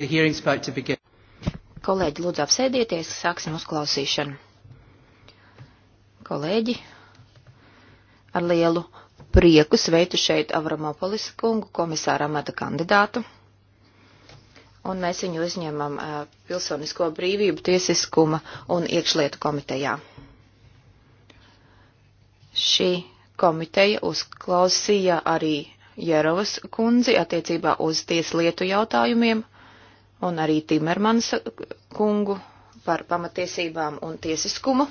Kolēģi, lūdzu apsēdieties, sāksim uzklausīšanu. Kolēģi, ar lielu prieku sveitu šeit Avramopolis kungu, komisāra amata kandidātu. Un mēs viņu uzņemam uh, Pilsonisko brīvību, tiesiskuma un iekšlietu komitejā. Šī komiteja uzklausīja arī Jerovas kundzi attiecībā uz tieslietu jautājumiem un arī Timermans kungu par pamatiesībām un tiesiskumu.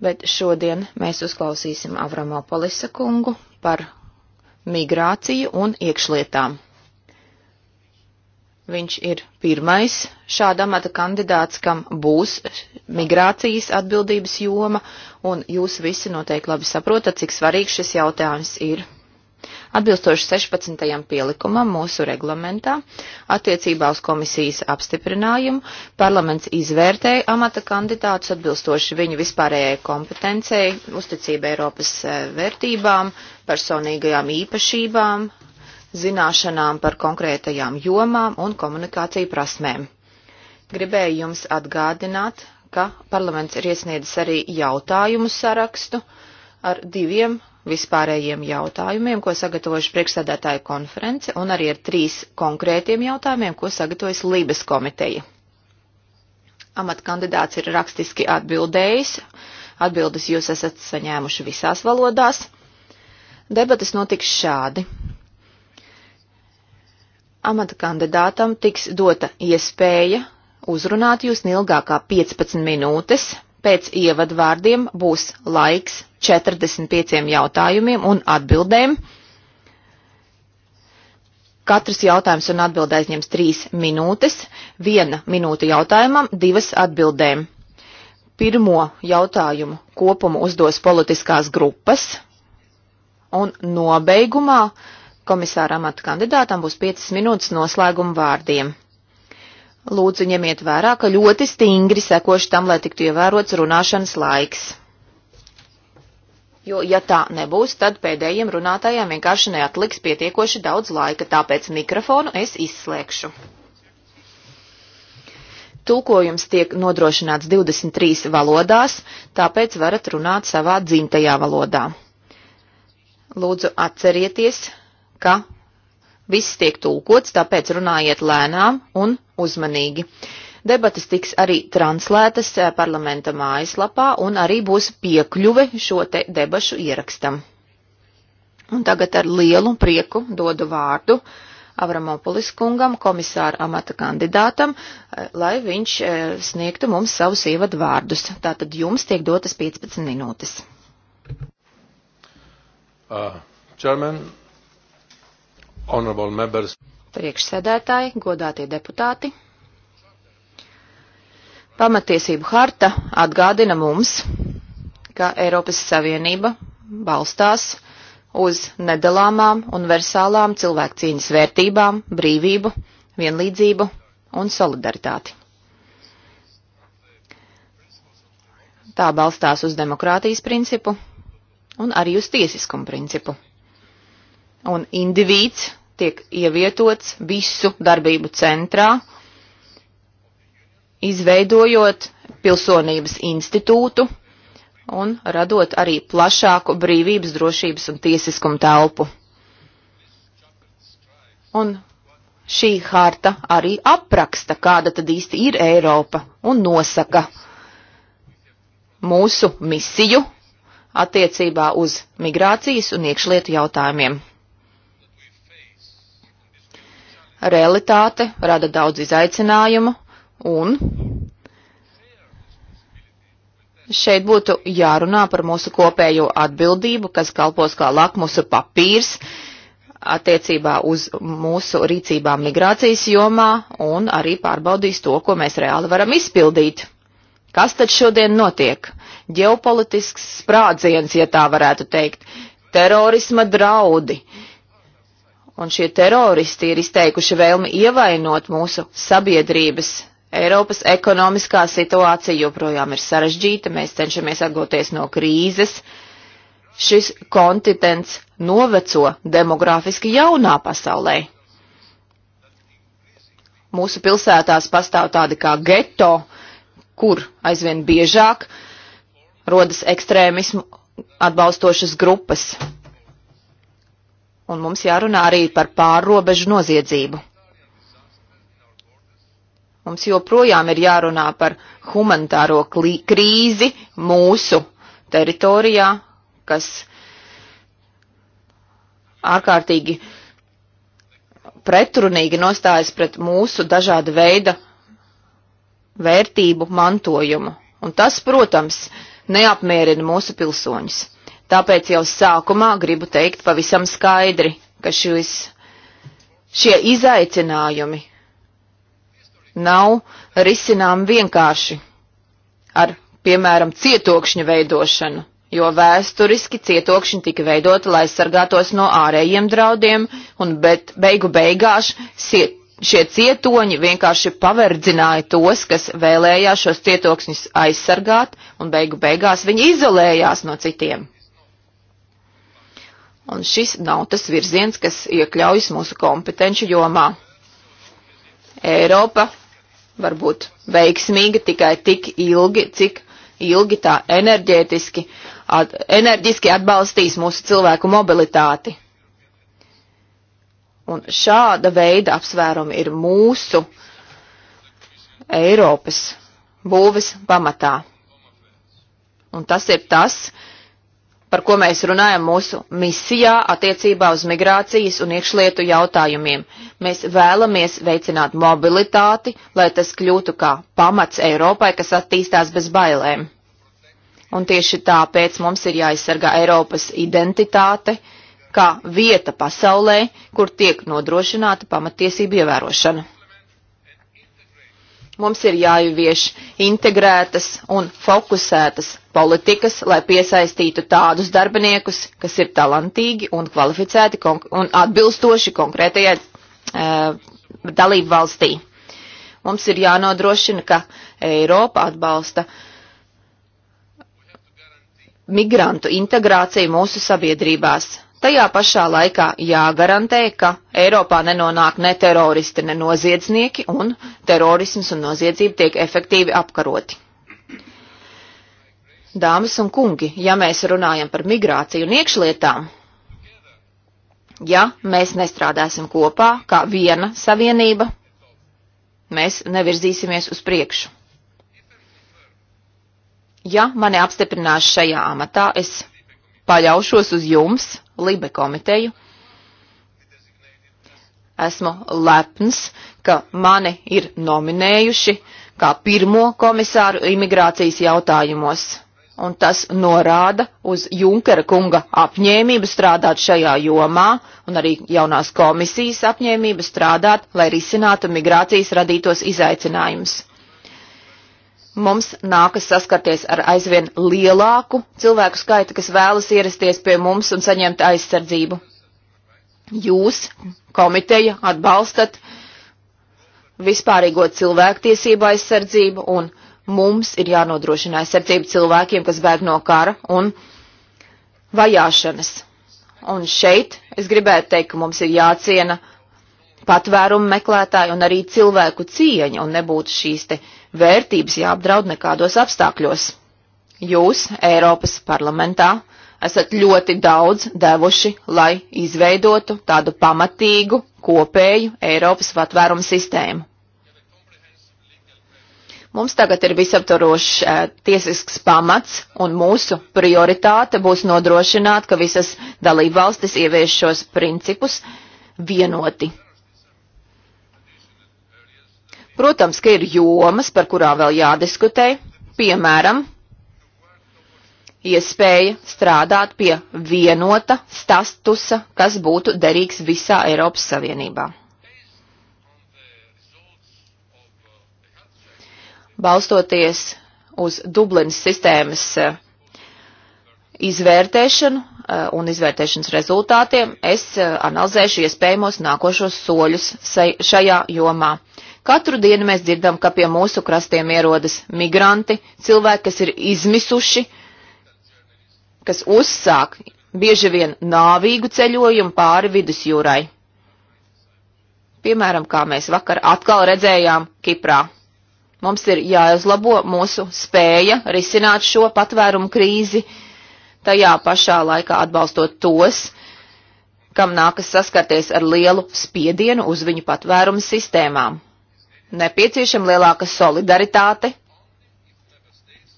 Bet šodien mēs uzklausīsim Avramo Polisa kungu par migrāciju un iekšlietām. Viņš ir pirmais šāda amata kandidāts, kam būs migrācijas atbildības joma, un jūs visi noteikti labi saprotat, cik svarīgs šis jautājums ir. Atbilstoši 16. pielikumam mūsu reglamentā attiecībā uz komisijas apstiprinājumu parlaments izvērtēja amata kandidātus atbilstoši viņu vispārējai kompetencei, uzticība Eiropas e, vērtībām, personīgajām īpašībām, zināšanām par konkrētajām jomām un komunikāciju prasmēm. Gribēju jums atgādināt, ka parlaments ir iesniedzis arī jautājumu sarakstu, uh, ar diviem vispārējiem jautājumiem, ko sagatavojuši priekšsēdētāju konference, un arī ar trīs konkrētiem jautājumiem, ko sagatavojas Lības komiteja. Amatkandidāts ir rakstiski atbildējis, atbildes jūs esat saņēmuši visās valodās. Debates notiks šādi. Amata kandidātam tiks dota iespēja uzrunāt jūs neilgākā 15 minūtes, pēc ievadvārdiem būs laiks 45 jautājumiem un atbildēm. Katrs jautājums un atbilde aizņems 3 minūtes, 1 minūte jautājumam, 2 atbildēm. Pirmo jautājumu kopumu uzdos politiskās grupas, un nobeigumā komisāra amata kandidātam būs 5 minūtes noslēguma vārdiem. Lūdzu, ņemiet vērā, ka ļoti stingri sekoši tam, lai tiktu ievērots runāšanas laiks jo, ja tā nebūs, tad pēdējiem runātājiem vienkārši neatliks pietiekoši daudz laika, tāpēc mikrofonu es izslēgšu. Tulkojums tiek nodrošināts 23 valodās, tāpēc varat runāt savā dzimtajā valodā. Lūdzu atcerieties, ka viss tiek tulkots, tāpēc runājiet lēnām un uzmanīgi. Debatas tiks arī translētas eh, parlamenta mājaslapā un arī būs piekļuve šo te debašu ierakstam. Un tagad ar lielu prieku dodu vārdu Avramopolis kungam, komisāra amata kandidātam, eh, lai viņš eh, sniegtu mums savus ievadu vārdus. Tātad jums tiek dotas 15 minūtes. Uh, chairman, honorable members. Priekšsēdētāji, godātie deputāti. Pamatiesību harta atgādina mums, ka Eiropas Savienība balstās uz nedalāmām universālām cilvēkcieņas vērtībām, brīvību, vienlīdzību un solidaritāti. Tā balstās uz demokrātijas principu un arī uz tiesiskumu principu. Un indivīds tiek ievietots visu darbību centrā, izveidojot pilsonības institūtu un radot arī plašāku brīvības, drošības un tiesiskumu telpu. Un šī harta arī apraksta, kāda tad īsti ir Eiropa un nosaka mūsu misiju attiecībā uz migrācijas un iekšlietu jautājumiem. Realitāte rada daudz izaicinājumu, Un šeit būtu jārunā par mūsu kopējo atbildību, kas kalpos kā lakmusa papīrs attiecībā uz mūsu rīcībām migrācijas jomā un arī pārbaudīs to, ko mēs reāli varam izpildīt. Kas tad šodien notiek? Ģeopolitisks sprādziens, ja tā varētu teikt, terorisma draudi. Un šie teroristi ir izteikuši vēlmi ievainot mūsu sabiedrības Eiropas ekonomiskā situācija joprojām ir sarežģīta, mēs cenšamies atgūties no krīzes. Šis kontinents noveco demografiski jaunā pasaulē. Mūsu pilsētās pastāv tādi kā geto, kur aizvien biežāk rodas ekstrēmismu atbalstošas grupas. Un mums jārunā arī par pārrobežu noziedzību. Mums joprojām ir jārunā par humanitāro krīzi mūsu teritorijā, kas ārkārtīgi pretrunīgi nostājas pret mūsu dažāda veida vērtību mantojumu. Un tas, protams, neapmierina mūsu pilsoņus. Tāpēc jau sākumā gribu teikt pavisam skaidri, ka šis, šie izaicinājumi nav risinām vienkārši ar, piemēram, cietokšņu veidošanu, jo vēsturiski cietokšņi tika veidoti, lai sargātos no ārējiem draudiem, un bet beigu beigās siet, šie cietoņi vienkārši paverdzināja tos, kas vēlējās šos cietoksņus aizsargāt, un beigu beigās viņi izolējās no citiem. Un šis nav tas virziens, kas iekļaujas mūsu kompetenci jomā. Eiropa varbūt veiksmīga tikai tik ilgi, cik ilgi tā enerģētiski, at, enerģiski atbalstīs mūsu cilvēku mobilitāti. Un šāda veida apsvērumi ir mūsu Eiropas būves pamatā. Un tas ir tas, par ko mēs runājam mūsu misijā attiecībā uz migrācijas un iekšlietu jautājumiem. Mēs vēlamies veicināt mobilitāti, lai tas kļūtu kā pamats Eiropai, kas attīstās bez bailēm. Un tieši tāpēc mums ir jāizsargā Eiropas identitāte kā vieta pasaulē, kur tiek nodrošināta pamatiesība ievērošana. Mums ir jāievieš integrētas un fokusētas politikas, lai piesaistītu tādus darbiniekus, kas ir talantīgi un kvalificēti un atbilstoši konkrētajai Uh, dalību valstī. Mums ir jānodrošina, ka Eiropa atbalsta migrantu integrāciju mūsu sabiedrībās. Tajā pašā laikā jāgarantē, ka Eiropā nenonāk ne teroristi, ne noziedznieki, un terorisms un noziedzība tiek efektīvi apkaroti. Dāmas un kungi, ja mēs runājam par migrāciju un iekšlietām, Ja mēs nestrādāsim kopā kā viena savienība, mēs nevirzīsimies uz priekšu. Ja mani apstiprinās šajā amatā, es paļaušos uz jums, Libe komiteju. Esmu lepns, ka mani ir nominējuši kā pirmo komisāru imigrācijas jautājumos un tas norāda uz Junkera kunga apņēmību strādāt šajā jomā un arī jaunās komisijas apņēmību strādāt, lai risinātu migrācijas radītos izaicinājumus. Mums nākas saskarties ar aizvien lielāku cilvēku skaitu, kas vēlas ierasties pie mums un saņemt aizsardzību. Jūs, komiteja, atbalstat vispārīgo cilvēktiesību aizsardzību un aizsardzību mums ir jānodrošina aizsardzība cilvēkiem, kas bēg no kara un vajāšanas. Un šeit es gribētu teikt, ka mums ir jāciena patvērumu meklētāji un arī cilvēku cieņa un nebūtu šīs te vērtības jāapdraud nekādos apstākļos. Jūs Eiropas parlamentā esat ļoti daudz devuši, lai izveidotu tādu pamatīgu kopēju Eiropas patvērumu sistēmu. Mums tagad ir visaptvarošs e, tiesisks pamats, un mūsu prioritāte būs nodrošināt, ka visas dalībvalstis ievieš šos principus vienoti. Protams, ka ir jomas, par kurām vēl jādiskutē, piemēram, iespēja strādāt pie vienota statusa, kas būtu derīgs visā Eiropas Savienībā. balstoties uz Dublinas sistēmas eh, izvērtēšanu eh, un izvērtēšanas rezultātiem, es eh, analizēšu iespējamos nākošos soļus šajā jomā. Katru dienu mēs dzirdam, ka pie mūsu krastiem ierodas migranti, cilvēki, kas ir izmisuši, kas uzsāk bieži vien nāvīgu ceļojumu pāri vidusjūrai. Piemēram, kā mēs vakar atkal redzējām Kiprā. Mums ir jāuzlabo mūsu spēja risināt šo patvērumu krīzi, tajā pašā laikā atbalstot tos, kam nākas saskarties ar lielu spiedienu uz viņu patvērumu sistēmām. Nepieciešama lielāka solidaritāte,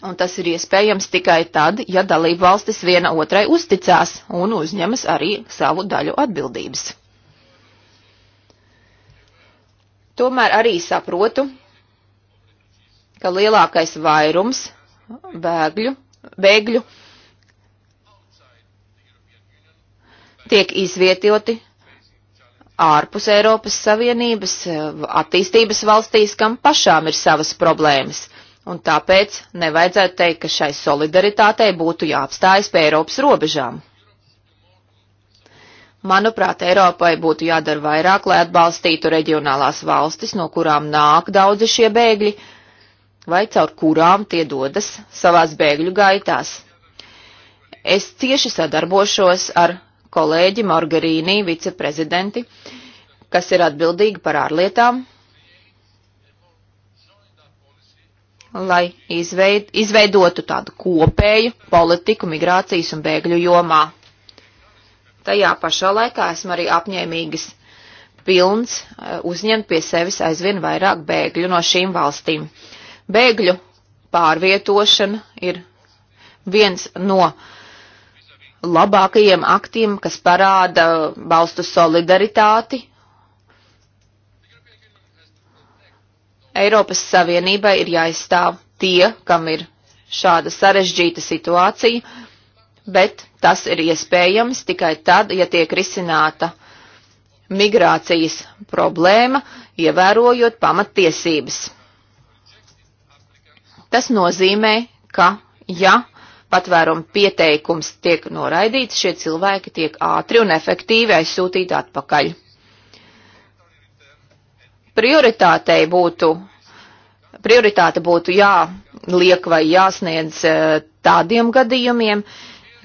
un tas ir iespējams tikai tad, ja dalība valstis viena otrai uzticās un uzņemas arī savu daļu atbildības. Tomēr arī saprotu, ka lielākais vairums bēgļu, bēgļu tiek izvietoti ārpus Eiropas Savienības attīstības valstīs, kam pašām ir savas problēmas. Un tāpēc nevajadzētu teikt, ka šai solidaritātei būtu jāapstājas pie Eiropas robežām. Manuprāt, Eiropai būtu jādara vairāk, lai atbalstītu reģionālās valstis, no kurām nāk daudzi šie bēgļi, vai caur kurām tie dodas savās bēgļu gaitās. Es cieši sadarbošos ar kolēģi Margarīnī, viceprezidenti, kas ir atbildīgi par ārlietām, lai izveid, izveidotu tādu kopēju politiku migrācijas un bēgļu jomā. Tajā pašā laikā esmu arī apņēmīgas pilns eh, uzņemt pie sevis aizvien vairāk bēgļu no šīm valstīm. Bēgļu pārvietošana ir viens no labākajiem aktiem, kas parāda valstu solidaritāti. Eiropas Savienībai ir jāizstāv tie, kam ir šāda sarežģīta situācija, bet tas ir iespējams tikai tad, ja tiek risināta migrācijas problēma, ievērojot pamattiesības. Tas nozīmē, ka, ja patvērumu pieteikums tiek noraidīts, šie cilvēki tiek ātri un efektīvi aizsūtīti atpakaļ. Prioritātei būtu, prioritāte būtu jāliek vai jāsniedz eh, tādiem gadījumiem,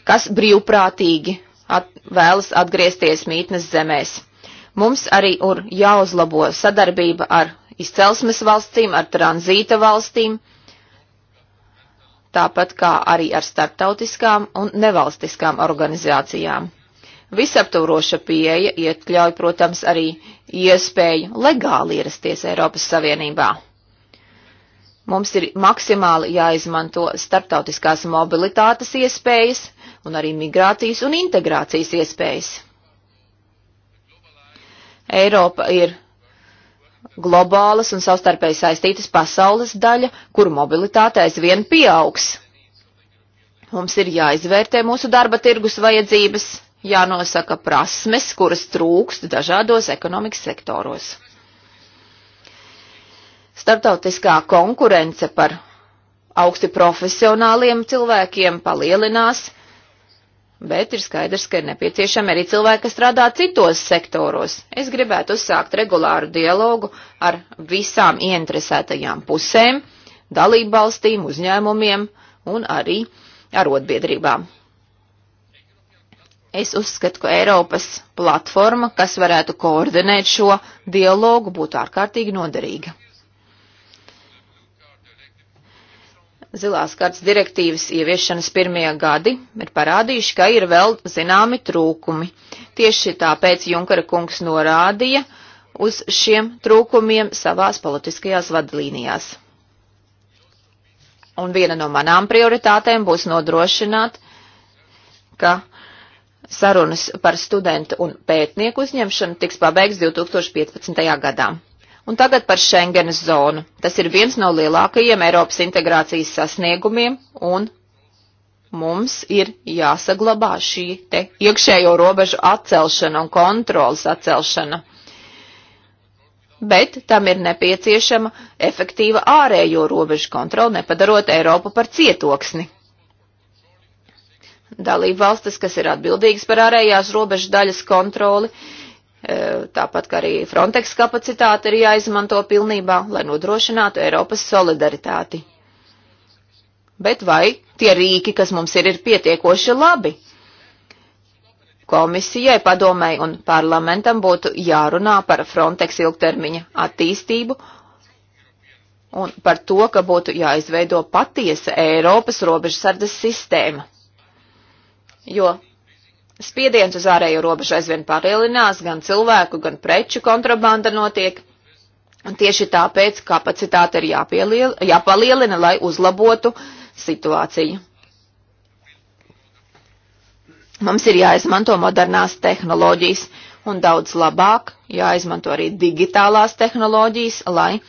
kas brīvprātīgi at, vēlas atgriezties mītnes zemēs. Mums arī ir jāuzlabo sadarbība ar izcelsmes valstīm, ar tranzīta valstīm tāpat kā arī ar starptautiskām un nevalstiskām organizācijām. Visaptūroša pieeja iekļauj, protams, arī iespēju legāli ierasties Eiropas Savienībā. Mums ir maksimāli jāizmanto starptautiskās mobilitātes iespējas un arī migrācijas un integrācijas iespējas. Eiropa ir globālas un savstarpēji saistītas pasaules daļa, kuru mobilitāte aizvien pieaugs. Mums ir jāizvērtē mūsu darba tirgus vajadzības, jānosaka prasmes, kuras trūkst dažādos ekonomikas sektoros. Startautiskā konkurence par augsti profesionāliem cilvēkiem palielinās, bet ir skaidrs, ka ir nepieciešami arī cilvēki, kas strādā citos sektoros. Es gribētu uzsākt regulāru dialogu ar visām ieinteresētajām pusēm, dalību valstīm, uzņēmumiem un arī arotbiedrībām. Es uzskatu, ka Eiropas platforma, kas varētu koordinēt šo dialogu, būtu ārkārtīgi noderīga. Zilās kārtas direktīvas ieviešanas pirmie gadi ir parādījuši, ka ir vēl zināmi trūkumi. Tieši tāpēc Junkara kungs norādīja uz šiem trūkumiem savās politiskajās vadlīnijās. Un viena no manām prioritātēm būs nodrošināt, ka sarunas par studentu un pētnieku uzņemšanu tiks pabeigts 2015. gadā. Un tagad par Schengenas zonu. Tas ir viens no lielākajiem Eiropas integrācijas sasniegumiem, un mums ir jāsaglabā šī te iekšējo robežu atcelšana un kontrolas atcelšana. Bet tam ir nepieciešama efektīva ārējo robežu kontrola, nepadarot Eiropu par cietoksni. Dalība valstis, kas ir atbildīgas par ārējās robežu daļas kontroli, uh, E, tāpat kā arī Frontex kapacitāte ir jāizmanto pilnībā, lai nodrošinātu Eiropas solidaritāti. Bet vai tie rīki, kas mums ir, ir pietiekoši labi? Komisijai, padomai un parlamentam būtu jārunā par Frontex ilgtermiņa attīstību un par to, ka būtu jāizveido patiesa Eiropas robežsardas sistēma. Jo Spiediens uz ārējo robežu aizvien palielinās, gan cilvēku, gan preču kontrabanda notiek. Un tieši tāpēc kapacitāte ir jāpalielina, lai uzlabotu situāciju. Mums ir jāizmanto modernās tehnoloģijas un daudz labāk jāizmanto arī digitālās tehnoloģijas, lai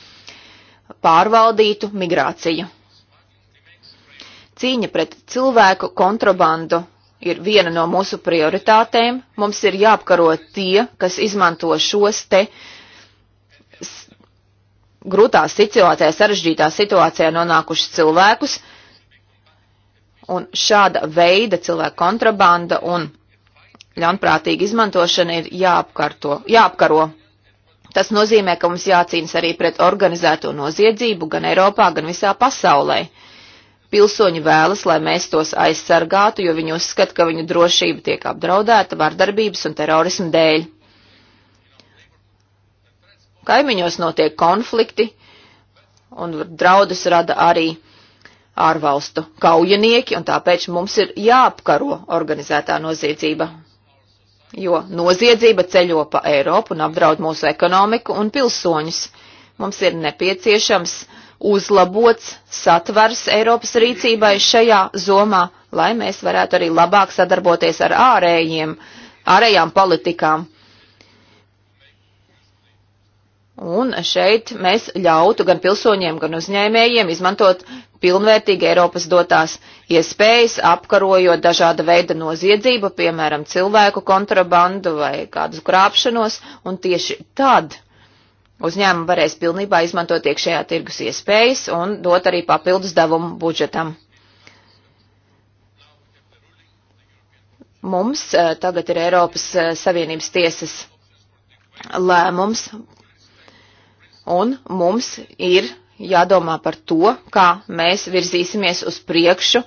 pārvaldītu migrāciju. Cīņa pret cilvēku kontrabandu ir viena no mūsu prioritātēm. Mums ir jāapkaro tie, kas izmanto šos te grūtā situācijā, sarežģītā situācijā nonākušus cilvēkus. Un šāda veida cilvēku kontrabanda un ļaunprātīga izmantošana ir jāapkarto, jāapkaro. Tas nozīmē, ka mums jācīnas arī pret organizēto noziedzību gan Eiropā, gan visā pasaulē. Uh, pilsoņi vēlas, lai mēs tos aizsargātu, jo viņi uzskata, ka viņu drošība tiek apdraudēta vardarbības un terorismu dēļ. Kaimiņos notiek konflikti, un draudus rada arī ārvalstu kaujinieki, un tāpēc mums ir jāapkaro organizētā noziedzība, jo noziedzība ceļo pa Eiropu un apdraud mūsu ekonomiku un pilsoņus. Mums ir nepieciešams uh, uzlabots satvars Eiropas rīcībai šajā zomā, lai mēs varētu arī labāk sadarboties ar ārējiem, ārējām politikām. Un šeit mēs ļautu gan pilsoņiem, gan uzņēmējiem izmantot pilnvērtīgi Eiropas dotās iespējas, apkarojot dažāda veida noziedzību, piemēram, cilvēku kontrabandu vai kādu krāpšanos, un tieši tad uzņēmumi varēs pilnībā izmantot iekšējā tirgus iespējas un dot arī papildus devumu budžetam. Mums eh, tagad ir Eiropas eh, Savienības tiesas lēmums, un mums ir jādomā par to, kā mēs virzīsimies uz priekšu,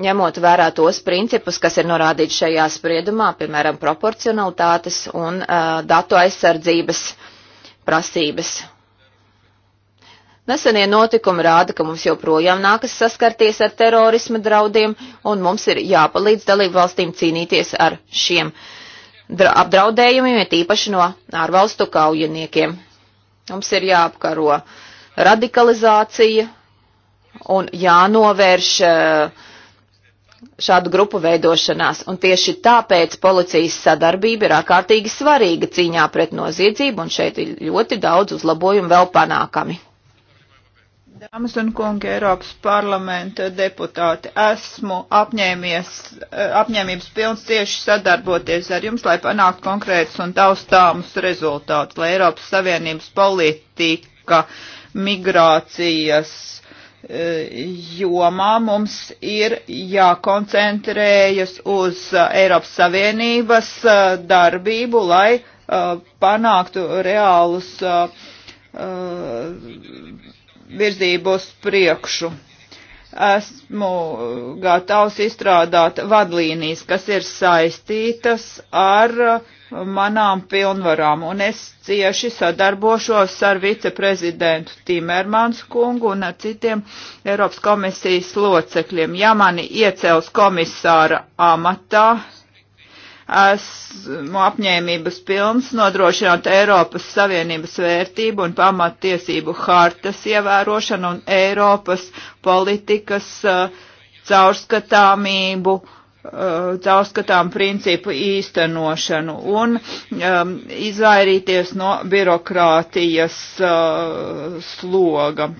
ņemot vērā tos principus, kas ir norādīti šajā spriedumā, piemēram, proporcionalitātes un uh, datu aizsardzības uh, prasības. Nesenie notikumi rāda, ka mums joprojām nākas saskarties ar terorisma draudiem, un mums ir jāpalīdz dalību valstīm cīnīties ar šiem apdraudējumiem, ja tīpaši no ārvalstu kaujiniekiem. Mums ir jāapkaro radikalizācija un jānovērš uh, šādu grupu veidošanās, un tieši tāpēc policijas sadarbība ir ārkārtīgi svarīga cīņā pret noziedzību, un šeit ir ļoti daudz uzlabojumu vēl panākami. Dāmas un kungi, Eiropas parlamenta deputāti, esmu apņēmies, eh, apņēmības pilns cieši sadarboties ar jums, lai panāktu konkrētus un taustāmus rezultātus, lai Eiropas Savienības politika, migrācijas Eh, jomā mums ir jākoncentrējas uz eh, Eiropas Savienības eh, darbību, lai panāktu reālus virzību uz priekšu esmu gatavs izstrādāt vadlīnijas, kas ir saistītas ar manām pilnvarām, un es cieši sadarbošos ar viceprezidentu Timermans kungu un ar citiem Eiropas komisijas locekļiem. Ja mani iecels komisāra amatā, esmu apņēmības pilns nodrošināt Eiropas Savienības vērtību un pamattiesību hartas ievērošanu un Eiropas politikas uh, caurskatāmību uh, caurskatām principu īstenošanu un um, izvairīties no birokrātijas uh, sloga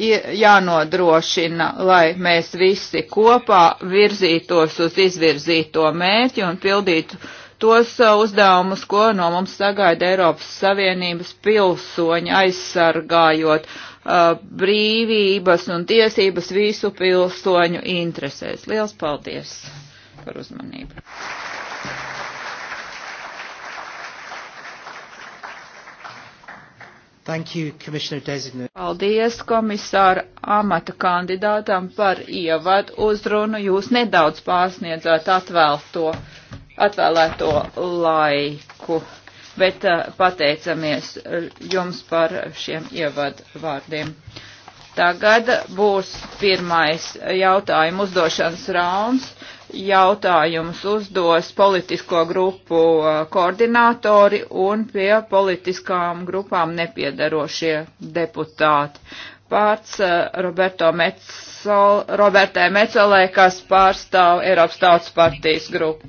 jānodrošina, lai mēs visi kopā virzītos uz izvirzīto mērķi un pildītu tos uh, uzdevumus, ko no mums sagaida Eiropas Savienības pilsoņi, aizsargājot uh, brīvības un tiesības visu pilsoņu interesēs. Liels paldies par uzmanību! Thank you, Paldies komisāra amata kandidātam par ievadu uzrunu. Jūs nedaudz pārsniedzāt atvēlto, atvēlēto laiku, bet eh, pateicamies jums par šiem ievadu vārdiem. Tagad būs pirmais jautājumu uzdošanas rauns jautājumus uzdos politisko grupu uh, koordinātori un pie politiskām grupām nepiedarošie deputāti. Pārts uh, Roberto Mecol, Robertai Mecolē, kas pārstāv Eiropas Tautas partijas grupu.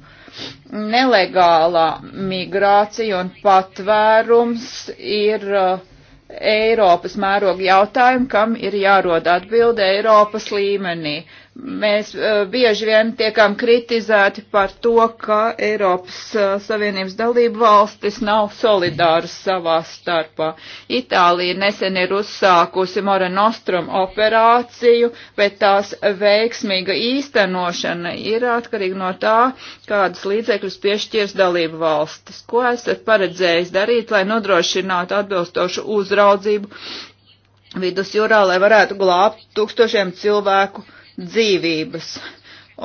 Nelegālā migrācija un patvērums ir uh, Eiropas mēroga jautājumu, kam ir jārod atbilde Eiropas līmenī. Mēs eh, bieži vien tiekam kritizēti par to, ka Eiropas eh, Savienības dalību valstis nav solidāras savā starpā. Itālija nesen ir uzsākusi Mora Nostrum operāciju, bet tās veiksmīga īstenošana ir atkarīga no tā, kādas līdzekļus piešķirs dalību valstis. Ko esat paredzējis darīt, lai nodrošinātu atbilstošu uzraudzību vidusjūrā, lai varētu glābt tūkstošiem cilvēku? dzīvības?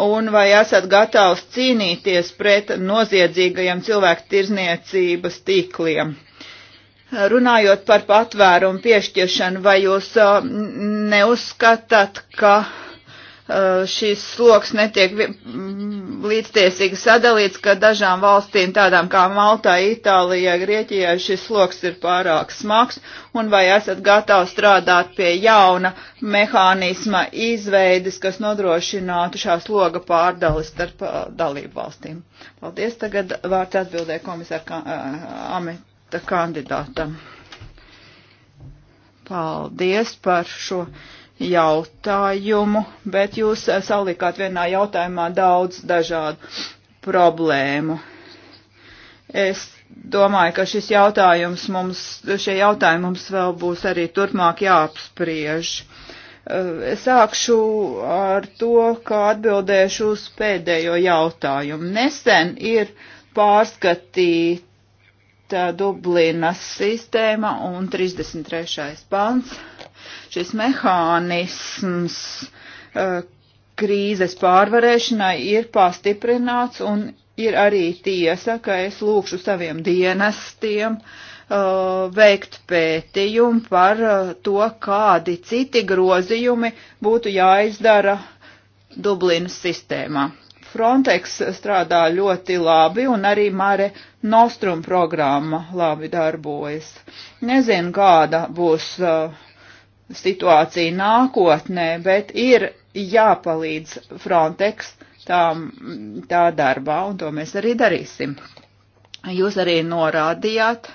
Un vai esat gatavs cīnīties pret noziedzīgajiem cilvēku tirzniecības tīkliem? Runājot par patvērumu piešķiršanu, vai jūs uh, neuzskatāt, ka Uh, šīs sloks netiek mm, līdztiesīgi sadalīts, ka dažām valstīm tādām kā Maltā, Itālijā, Grieķijā šis sloks ir pārāk smags, un vai esat gatavi strādāt pie jauna mehānisma izveides, kas nodrošinātu šā sloga pārdali starp uh, dalību valstīm. Paldies, tagad vārds atbildē komisāra uh, ameta kandidātam. Paldies par šo jautājumu, bet jūs eh, salikāt vienā jautājumā daudz dažādu problēmu. Es domāju, ka šis jautājums mums, šie jautājumi mums vēl būs arī turpmāk jāapspriež. Eh, es sākšu ar to, kā atbildēšu uz pēdējo jautājumu. Nesen ir pārskatīta Dublinas sistēma un 33. pants šis mehānisms uh, krīzes pārvarēšanai ir pastiprināts un ir arī tiesa, ka es lūkšu saviem dienestiem uh, veikt pētījumu par uh, to, kādi citi grozījumi būtu jāizdara Dublinas sistēmā. Frontex strādā ļoti labi un arī Mare Nostrum programma labi darbojas. Nezinu, kāda būs uh, situācija nākotnē, bet ir jāpalīdz Frontex tā, tā darbā, un to mēs arī darīsim. Jūs arī norādījāt,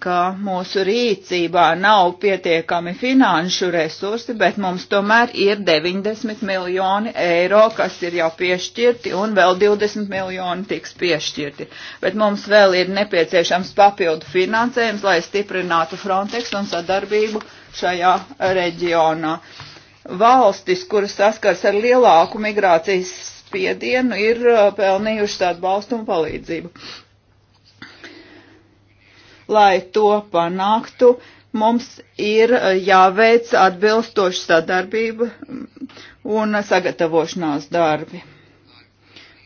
ka mūsu rīcībā nav pietiekami finanšu resursi, bet mums tomēr ir 90 miljoni eiro, kas ir jau piešķirti, un vēl 20 miljoni tiks piešķirti. Bet mums vēl ir nepieciešams papildu finansējums, lai stiprinātu Frontex un sadarbību uh, šajā reģionā. Valstis, kuras saskars ar lielāku migrācijas spiedienu, ir uh, pelnījušas atbalstu un palīdzību. Lai to panāktu, mums ir uh, jāveic atbilstoša sadarbība mm, un sagatavošanās darbi.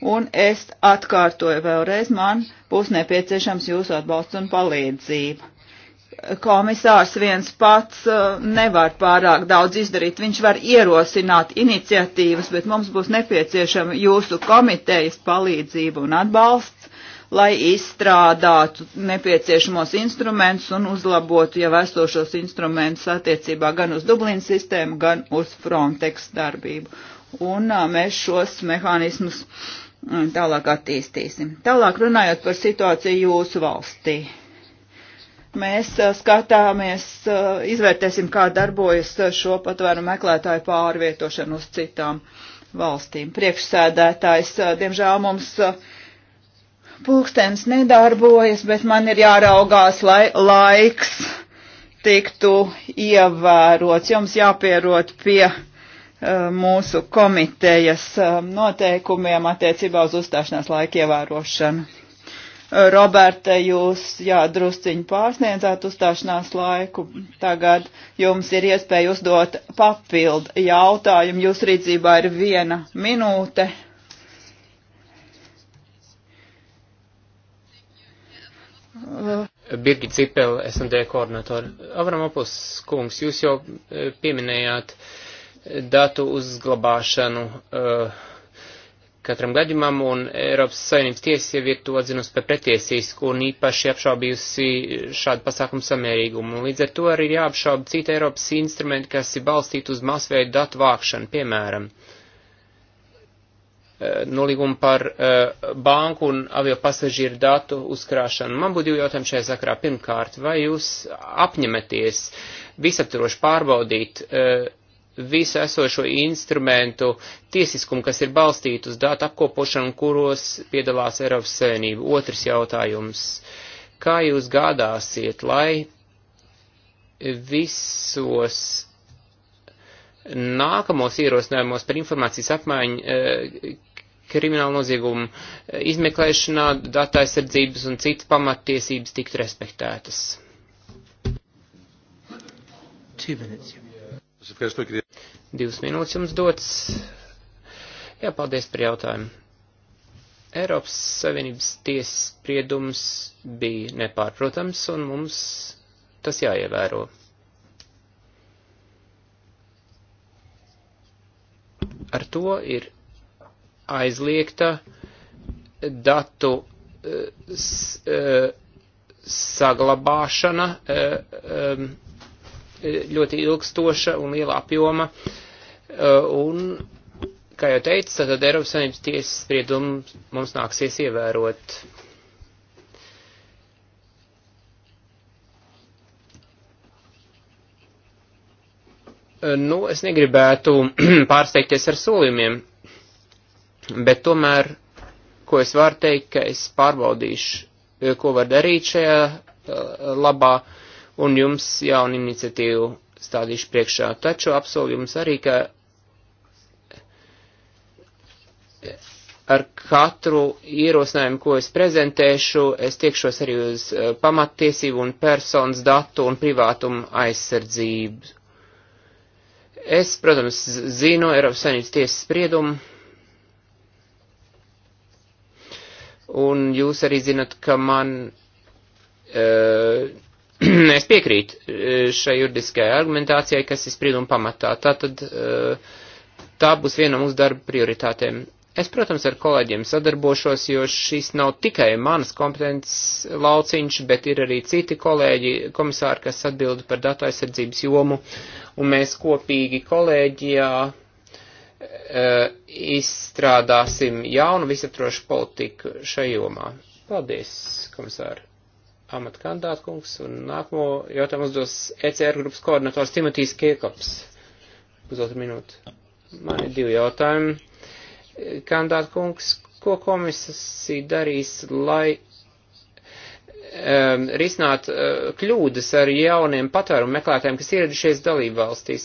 Un es atkārtoju vēlreiz, man būs nepieciešams jūsu atbalsts un palīdzība komisārs viens pats uh, nevar pārāk daudz izdarīt. Viņš var ierosināt iniciatīvas, bet mums būs nepieciešama jūsu komitejas palīdzība un atbalsts, lai izstrādātu nepieciešamos instrumentus un uzlabotu jau esošos instrumentus attiecībā gan uz Dublīnas sistēmu, gan uz Frontex darbību. Un uh, mēs šos mehānismus uh, tālāk attīstīsim. Tālāk runājot par situāciju jūsu valstī mēs skatāmies, izvērtēsim, kā darbojas šo patvēru meklētāju pārvietošanu uz citām valstīm. Priekšsēdētājs, diemžēl mums pulkstens nedarbojas, bet man ir jāraugās, lai laiks tiktu ievērots. Jums jāpierot pie mūsu komitejas noteikumiem attiecībā uz uzstāšanās laika ievērošanu. Roberta, jūs, jā, drusciņi pārsniedzāt uzstāšanās laiku. Tagad jums ir iespēja uzdot papildu jautājumu. Jūs rīcībā ir viena minūte. Birgi Cipel, SMD koordinatori. Avramopus kungs, jūs jau eh, pieminējāt eh, datu uzglabāšanu. Uh, katram gadījumam, un Eiropas Savienības tiesa jau ir to atzinusi par pretiesisku un īpaši apšaubījusi šādu pasākumu samērīgumu. Un līdz ar to arī ir jāapšauba citi Eiropas instrumenti, kas ir balstīti uz masveidu datu vākšanu, piemēram, eh, nolīgumu par eh, banku un avio pasažīru datu uzkrāšanu. Man būtu divi jautājumi šajā sakarā. Pirmkārt, vai jūs apņematies visaptvaroši pārbaudīt uh, visu esošo instrumentu tiesiskumu, kas ir balstīti uz datu apkopošanu, kuros piedalās Eiropas Savienība. Otrs jautājums. Kā jūs gādāsiet, lai visos nākamos ierosinājumos par informācijas apmaiņu eh, kriminālu noziegumu eh, izmeklēšanā datu aizsardzības un citas pamattiesības tiktu respektētas? Two minutes, yeah. Divas minūtes jums dots. Jā, paldies par jautājumu. Eiropas Savienības tiesas spriedums bija nepārprotams un mums tas jāievēro. Ar to ir aizliegta datu eh, eh, saglabāšana. Uh, um, ļoti ilgstoša un liela apjoma. Eh, un, kā jau teicu, tad Eiropas Savienības tiesas spriedumu mums nāksies ievērot. Eh, nu, es negribētu pārsteigties ar solījumiem, bet tomēr, ko es varu teikt, ka es pārbaudīšu, eh, ko var darīt šajā labā uh, un jums jaunu iniciatīvu stādīšu priekšā. Taču apsolu jums arī, ka ar katru ierosinājumu, ko es prezentēšu, es tiekšos arī uz eh, pamattiesību un personas datu un privātumu aizsardzību. Es, protams, zinu Eiropas Savienības tiesas spriedumu, un jūs arī zinat, ka man e, es piekrītu eh, šai juridiskajai argumentācijai, kas ir sprieduma pamatā. Tā tad eh, tā būs viena no mūsu darba prioritātēm. Es, protams, ar kolēģiem sadarbošos, jo šis nav tikai manas kompetences lauciņš, bet ir arī citi kolēģi, komisāri, kas atbild par datu aizsardzības jomu, un mēs kopīgi kolēģijā e, izstrādāsim jaunu visaptrošu politiku šajā jomā. Paldies, komisāri! amatkandidāta kungs, un nākamo jautājumu uzdos ECR grupas koordinators Timotīs Kirkops. Pusotru minūti. Man ir divi jautājumi. Kandidāta kungs, ko komisija darīs, lai um, risināt uh, kļūdas ar jauniem patvērumu meklētājiem, kas ieradušies dalību valstīs?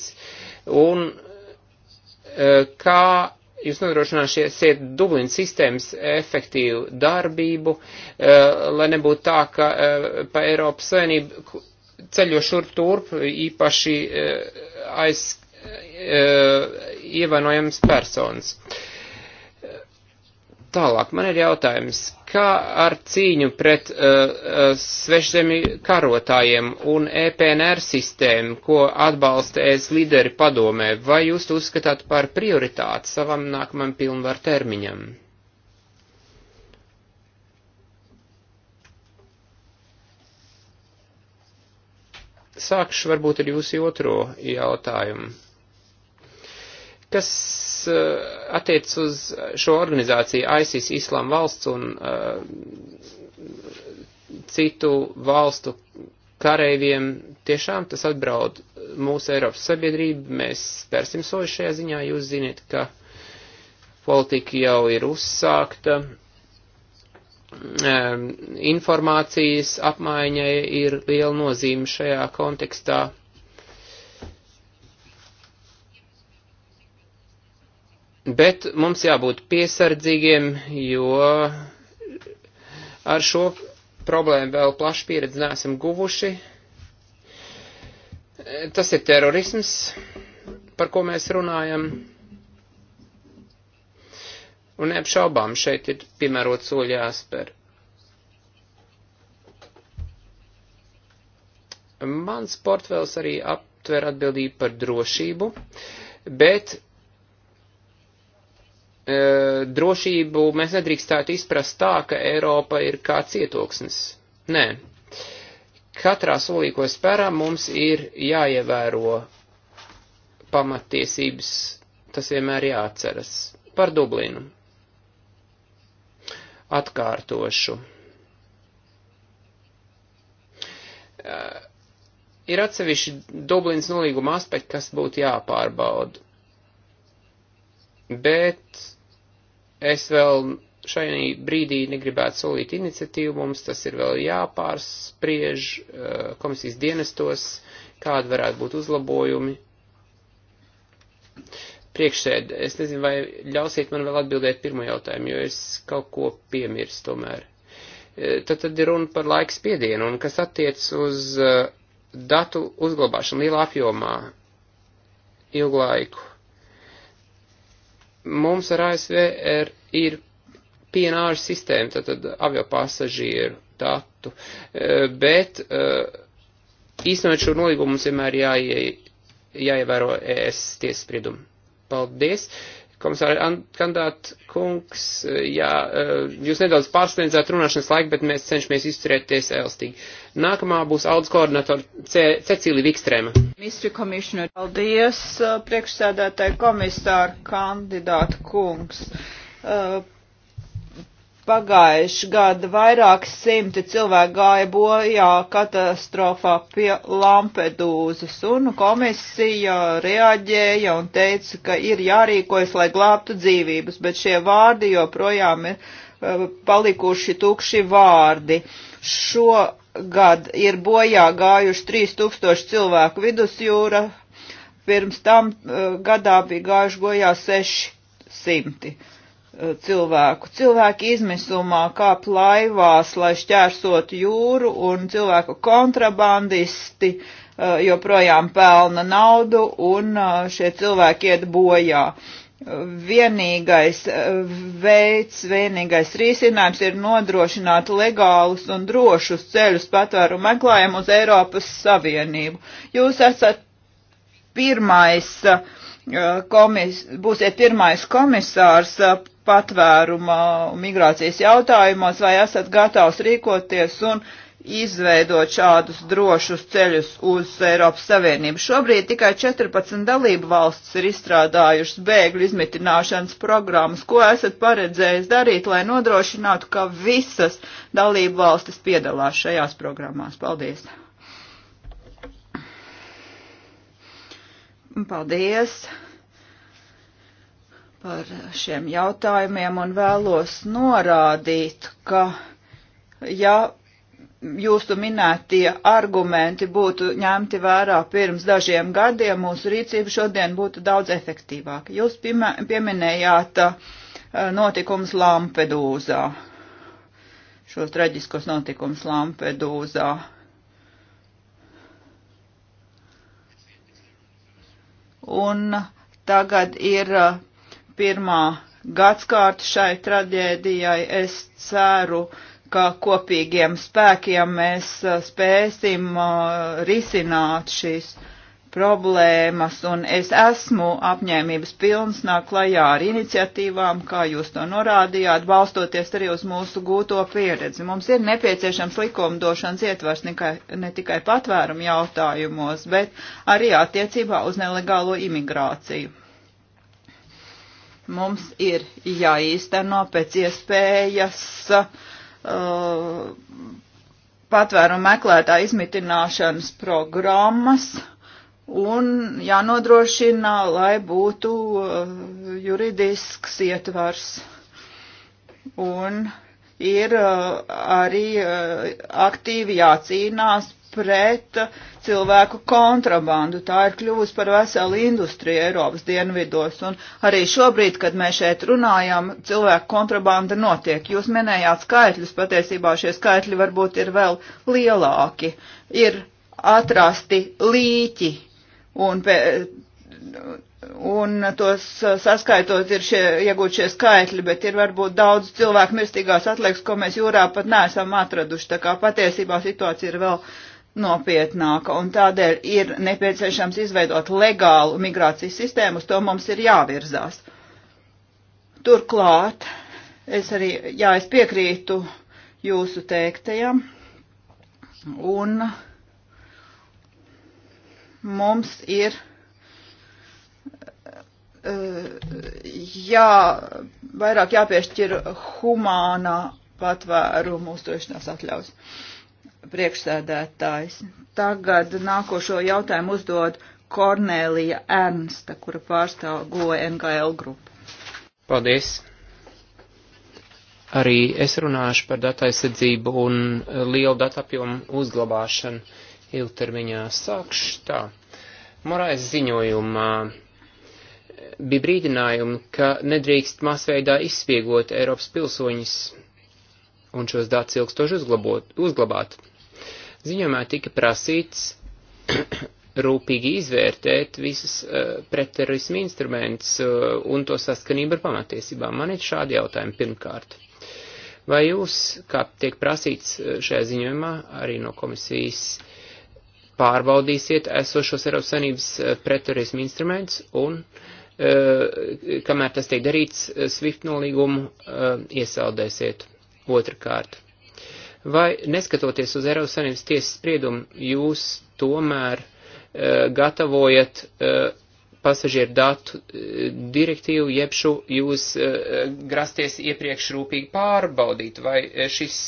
Un uh, kā jūs nodrošināsiet Dublinas sistēmas efektīvu darbību, eh, lai nebūtu tā, ka eh, pa Eiropas Savienību ceļo šur turp īpaši eh, aiz ievainojams personas. Uh, Tālāk man ir jautājums, kā ar cīņu pret uh, uh svešzemi karotājiem un EPNR sistēmu, ko atbalsta es līderi padomē, vai jūs uzskatāt par prioritāti savam nākamajam pilnvaru termiņam? Sākšu varbūt ar jūsu otro jautājumu. Kas eh, attiec uz šo organizāciju ISIS, Islām valsts un uh, citu valstu kareiviem, tiešām tas atbraud mūsu Eiropas sabiedrību, mēs spērsim soļu šajā ziņā, jūs ziniet, ka politika jau ir uzsākta, informācijas apmaiņai ir liela nozīme šajā kontekstā. bet mums jābūt piesardzīgiem, jo ar šo problēmu vēl plašu pieredzi neesam guvuši. Tas ir terorisms, par ko mēs runājam. Un neapšaubām šeit ir piemērot soļi jāspēr. Mans portfels arī aptver atbildību par drošību, bet E, drošību mēs nedrīkstētu izprast tā, ka Eiropa ir kā cietoksnis. Nē. Katrā solī, ko spērām, mums ir jāievēro pamatiesības, tas vienmēr jāatceras. Par Dublinu. Atkārtošu. E, ir atsevišķi Dublins nolīguma aspekti, kas būtu jāpārbauda. Bet Es vēl šajā brīdī negribētu solīt iniciatīvu, mums tas ir vēl jāpārspriež eh, komisijas dienestos, kāda varētu būt uzlabojumi. Priekšsēd, es nezinu, vai ļausiet man vēl atbildēt pirmo jautājumu, jo es kaut ko piemirstu tomēr. Eh, tad, tad ir runa par laika spiedienu, un kas attiec uz eh, datu uzglabāšanu lielā apjomā ilgu laiku mums ar ASV er, ir, ir PNR sistēma, tātad avio pasažieru datu, e, bet e, īstenot šo nolīgumu mums vienmēr jāie, jāievēro ES tiesas spriedumu. Paldies! Komisāri kandidāt kungs, e, jā, jūs nedaudz pārsniedzāt runāšanas laiku, bet mēs cenšamies izturēties elstīgi. Nākamā būs audz koordinatora Ce Cecīlija Vikstrēma. Mr. Commissioner, paldies, uh, priekšsēdētāji komisāru kandidātu kungs. Uh, pagājuši gada vairāk simti cilvēku gāja bojā katastrofā pie Lampedūzas, un komisija reaģēja un teica, ka ir jārīkojas, lai glābtu dzīvības, bet šie vārdi joprojām ir uh, palikuši tukši vārdi. Šo gadu ir bojā gājuši 3000 cilvēku vidusjūra, pirms tam eh, gadā bija gājuši bojā 600 eh, cilvēku. Cilvēki izmisumā kāp laivās, lai šķērsotu jūru, un cilvēku kontrabandisti eh, joprojām pelna naudu, un šie cilvēki iet bojā vienīgais eh, veids, vienīgais risinājums ir nodrošināt legālus un drošus ceļus patvēru meklējumu uz Eiropas Savienību. Jūs esat pirmais, eh, komis, būsiet pirmais komisārs eh, patvēruma migrācijas jautājumos, vai esat gatavs rīkoties un izveidot šādus drošus ceļus uz Eiropas Savienību. Šobrīd tikai 14 dalību valstis ir izstrādājušas bēgļu izmitināšanas programmas. Ko esat paredzējis darīt, lai nodrošinātu, ka visas dalību valstis piedalās šajās programmās? Paldies! Paldies! par šiem jautājumiem un vēlos norādīt, ka ja jūsu minētie argumenti būtu ņemti vērā pirms dažiem gadiem, mūsu rīcība šodien būtu daudz efektīvāka. Jūs pieminējāt uh, notikums Lampedūzā, šos traģiskos notikums Lampedūzā. Un tagad ir uh, pirmā gadskārta šai traģēdijai. Es ceru, uh, ka kopīgiem spēkiem mēs uh, spēsim uh, risināt šīs problēmas, un es esmu apņēmības pilns nāk klajā ar iniciatīvām, kā jūs to norādījāt, balstoties arī uz mūsu gūto pieredzi. Mums ir nepieciešams likumdošanas ietvars nekai, ne tikai patvērumu jautājumos, bet arī attiecībā uz nelegālo imigrāciju. Mums ir jāīsteno pēc iespējas uh, Uh, patvērumu meklētā izmitināšanas programmas un jānodrošina, lai būtu uh, juridisks ietvars. Un ir uh, arī aktīvi jācīnās pret cilvēku kontrabandu. Tā ir kļuvusi par veselu industriju Eiropas dienvidos. Un arī šobrīd, kad mēs šeit runājam, cilvēku kontrabanda notiek. Jūs minējāt skaitļus, patiesībā šie skaitļi varbūt ir vēl lielāki. Ir atrasti līķi un, pē, un tos saskaitot ir šie iegūtie skaitļi, bet ir varbūt daudz cilvēku mirstīgās atliekas, ko mēs jūrā pat neesam atraduši. Tā kā patiesībā situācija ir vēl nopietnāka, un tādēļ ir nepieciešams izveidot legālu migrācijas sistēmu, uz to mums ir jāvirzās. Turklāt, es arī, jā, es piekrītu jūsu teiktajam, un mums ir eh, jā, vairāk jāpiešķir humānā patvērumu uzturēšanās atļaus. Uh, priekšsēdētājs. Tagad nākošo jautājumu uzdod Kornēlija Ernsta, kura pārstāv GOE NKL grupu. Paldies! Arī es runāšu par datu aizsardzību un eh, lielu datu apjomu uzglabāšanu ilgtermiņā. Sākšu tā. Morais ziņojumā eh, bija brīdinājumi, ka nedrīkst masveidā izspiegot Eiropas pilsoņus un šos datus ilgstoši uzglabot, uzglabāt. Ziņojumā tika prasīts rūpīgi izvērtēt visas uh, eh, pretterorismu instrumentus uh, un to saskanību ar pamatiesībām. Man ir šādi jautājumi pirmkārt. Vai jūs, kā tiek prasīts eh, šajā ziņojumā, arī no komisijas pārbaudīsiet esošos Eiropas Sanības pretterorismu instrumentus un, uh, kamēr tas tiek darīts, SWIFT nolīgumu uh, iesaldēsiet otrkārt? Vai neskatoties uz Eiropas Savienības tiesas spriedumu, jūs tomēr uh, gatavojat uh, pasažieru datu uh, direktīvu, jeb šo jūs uh, grasties iepriekš rūpīgi pārbaudīt, vai šis,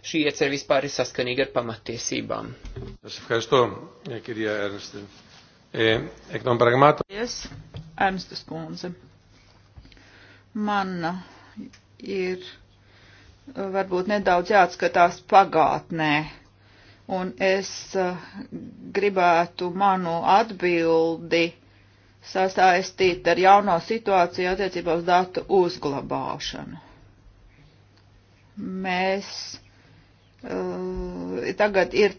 šī iecer vispār ir saskanīga ar pamattiesībām? Yes, Ernstas kundze. Man ir varbūt nedaudz jāatskatās pagātnē. Un es eh, gribētu manu atbildi sasaistīt ar jauno situāciju attiecībā uz datu uzglabāšanu. Mēs uh, tagad ir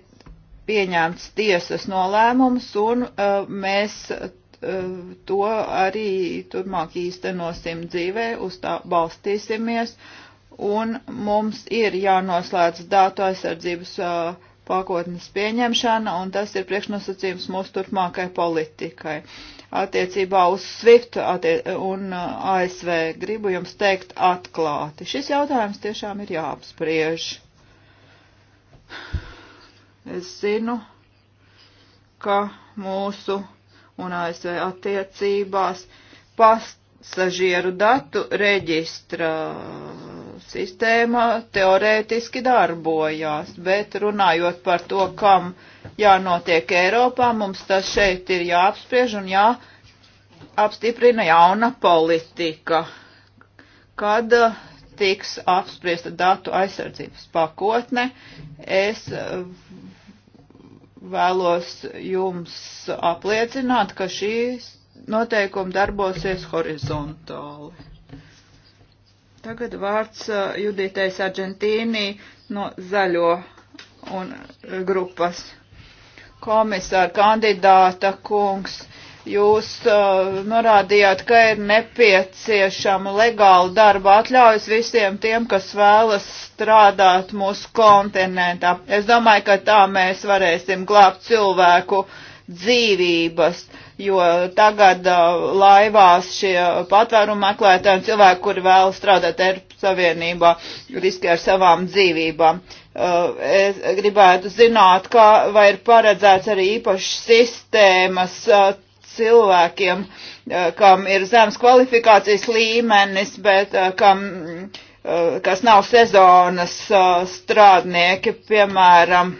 pieņemts tiesas nolēmums un uh, mēs uh, to arī turmāk īstenosim dzīvē, uz tā balstīsimies un mums ir jānoslēdz datu aizsardzības uh, pakotnes pieņemšana, un tas ir priekšnosacījums mūsu turpmākai politikai. Attiecībā uz SWIFT attie un ASV gribu jums teikt atklāti. Šis jautājums tiešām ir jāapspriež. Es zinu, ka mūsu un ASV attiecībās pasažieru datu reģistra sistēma teorētiski darbojās, bet runājot par to, kam jānotiek Eiropā, mums tas šeit ir jāapspriež un jāapstiprina jauna politika, kad uh, tiks apspriesta datu aizsardzības pakotne. Es uh, vēlos jums apliecināt, ka šīs noteikumi darbosies horizontāli. Tagad vārds uh, Judītais Argentīnī no zaļo un uh, grupas komisāra kandidāta kungs. Jūs uh, norādījāt, ka ir nepieciešama legāla darba atļaujas visiem tiem, kas vēlas strādāt mūsu kontinentā. Es domāju, ka tā mēs varēsim glābt cilvēku uh, dzīvības, jo tagad uh, laivās šie patvērumu meklētāji un cilvēki, kuri vēl strādāt Eiropas Savienībā, riskē ar savām dzīvībām. Uh, es gribētu zināt, kā vai ir paredzēts arī īpašas sistēmas uh, cilvēkiem, uh, kam ir zemes kvalifikācijas līmenis, bet uh, kam uh, kas nav sezonas strādnieki, piemēram,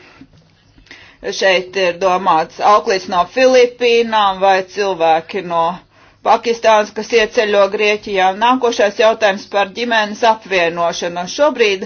Šeit ir domāts auklis no Filipīnām vai cilvēki no Pakistāns, kas ieceļo Grieķijā. Nākošais jautājums par ģimenes apvienošanu. Šobrīd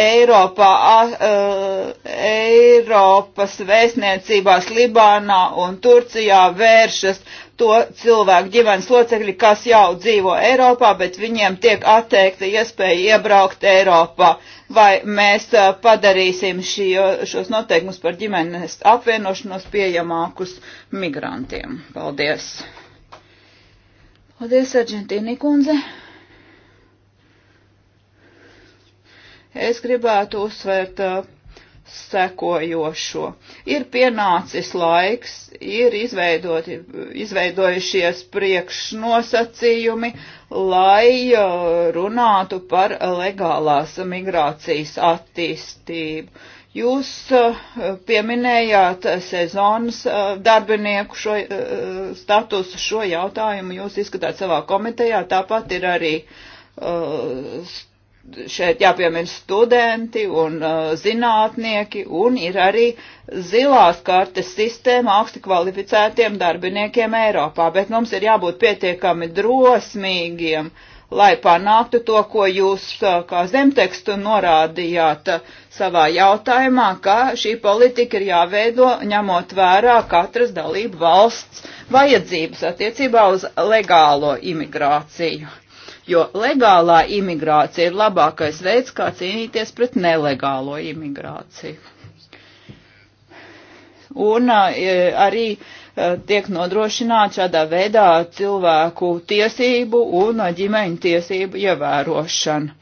Eiropā, a, a, e, Eiropas vēstniecībās Libānā un Turcijā vēršas to cilvēku ģimenes locekļi, kas jau dzīvo Eiropā, bet viņiem tiek atteikta iespēja iebraukt Eiropā. Vai mēs padarīsim šī, šos noteikumus par ģimenes apvienošanos pieejamākus migrantiem? Paldies! Paldies, Argentīni kundze! Es gribētu uzsvērt uh, sekojošo. Ir pienācis laiks, ir izveidojušies priekšnosacījumi, lai uh, runātu par legālās migrācijas attīstību. Jūs uh, pieminējāt sezonas uh, darbinieku šo statusu, šo jautājumu jūs izskatāt savā komitejā, tāpat ir arī uh, šeit jāpiemina studenti un uh, zinātnieki, un ir arī zilās kartes sistēma augsti kvalificētiem darbiniekiem Eiropā, bet mums ir jābūt pietiekami drosmīgiem, lai panāktu to, ko jūs uh, kā zemtekstu norādījāt uh, savā jautājumā, ka šī politika ir jāveido ņemot vērā katras dalību valsts vajadzības attiecībā uz legālo imigrāciju jo legālā imigrācija ir labākais veids, kā cīnīties pret nelegālo imigrāciju. Un e, arī e, tiek nodrošināta šādā veidā cilvēku tiesību un ģimeņu tiesību ievērošana.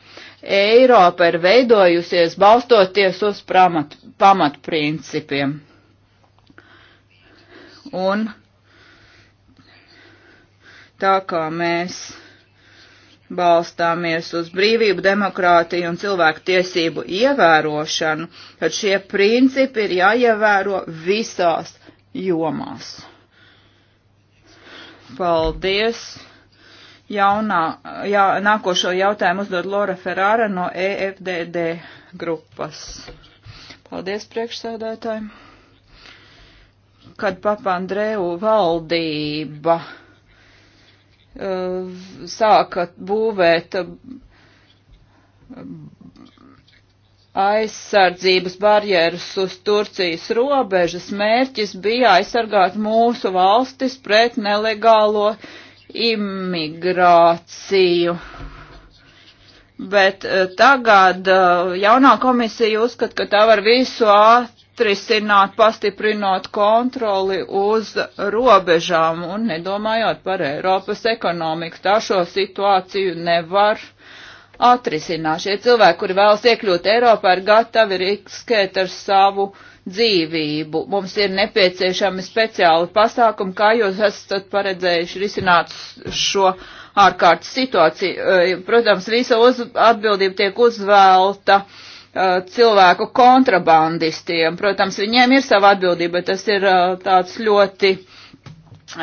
Eiropa ir veidojusies balstoties uz pramat, pamatprincipiem. Un tā kā mēs balstāmies uz brīvību, demokrātiju un cilvēku tiesību ievērošanu, tad šie principi ir jāievēro visās jomās. Paldies! Jaunā, jā, nākošo jautājumu uzdod Lora Ferrara no EFDD grupas. Paldies priekšsēdētājiem! Kad Papandreu valdība sāka būvēt uh, aizsardzības barjerus uz Turcijas robežas, mērķis bija aizsargāt mūsu valstis pret nelegālo imigrāciju. Bet uh, tagad uh, jaunā komisija uzskata, ka tā var visu ātri atrisināt, pastiprinot kontroli uz robežām un nedomājot par Eiropas ekonomiku. Tā šo situāciju nevar atrisināt. Šie cilvēki, kuri vēlas iekļūt Eiropā, ir gatavi riskēt ar savu dzīvību. Mums ir nepieciešami speciāli pasākumi, kā jūs esat paredzējuši risināt šo ārkārtas situāciju. Protams, visa atbildība tiek uzvēlta Uh, cilvēku kontrabandistiem. Protams, viņiem ir sava atbildība, bet tas ir uh, tāds ļoti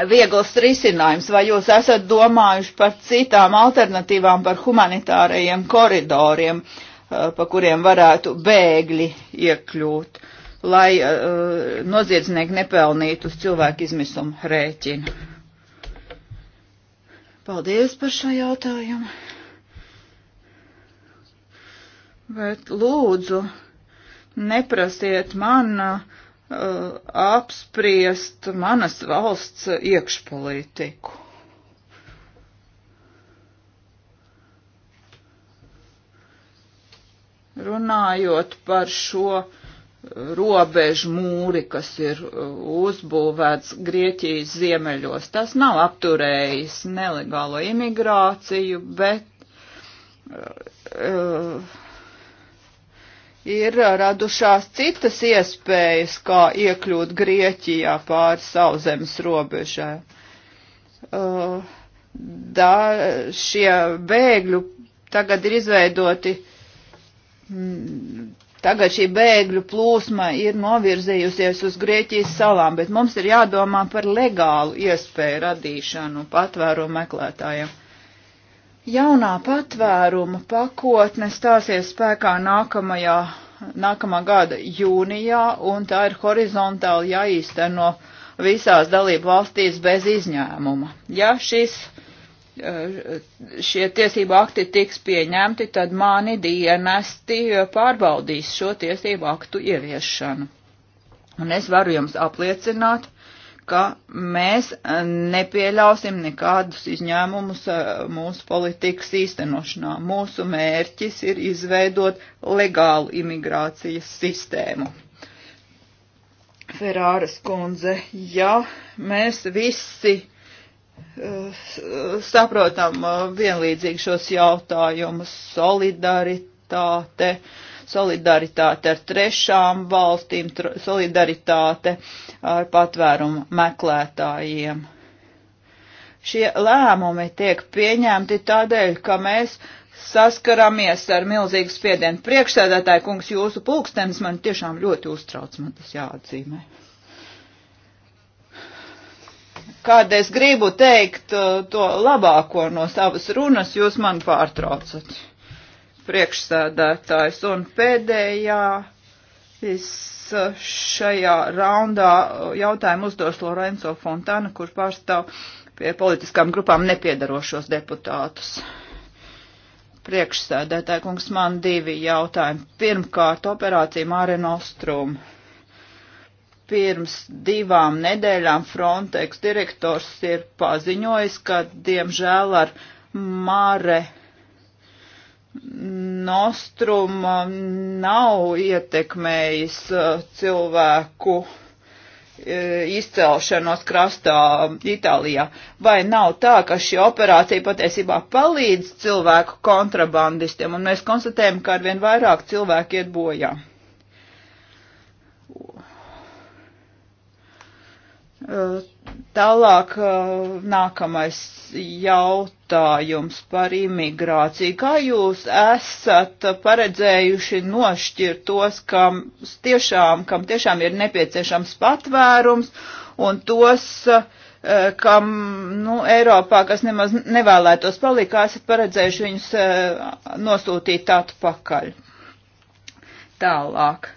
viegls risinājums. Vai jūs esat domājuši par citām alternatīvām, par humanitārajiem koridoriem, uh, pa kuriem varētu bēgļi iekļūt, lai noziedznieki nepelnītu uz cilvēku izmisumu rēķinu? Paldies par šo jautājumu. Bet lūdzu, neprasiet man uh, apspriest manas valsts iekšpolitiku. Runājot par šo robežu mūri, kas ir uh, uzbūvēts Grieķijas ziemeļos, tas nav apturējis nelegālo imigrāciju, bet uh, uh ir uh, radušās citas iespējas, kā iekļūt Grieķijā pāri sauzemes robežai. Uh, da, šie bēgļu tagad ir izveidoti, mm, tagad šī bēgļu plūsma ir novirzējusies uz Grieķijas salām, bet mums ir jādomā par legālu iespēju radīšanu patvērumu meklētājiem. Jaunā patvēruma pakotne stāsies spēkā nākamajā, nākamā gada jūnijā, un tā ir horizontāli jāīsteno visās dalību valstīs bez izņēmuma. Ja šis, eh, šie tiesību akti tiks pieņemti, tad mani dienesti pārbaudīs šo tiesību aktu ieviešanu. Un es varu jums apliecināt, ka mēs nepieļausim nekādus izņēmumus eh, mūsu politikas īstenošanā. Mūsu mērķis ir izveidot legālu imigrācijas sistēmu. Ferāras kundze, ja mēs visi uh, saprotam uh, vienlīdzīgi šos jautājumus, solidaritāte, uh, solidaritāte ar trešām valstīm, solidaritāte ar patvērumu meklētājiem. Šie lēmumi tiek pieņemti tādēļ, ka mēs saskaramies ar milzīgu spiedienu. Priekšsēdētāji kungs, jūsu pulkstenis man tiešām ļoti uztrauc, man tas jāatzīmē. Kad es gribu teikt uh, to labāko no savas runas, jūs man pārtraucat priekšsēdētājs. Un pēdējā es eh, šajā raundā eh, jautājumu uzdos Lorenzo Fontana, kurš pārstāv pie politiskām grupām nepiedarošos deputātus. Priekšsēdētāji kungs man divi jautājumi. Pirmkārt, operācija Māre Nostrum. Pirms divām nedēļām Frontex direktors ir paziņojis, ka diemžēl ar Māre Nostrum Nostrum nav ietekmējis uh, cilvēku uh, izcelšanos krastā Itālijā. Vai nav tā, ka šī operācija patiesībā palīdz cilvēku kontrabandistiem, un mēs konstatējam, ka arvien vairāk cilvēki iet bojā? Uh, Tālāk uh, nākamais jautājums par imigrāciju. Kā jūs esat paredzējuši nošķirt tos, kam tiešām, kam tiešām ir nepieciešams patvērums un tos, uh, kam nu, Eiropā, kas nemaz nevēlētos palikt, kā esat paredzējuši viņus uh, nosūtīt atpakaļ? Tālāk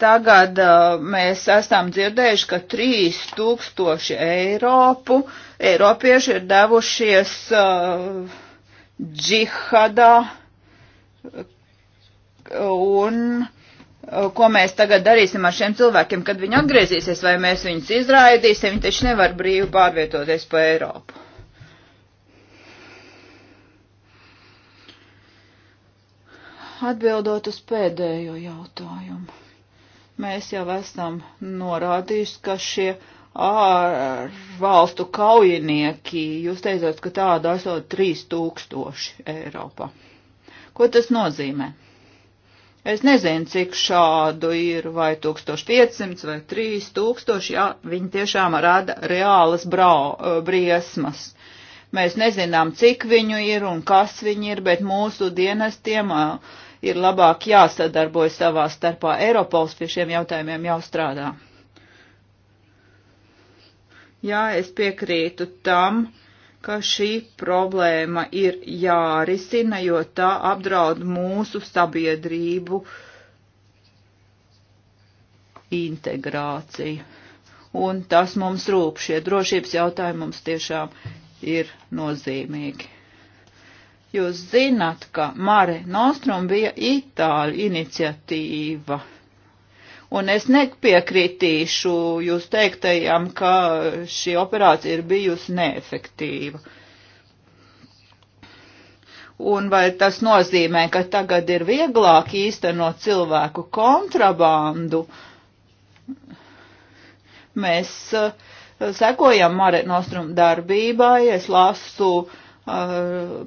Tagad uh, mēs esam dzirdējuši, ka 3000 Eiropu, Eiropieši ir devušies uh, džihadā, un uh, ko mēs tagad darīsim ar šiem cilvēkiem, kad viņi atgriezīsies, vai mēs viņus izraidīsim, viņi taču nevar brīvi pārvietoties pa Eiropu. Atbildot uz pēdējo jautājumu. Mēs jau esam norādījuši, ka šie ārvalstu kaujinieki, jūs teicāt, ka tāda esot 3000 Eiropā. Ko tas nozīmē? Es nezinu, cik šādu ir, vai 1500 vai 3000, ja viņi tiešām rada reālas brau, eh, briesmas. Mēs nezinām, cik viņu ir un kas viņi ir, bet mūsu dienestiem uh, ir labāk jāsadarbojas savā starpā. Eiropols pie šiem jautājumiem jau strādā. Jā, es piekrītu tam, ka šī problēma ir jārisina, jo tā apdraud mūsu sabiedrību integrāciju. Un tas mums rūp, šie drošības jautājumi mums tiešām ir nozīmīgi. Jūs zināt, ka Mare Nostrum bija Itāļu iniciatīva. Un es nepiekrītīšu jūs teiktajam, ka šī operācija ir bijusi neefektīva. Un vai tas nozīmē, ka tagad ir vieglāk īstenot cilvēku kontrabandu? Mēs uh, sekojam Mare Nostrum darbībai, es lasu uh,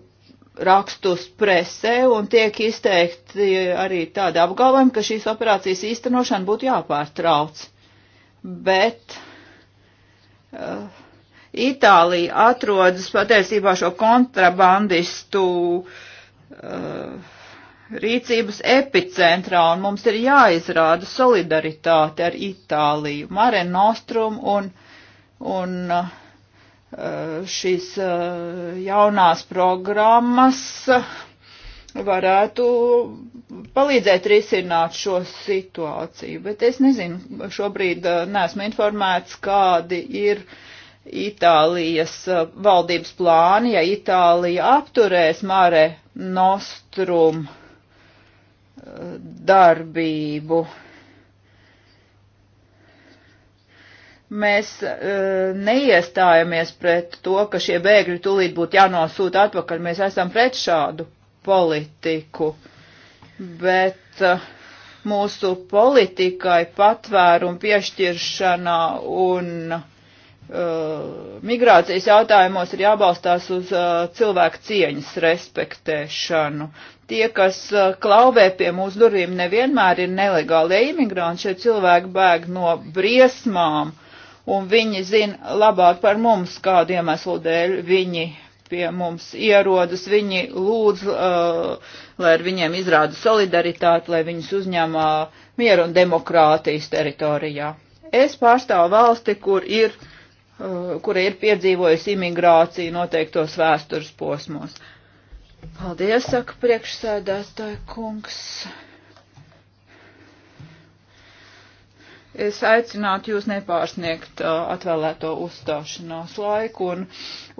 rakstus presē un tiek izteikti arī tādi apgalvojumi, ka šīs operācijas īstenošana būtu jāpārtrauc. Bet uh, Itālija atrodas patiesībā šo kontrabandistu uh, rīcības epicentrā un mums ir jāizrāda solidaritāte ar Itāliju, Mare Nostrum un, un uh, Eh, šīs eh, jaunās programmas varētu palīdzēt risināt šo situāciju, bet es nezinu, šobrīd eh, neesmu informēts, kādi ir Itālijas valdības plāni, ja Itālija apturēs Mare Nostrum darbību. Uh, mēs uh, neiestājamies pret to, ka šie bēgļi tūlīt būtu jānosūta atpakaļ. Mēs esam pret šādu politiku. Bet uh, mūsu politikai patvērumu piešķiršanā un uh, migrācijas jautājumos ir jābalstās uz cilvēku cieņas respektēšanu. Tie, kas klauvē pie mūsu durvīm, nevienmēr ir nelegālie imigranti. Šie cilvēki bēg no briesmām, uh, un viņi zina labāk par mums, kādu iemeslu dēļ viņi pie mums ierodas, viņi lūdz, uh, lai ar viņiem izrāda solidaritāti, lai viņus uzņem uh, mieru un demokrātijas teritorijā. Es pārstāvu valsti, kur ir, uh, kura ir piedzīvojusi imigrāciju noteiktos vēstures posmos. Paldies, saka priekšsēdētāja kungs. Es aicinātu jūs nepārsniegt uh, atvēlēto uzstāšanās laiku un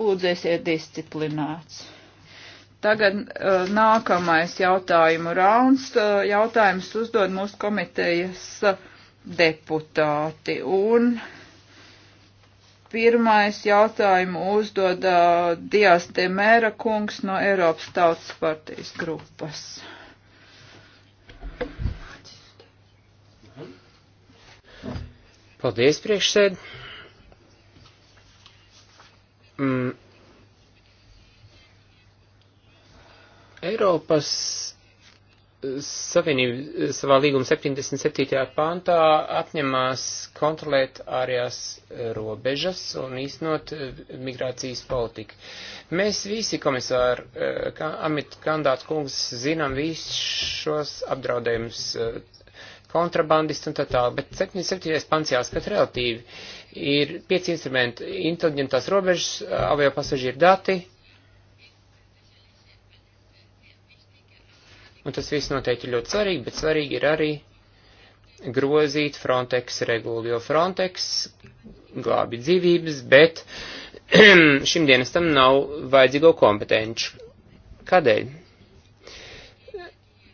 lūdzēsiet disciplinēts. Tagad uh, nākamais jautājumu rauns. Uh, jautājums uzdod mūsu komitejas deputāti. Un pirmais jautājumu uzdod Dijas Demēra kungs no Eiropas Tautas partijas grupas. Paldies, priekšsēd. Mm. Eiropas Savienība eh, savā līguma 77. pāntā apņemās kontrolēt ārējās eh, robežas un īstenot eh, migrācijas politiku. Mēs visi, komisāri, amit kandāts kungs, zinām visus šos apdraudējumus kontrabandisti un tā tālāk, bet 77. pants jāskat relatīvi. Ir pieci instrumenti - inteliģentās robežas, avio pasažieru dati. Un tas viss noteikti ir ļoti svarīgi, bet svarīgi ir arī grozīt Frontex regulu, jo Frontex glābi dzīvības, bet šim dienestam nav vajadzīgo kompetenci. Kādēļ?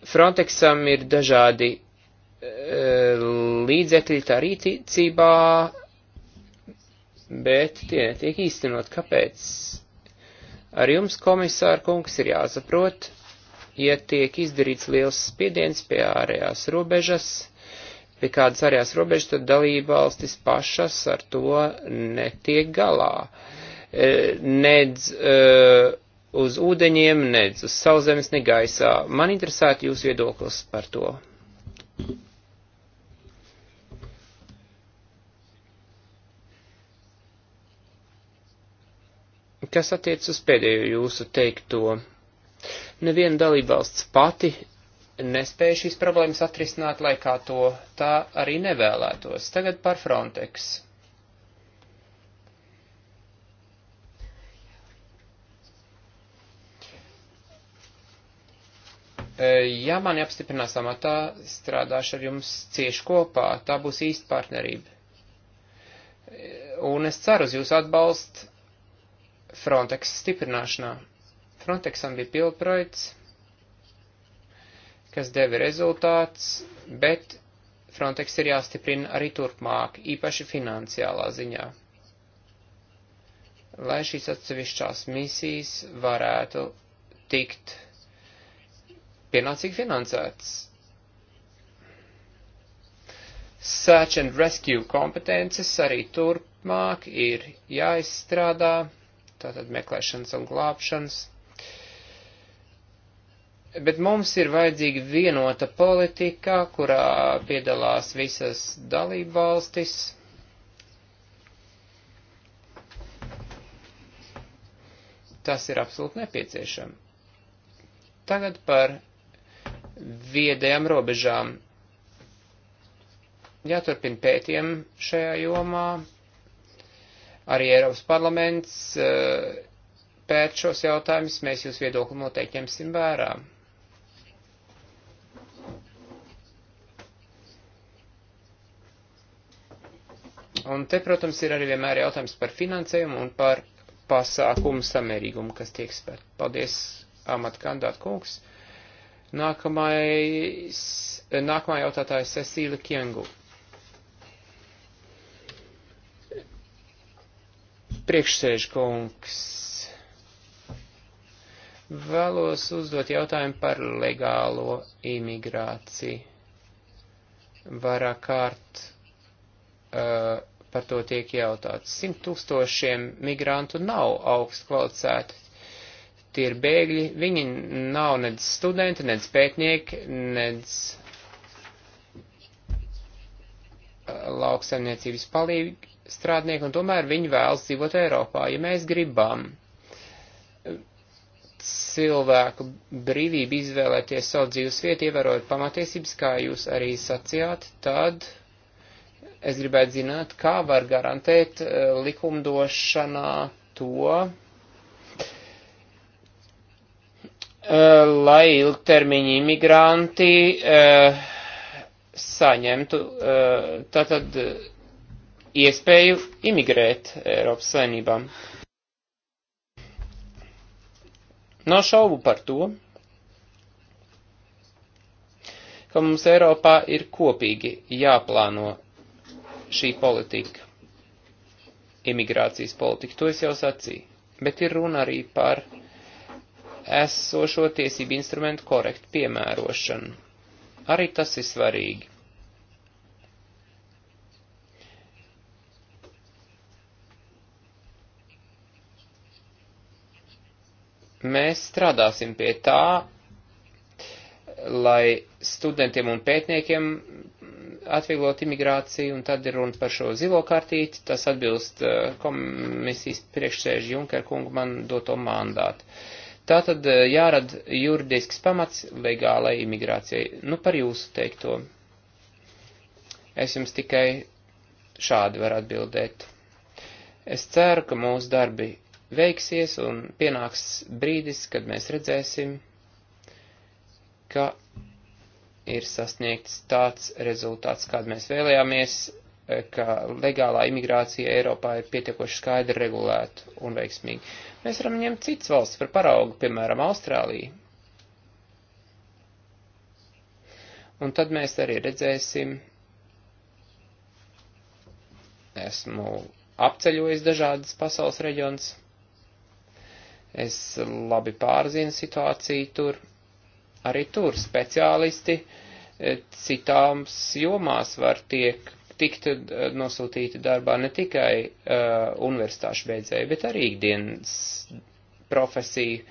Frontexam ir dažādi līdzekļi tā rīcībā, bet tie netiek īstenot. Kāpēc? Ar jums, komisāra kungs, ir jāsaprot, ja tiek izdarīts liels spiediens pie ārējās robežas, pie kādas ārējās robežas, tad dalība valstis pašas ar to netiek galā. E, nedz uh, uz ūdeņiem, nedz uz sauszemes, ne gaisā. Man interesētu jūs viedoklis par to. Thank you. Kas attiec uz pēdējo jūsu teikto, neviena dalībvalsts pati nespēja šīs problēmas atrisināt, lai kā to tā arī nevēlētos. Tagad par Frontex. E, ja mani apstiprinās amatā, strādāšu ar jums cieši kopā, tā būs īsta partnerība. E, un es ceru uz jūsu atbalstu Frontex stiprināšanā. Frontexam bija pilnprojekts, kas deva rezultāts, bet Frontex ir jāstiprina arī turpmāk, īpaši finansiālā ziņā, lai šīs atsevišķās misijas varētu tikt pienācīgi finansētas. Search and rescue kompetences arī turpmāk ir jāizstrādā tātad meklēšanas un glābšanas. Bet mums ir vajadzīga vienota politika, kurā piedalās visas dalībvalstis. Tas ir absolūti nepieciešams. Tagad par viedajām robežām. Jāturpina pētiem šajā jomā, Arī Eiropas parlaments eh, pēt šos jautājumus, mēs jūs viedokli noteikti ņemsim vērā. Un te, protams, ir arī vienmēr jautājums par finansējumu un par pasākumu samērīgumu, kas tiek spērt. Paldies, amat kandidāt kungs. Nākamais, nākamā jautātāja Cecīla Kiengu. priekšsēžkungs. Vēlos uzdot jautājumu par legālo imigrāciju. Vairāk kārt uh, par to tiek jautāts. Simt tūkstošiem migrantu nav augstu kvalificēti. Tie ir bēgļi, viņi nav nedz studenti, nedz pētnieki, nedz uh, lauksaimniecības palīgi, strādnieki, un tomēr viņi vēlas dzīvot Eiropā. Ja mēs gribam cilvēku brīvību izvēlēties savu dzīves vietu, ievērot pamatiesības, kā jūs arī sacījāt, tad es gribētu zināt, kā var garantēt eh, likumdošanā to, eh, lai ilgtermiņa imigranti eh, saņemtu tātad. Uh, iespēju imigrēt Eiropas saimnībām. Nav šaubu par to, ka mums Eiropā ir kopīgi jāplāno šī politika, imigrācijas politika, to es jau sacīju, bet ir runa arī par esošo tiesību instrumentu korektu piemērošanu. Arī tas ir svarīgi. Mēs strādāsim pie tā, lai studentiem un pētniekiem atvieglot imigrāciju, un tad ir runa par šo zilo kartīti, tas atbilst eh, komisijas priekšsēžu Junker kungu man doto mandātu. Tātad eh, jārada juridisks pamats legālai imigrācijai. Nu, par jūsu teikto. Es jums tikai šādi varu atbildēt. Es ceru, ka mūsu darbi veiksies un pienāks brīdis, kad mēs redzēsim, ka ir sasniegts tāds rezultāts, kādu mēs vēlējāmies, eh, ka legālā imigrācija Eiropā ir pietiekoši skaidri regulēta un veiksmīga. Mēs varam ņemt citas valsts par paraugu, piemēram, Austrāliju. Un tad mēs arī redzēsim, esmu apceļojis dažādas pasaules reģions. Es labi pārzinu situāciju tur. Arī tur speciālisti e, citāms jomās var tiek, tikt e, nosūtīti darbā ne tikai uh, universitāšu beidzēji, bet arī ikdienas profesiju uh,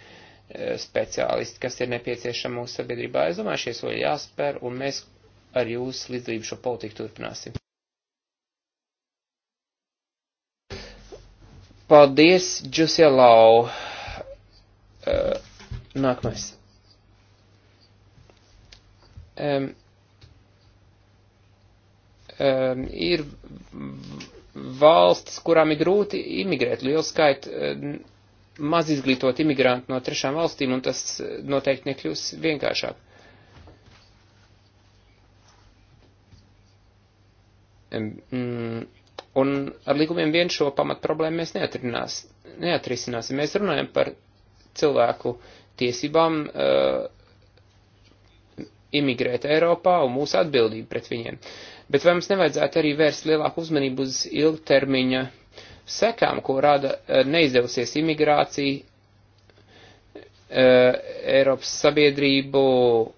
speciālisti, kas ir nepieciešami mūsu sabiedrībā. Es domāju, šie soļi jāspēr, un mēs ar jūsu līdzdalību šo politiku turpināsim. Paldies, Džusielau! Uh, nākamais. Um, um, ir valstis, kurām ir grūti imigrēt, liels skait um, maz izglītot imigrantu no trešām valstīm, un tas noteikti nekļūs vienkāršāk. Um, un ar likumiem vien šo pamat problēmu mēs neatrisinās, neatrisināsim. Mēs runājam par cilvēku tiesībām uh, imigrēt Eiropā un mūsu atbildību pret viņiem. Bet vai mums nevajadzētu arī vērst lielāku uzmanību uz ilgtermiņa sekām, ko rada uh, neizdevusies imigrācija, uh, Eiropas sabiedrību, uh,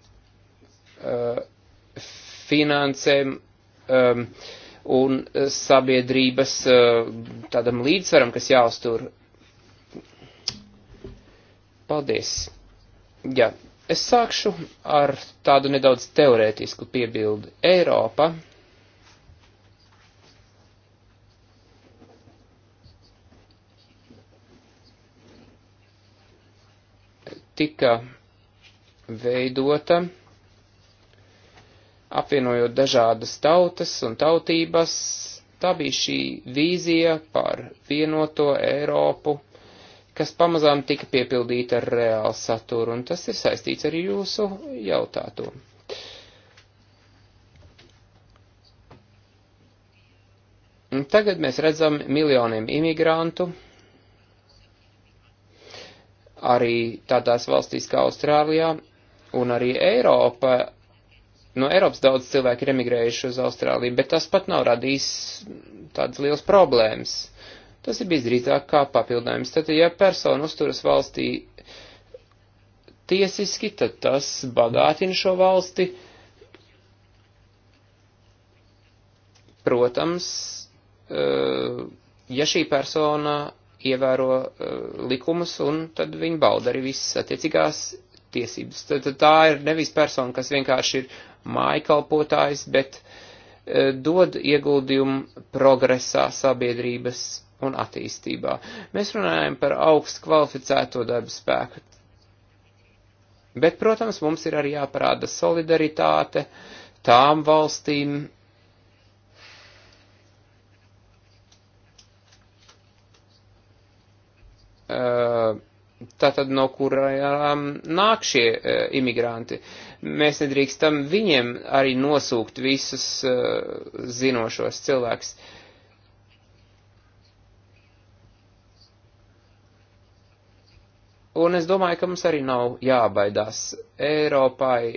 finansēm um, un sabiedrības uh, tādam līdzsvaram, kas jāuztur Paldies! Jā, es sākšu ar tādu nedaudz teorētisku piebildi. Eiropa tika veidota, apvienojot dažādas tautas un tautības. Tā bija šī vīzija par vienoto Eiropu, kas pamazām tika piepildīta ar reālu saturu, un tas ir saistīts arī jūsu jautāto. Tagad mēs redzam miljoniem imigrantu, arī tādās valstīs kā Austrālijā, un arī Eiropa no nu, Eiropas daudz cilvēku ir emigrējuši uz Austrāliju, bet tas pat nav radījis tādas liels problēmas. Tas ir bijis drīzāk kā papildinājums. Tad, ja persona uzturas valstī tiesiski, tad tas bagātina šo valsti. Protams, eh, ja šī persona ievēro eh, likumus, un tad viņi bauda arī visas attiecīgās tiesības. Tad tā ir nevis persona, kas vienkārši ir mājkalpotājs, bet eh, dod ieguldījumu progresā sabiedrības un attīstībā. Mēs runājam par augstu kvalificēto darba spēku. Bet, protams, mums ir arī jāparāda solidaritāte tām valstīm, tātad no kurām nāk šie imigranti. Mēs nedrīkstam viņiem arī nosūkt visus zinošos cilvēkus. Uh, Un es domāju, ka mums arī nav jābaidās. Eiropai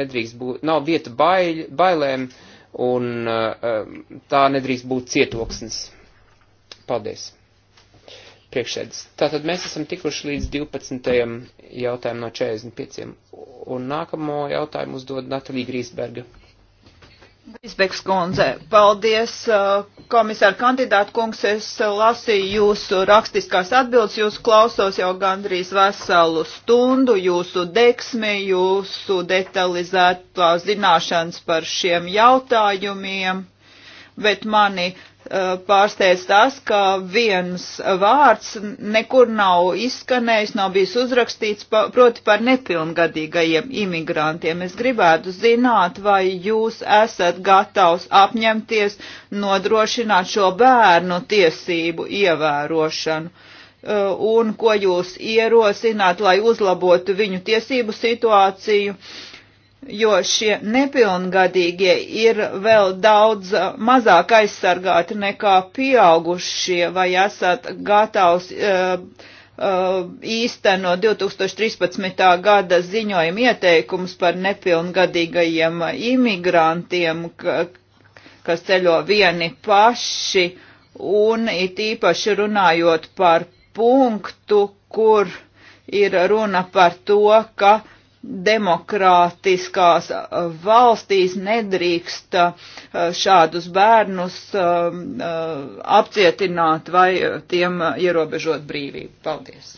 nedrīkst būt, nav vieta bail, bailēm, un uh, um, tā nedrīkst būt cietoksnis. Paldies. Priekšēdis. Tātad mēs esam tikuši līdz 12. jautājumam no 45. Un nākamo jautājumu uzdod Natalija Grīsberga. Izbeks kundze, paldies, uh, komisāra kandidāta kungs, es uh, lasīju jūsu rakstiskās atbildes, jūs klausos jau gandrīz veselu stundu, jūsu deksmi, jūsu detalizētā zināšanas par šiem jautājumiem, bet mani Eh, pārsteidz tas, ka viens vārds nekur nav izskanējis, nav bijis uzrakstīts pa, proti par nepilngadīgajiem imigrantiem. Es gribētu zināt, vai jūs esat gatavs apņemties nodrošināt šo bērnu tiesību ievērošanu eh, un ko jūs ierosināt, lai uzlabotu viņu tiesību situāciju jo šie nepilngadīgie ir vēl daudz uh, mazāk aizsargāti nekā pieaugušie, vai esat gatavs uh, uh, īstenot 2013. gada ziņojuma ieteikumus par nepilngadīgajiem imigrantiem, ka, kas ceļo vieni paši, un it īpaši runājot par punktu, kur ir runa par to, ka uh, demokrātiskās uh, valstīs nedrīkst uh, šādus bērnus uh, apcietināt vai tiem ierobežot brīvību. Paldies!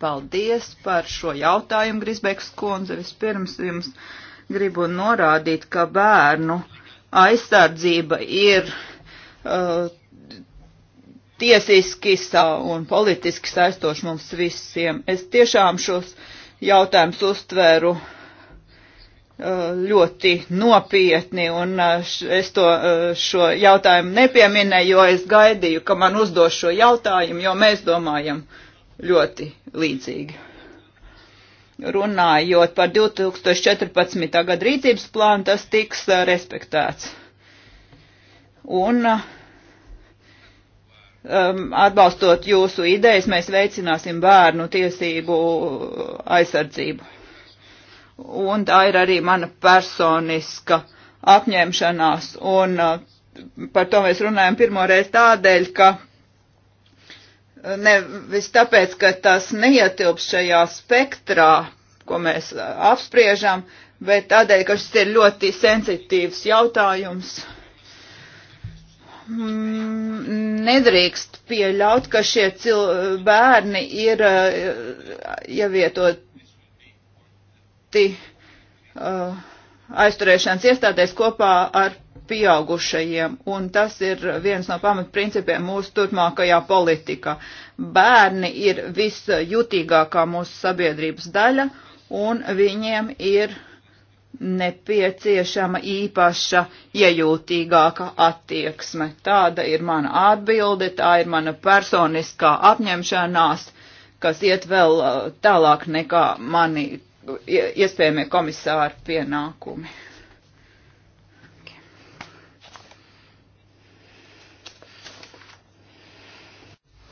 Paldies par šo jautājumu, Grisbeks kundze. Vispirms jums gribu norādīt, ka bērnu aizsardzība ir uh, tiesiski un politiski saistoši mums visiem. Es tiešām šos uh, jautājums uztvēru uh, ļoti nopietni, un uh, es to, uh, šo jautājumu nepieminēju, jo es gaidīju, ka man uzdos šo jautājumu, jo mēs domājam ļoti līdzīgi. Runājot par 2014. gada rīcības plānu, tas tiks respektēts. Un uh, Um, atbalstot jūsu idejas, mēs veicināsim bērnu tiesību aizsardzību. Un tā ir arī mana personiska apņemšanās, un uh, par to mēs runājam pirmoreiz tādēļ, ka uh, nevis tāpēc, ka tas neietilps šajā spektrā, ko mēs uh, apspriežam, bet tādēļ, ka šis ir ļoti sensitīvs jautājums Mm, nedrīkst pieļaut, ka šie cil, bērni ir uh, ievietoti uh, aizturēšanas iestādēs kopā ar pieaugušajiem, un tas ir viens no pamatprincipiem mūsu turpmākajā politikā. Bērni ir visjutīgākā mūsu sabiedrības daļa, un viņiem ir uh, nepieciešama īpaša iejūtīgāka attieksme. Tāda ir mana atbilde, tā ir mana personiskā apņemšanās, kas iet vēl uh, tālāk nekā mani iespējamie komisāri pienākumi.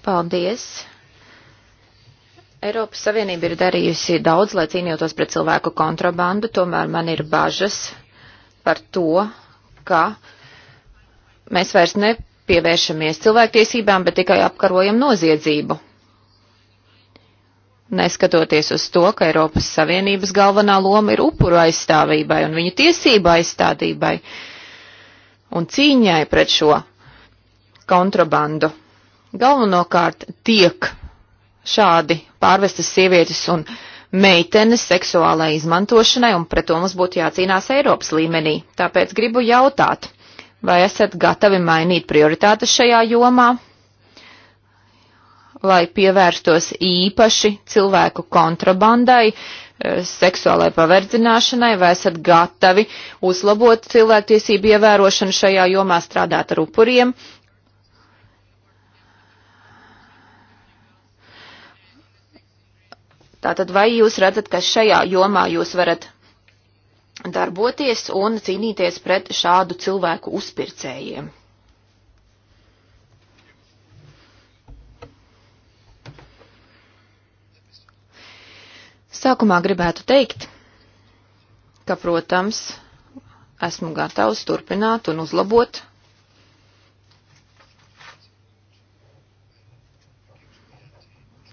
Paldies! Eiropas Savienība ir darījusi daudz, lai cīnītos pret cilvēku kontrabandu, tomēr man ir bažas par to, ka mēs vairs nepievēršamies cilvēktiesībām, bet tikai apkarojam noziedzību. Neskatoties uz to, ka Eiropas Savienības galvenā loma ir upuru aizstāvībai un viņu tiesību aizstādībai un cīņai pret šo kontrabandu. Galvenokārt tiek šādi pārvestas sievietes un meitenes seksuālai izmantošanai, un pret to mums būtu jācīnās Eiropas līmenī. Tāpēc gribu jautāt, vai esat gatavi mainīt prioritātes šajā jomā, lai pievērstos īpaši cilvēku kontrabandai, eh, seksuālai paverdzināšanai, vai esat gatavi uzlabot cilvēktiesību ievērošanu šajā jomā, strādāt ar upuriem, Tātad vai jūs redzat, ka šajā jomā jūs varat darboties un cīnīties pret šādu cilvēku uzpircējiem? Sākumā gribētu teikt, ka, protams, esmu gatavs turpināt un uzlabot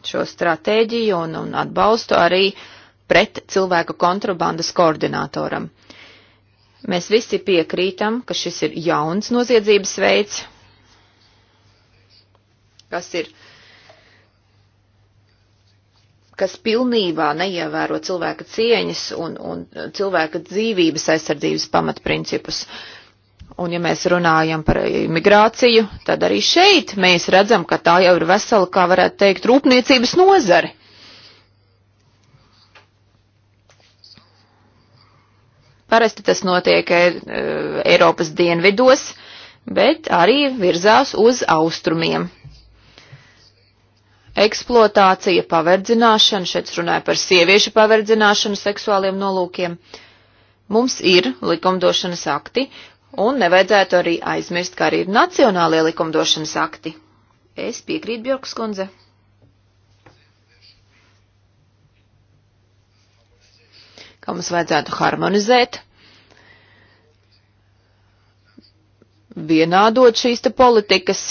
šo stratēģiju un, un atbalstu arī pret cilvēku kontrabandas koordinatoram. Mēs visi piekrītam, ka šis ir jauns noziedzības veids, kas ir kas pilnībā neievēro cilvēka cieņas un, un cilvēka dzīvības aizsardzības pamatprincipus. Uh, Un ja mēs runājam par imigrāciju, tad arī šeit mēs redzam, ka tā jau ir vesela, kā varētu teikt, rūpniecības nozare. Parasti tas notiek e, Eiropas dienvidos, bet arī virzās uz austrumiem. Eksploatācija, paverdzināšana, šeit runāja par sieviešu paverdzināšanu seksuāliem nolūkiem. Mums ir likumdošanas akti, Un nevajadzētu arī aizmirst, kā arī ir nacionālie likumdošanas akti. Es piekrītu Bjorkas kundze. Kā mums vajadzētu harmonizēt, vienādot šīs te politikas,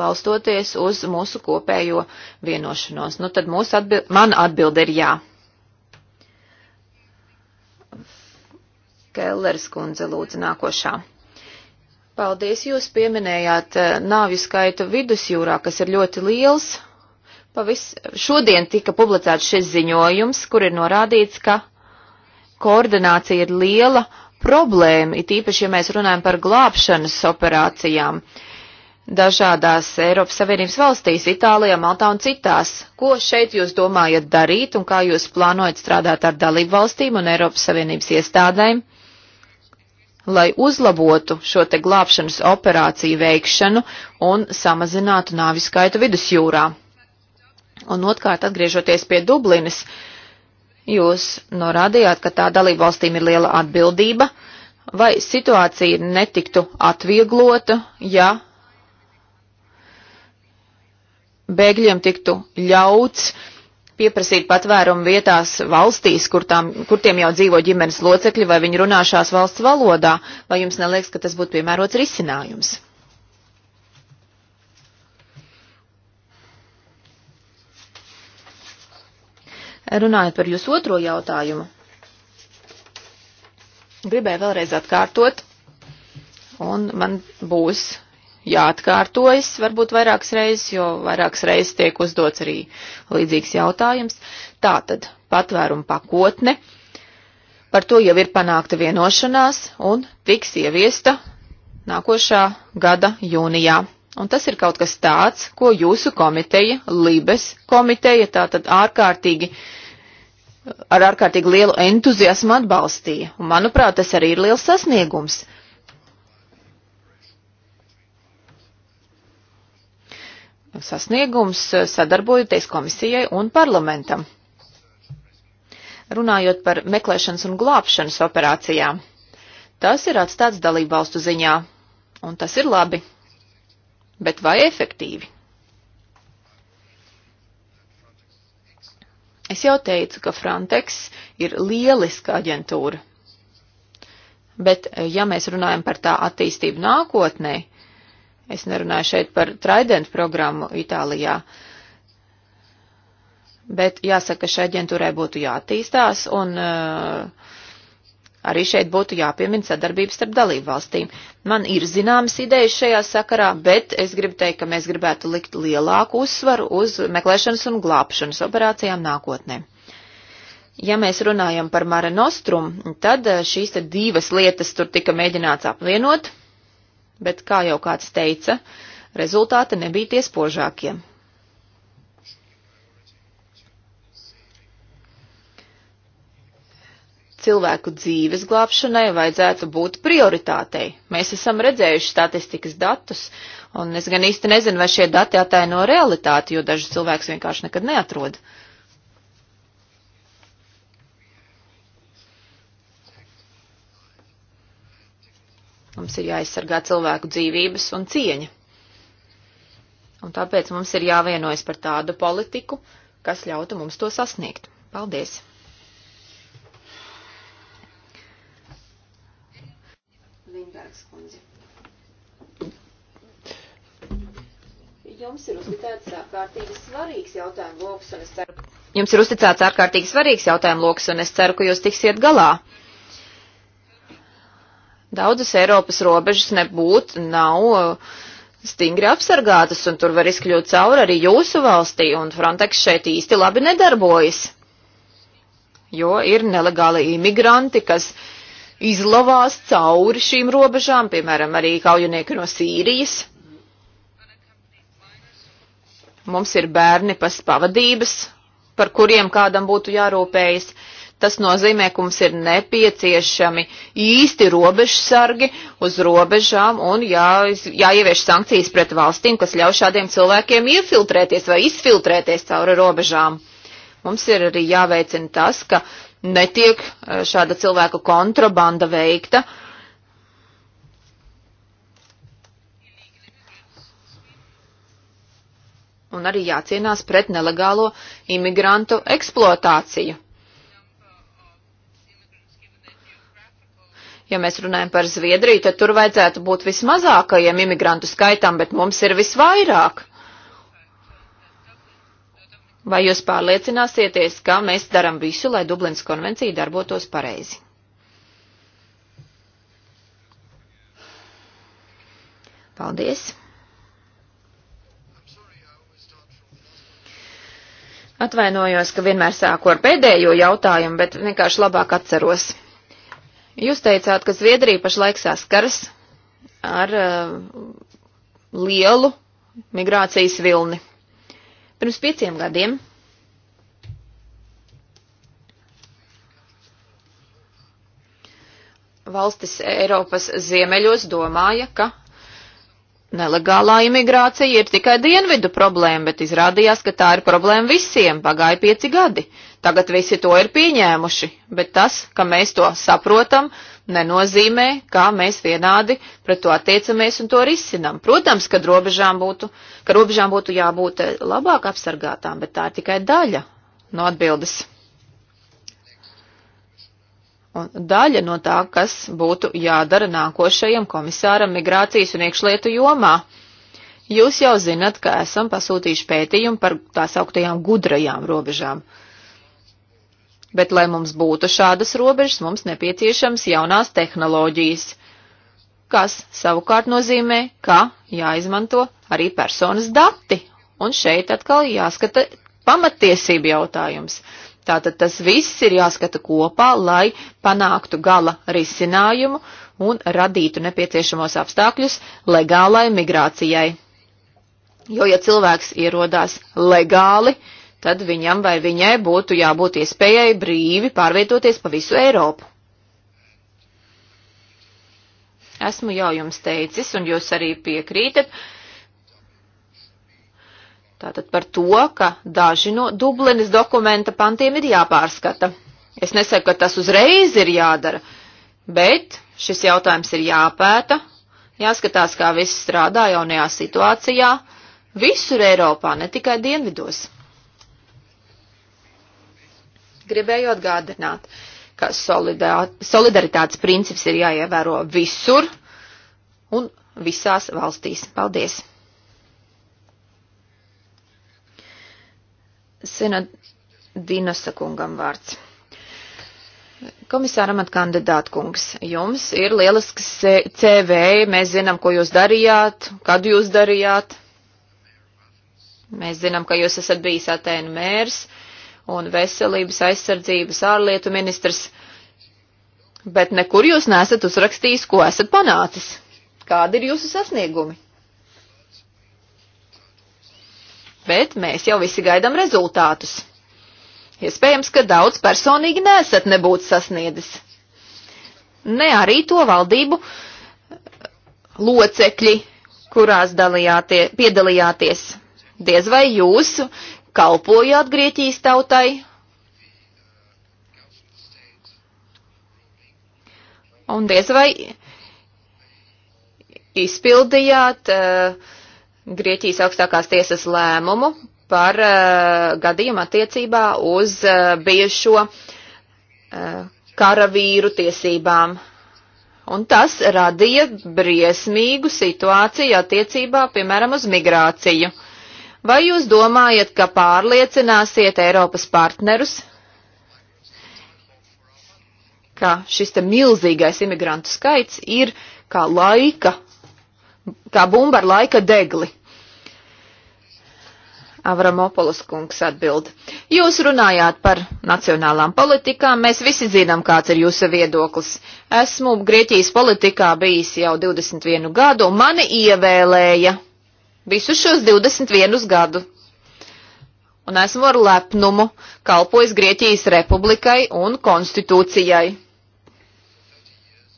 balstoties uz mūsu kopējo vienošanos. Nu tad mūsu atbild, man atbild ir jā. Kellers kundze lūdzu nākošā. Paldies, jūs pieminējāt eh, nāvju skaitu vidusjūrā, kas ir ļoti liels. Pavis, šodien tika publicēts šis ziņojums, kur ir norādīts, ka koordinācija ir liela problēma, it īpaši, ja mēs runājam par glābšanas operācijām dažādās Eiropas Savienības valstīs, Itālijā, Maltā un citās. Ko šeit jūs domājat darīt un kā jūs plānojat strādāt ar dalību valstīm un Eiropas Savienības iestādēm, lai uzlabotu šo te glābšanas operāciju veikšanu un samazinātu nāvis skaitu vidusjūrā. Un otkārt, atgriežoties pie Dublinas, jūs norādījāt, ka tā dalību valstīm ir liela atbildība, vai situācija netiktu atvieglota, ja bēgļiem tiktu ļauts pieprasīt patvērumu vietās valstīs, kur, tām, kur tiem jau dzīvo ģimenes locekļi, vai viņi runā šās valsts valodā, vai jums neliekas, ka tas būtu piemērots risinājums? Runājot par jūsu otro jautājumu, gribēju vēlreiz atkārtot, un man būs jāatkārtojas varbūt vairākas reizes, jo vairākas reizes tiek uzdots arī līdzīgs jautājums. Tātad patvērumu pakotne, par to jau ir panākta vienošanās un tiks ieviesta nākošā gada jūnijā. Un tas ir kaut kas tāds, ko jūsu komiteja, Libes komiteja, tātad ārkārtīgi ar ārkārtīgi lielu entuziasmu atbalstīja. Un, manuprāt, tas arī ir liels sasniegums. sasniegums eh, sadarbojoties komisijai un parlamentam. Runājot par meklēšanas un glābšanas operācijām, tas ir atstāts dalību valstu ziņā, un tas ir labi, bet vai efektīvi? Es jau teicu, ka Frontex ir lieliska aģentūra, bet eh, ja mēs runājam par tā attīstību nākotnē, Es nerunāju šeit par Trident programmu Itālijā, bet jāsaka, šai aģentūrai būtu jātīstās un uh, arī šeit būtu jāpiemina sadarbības starp dalību valstīm. Man ir zināmas idejas šajā sakarā, bet es gribu teikt, ka mēs gribētu likt lielāku uzsvaru uz meklēšanas un glābšanas operācijām nākotnē. Ja mēs runājam par Mare Nostrum, tad eh, šīs divas lietas tur tika mēģināts apvienot bet, kā jau kāds teica, rezultāti nebija tie spožākie. Cilvēku dzīves glābšanai vajadzētu būt prioritātei. Mēs esam redzējuši statistikas datus, un es gan īsti nezinu, vai šie dati ataino realitāti, jo dažus cilvēkus vienkārši nekad neatrod. Uh, Mums ir jāaizsargā cilvēku dzīvības un cieņa. Un tāpēc mums ir jāvienojas par tādu politiku, kas ļautu mums to sasniegt. Paldies! Lindbergs kundze. Jums ir uzticēts ārkārtīgi svarīgs jautājumu lokus, un es ceru, Jums ir uzticēts ārkārtīgi svarīgs jautājumu lokus, un es ceru, ka jūs tiksiet galā. Daudzas Eiropas robežas nebūt, nav uh, stingri apsargātas, un tur var izkļūt cauri arī jūsu valstī, un Frontex šeit īsti labi nedarbojas, jo ir nelegāli imigranti, kas izlavās cauri šīm robežām, piemēram, arī kaujinieki no Sīrijas. Mums ir bērni pas pavadības, par kuriem kādam būtu jārūpējas. Uh, Tas nozīmē, ka mums ir nepieciešami īsti robežsargi uz robežām un jā, jāievieš sankcijas pret valstīm, kas ļauj šādiem cilvēkiem iefiltrēties vai izfiltrēties cauri robežām. Mums ir arī jāveicina tas, ka netiek eh, šāda cilvēku kontrabanda veikta. Un arī jācīnās pret nelegālo imigrantu eksploatāciju. Ja mēs runājam par Zviedriju, tad tur vajadzētu būt vismazākajiem imigrantu skaitam, bet mums ir visvairāk. Vai jūs pārliecināsieties, ka mēs daram visu, lai Dublinas konvencija darbotos pareizi? Paldies! Atvainojos, ka vienmēr sāku ar pēdējo jautājumu, bet vienkārši labāk atceros. Jūs teicāt, ka Zviedrija pašlaik saskaras ar uh, lielu migrācijas vilni. Pirms pieciem gadiem valstis Eiropas ziemeļos domāja, ka nelegālā imigrācija ir tikai dienvidu problēma, bet izrādījās, ka tā ir problēma visiem, pagāja pieci gadi. Uh, Tagad visi to ir pieņēmuši, bet tas, ka mēs to saprotam, nenozīmē, kā mēs vienādi pret to attiecamies un to risinam. Protams, kad robežām būtu, ka robežām būtu jābūt eh, labāk apsargātām, bet tā ir tikai daļa no atbildes. Un daļa no tā, kas būtu jādara nākošajam komisāram migrācijas un iekšlietu jomā. Jūs jau zinat, ka esam pasūtījuši pētījumu par tā sauktajām gudrajām robežām. Bet, lai mums būtu šādas robežas, mums nepieciešams jaunās tehnoloģijas, kas savukārt nozīmē, ka jāizmanto arī personas dati. Un šeit atkal jāskata pamatiesību jautājums. Tātad tas viss ir jāskata kopā, lai panāktu gala risinājumu un radītu nepieciešamos apstākļus legālai migrācijai. Jo, ja cilvēks ierodās legāli, uh, tad viņam vai viņai būtu jābūt iespējai brīvi pārvietoties pa visu Eiropu. Esmu jau jums teicis, un jūs arī piekrītat, tātad par to, ka daži no Dublinas dokumenta pantiem ir jāpārskata. Es nesaku, ka tas uzreiz ir jādara, bet šis jautājums ir jāpēta, jāskatās, kā viss strādā jaunajā situācijā, visur Eiropā, ne tikai dienvidos gribēju atgādināt, ka solidaritātes princips ir jāievēro visur un visās valstīs. Paldies! Sena Dinosa kungam vārds. Komisāram atkandidātu kungs, jums ir lielisks CV, mēs zinām, ko jūs darījāt, kad jūs darījāt. Mēs zinām, ka jūs esat bijis Atēnu mērs, un veselības aizsardzības ārlietu ministrs, bet nekur jūs nesat uzrakstījis, ko esat panācis. Kādi ir jūsu sasniegumi? Bet mēs jau visi gaidām rezultātus. Iespējams, ka daudz personīgi nesat nebūt sasniedzis. Ne arī to valdību locekļi, kurās dalījātie, piedalījāties. Diez vai jūs kalpojāt Grieķijas tautai. Un diez vai izpildījāt uh, Grieķijas augstākās tiesas lēmumu par uh, gadījumu attiecībā uz uh, bijušo uh, karavīru tiesībām. Un tas radīja briesmīgu situāciju attiecībā, piemēram, uz migrāciju. Uh, Vai jūs domājat, ka pārliecināsiet Eiropas partnerus, ka šis te milzīgais imigrantu skaits ir kā laika, kā bumba ar laika degli? Avramopolis kungs atbild. Jūs runājāt par nacionālām politikām, mēs visi zinām, kāds ir jūsu viedoklis. Esmu Grieķijas politikā bijis jau 21 gadu, mani ievēlēja Visus šos 21 gadu. Un esmu ar lepnumu kalpojis Grieķijas republikai un konstitūcijai.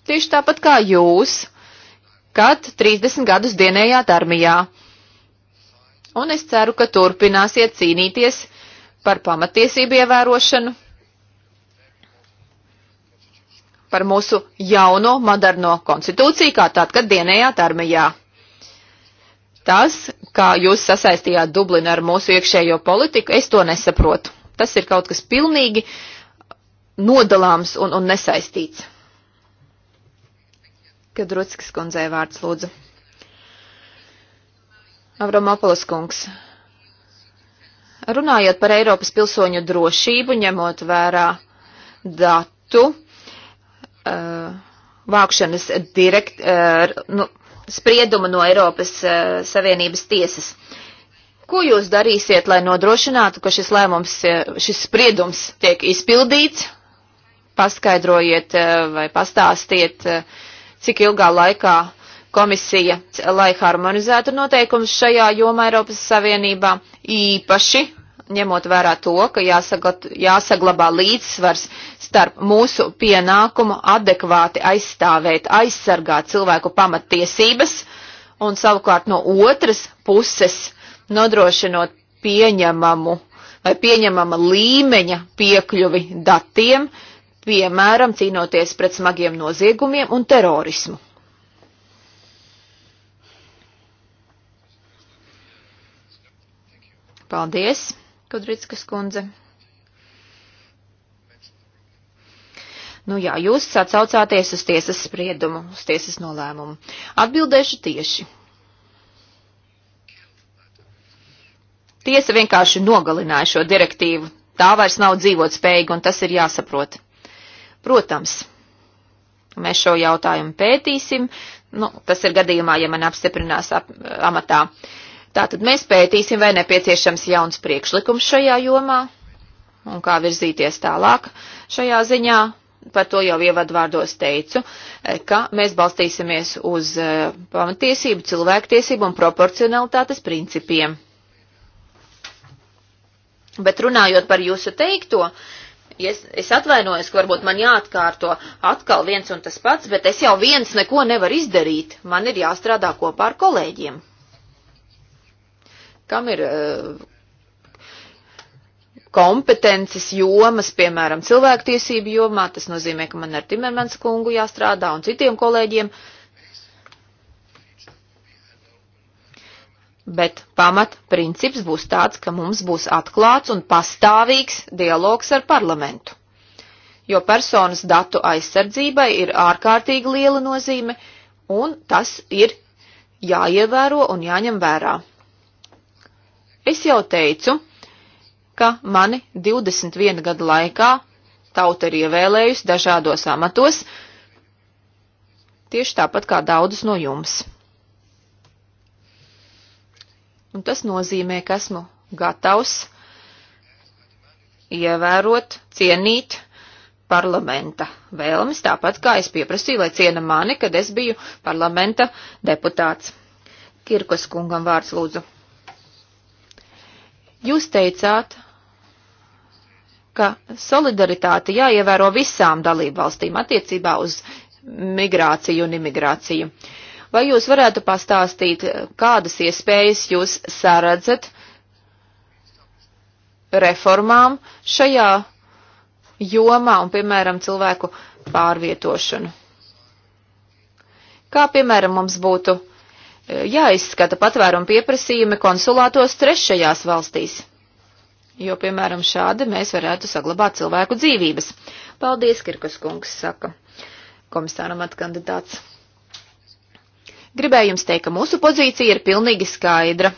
Tieši tāpat kā jūs, kad 30 gadus dienējāt armijā. Un es ceru, ka turpināsiet cīnīties par pamatiesību ievērošanu, par mūsu jauno moderno konstitūciju, kā tādu, kad dienējāt armijā. Tas, kā jūs sasaistījāt Dublinu ar mūsu iekšējo politiku, es to nesaprotu. Tas ir kaut kas pilnīgi nodalāms un, un nesaistīts. Kad Rutskas kundzē vārds lūdzu. Avromopolis kungs. Runājot par Eiropas pilsoņu drošību, ņemot vērā datu uh, vākšanas direkt, uh, nu, spriedumu no Eiropas uh, Savienības tiesas. Ko jūs darīsiet, lai nodrošinātu, ka šis lēmums, eh, šis spriedums tiek izpildīts? Paskaidrojiet eh, vai pastāstiet, cik ilgā laikā komisija, lai harmonizētu noteikumus šajā jomā Eiropas Savienībā, īpaši ņemot vērā to, ka jāsagat, jāsaglabā līdzsvars starp mūsu pienākumu adekvāti aizstāvēt, aizsargāt cilvēku pamattiesības un savukārt no otras puses nodrošinot pieņemamu vai pieņemama līmeņa piekļuvi datiem, piemēram, cīnoties pret smagiem noziegumiem un terorismu. Paldies! Kudrickas kundze. Nu jā, jūs atsaucāties uz tiesas spriedumu, uz tiesas nolēmumu. Atbildēšu tieši. Tiesa vienkārši nogalināja šo direktīvu. Tā vairs nav dzīvot spējīga, un tas ir jāsaprot. Protams, mēs šo jautājumu pētīsim. Nu, tas ir gadījumā, ja man apstiprinās ap, amatā. Uh, Tātad mēs pētīsim, vai nepieciešams jauns priekšlikums šajā jomā un kā virzīties tālāk šajā ziņā. Par to jau ievadvārdos teicu, eh, ka mēs balstīsimies uz eh, pamatiesību, cilvēktiesību un proporcionalitātes principiem. Bet runājot par jūsu teikto, es, es atvainojos, ka varbūt man jāatkārto atkal viens un tas pats, bet es jau viens neko nevaru izdarīt. Man ir jāstrādā kopā ar kolēģiem kam ir eh, kompetences jomas, piemēram, cilvēktiesību jomā, tas nozīmē, ka man ar Timermans kungu jāstrādā un citiem kolēģiem. Bet pamat princips būs tāds, ka mums būs atklāts un pastāvīgs dialogs ar parlamentu. Jo personas datu aizsardzībai ir ārkārtīgi liela nozīme, un tas ir jāievēro un jāņem vērā. Es jau teicu, ka mani 21 gadu laikā tauta ir ievēlējusi dažādos amatos, tieši tāpat kā daudzus no jums. Un tas nozīmē, ka esmu gatavs ievērot, cienīt parlamenta vēlmes, tāpat kā es pieprasīju, lai ciena mani, kad es biju parlamenta deputāts. Kirkos kungam vārds lūdzu. Jūs teicāt, ka solidaritāte jāievēro visām dalību valstīm attiecībā uz migrāciju un imigrāciju. Vai jūs varētu pastāstīt, kādas iespējas jūs saredzat reformām šajā jomā un, piemēram, cilvēku pārvietošanu? Kā, piemēram, mums būtu jāizskata patvērumu pieprasījumi konsulātos trešajās valstīs. Jo, piemēram, šādi mēs varētu saglabāt cilvēku dzīvības. Paldies, Kirkus kungs, saka komisāram atkandidāts. Gribēju jums teikt, ka mūsu pozīcija ir pilnīgi skaidra.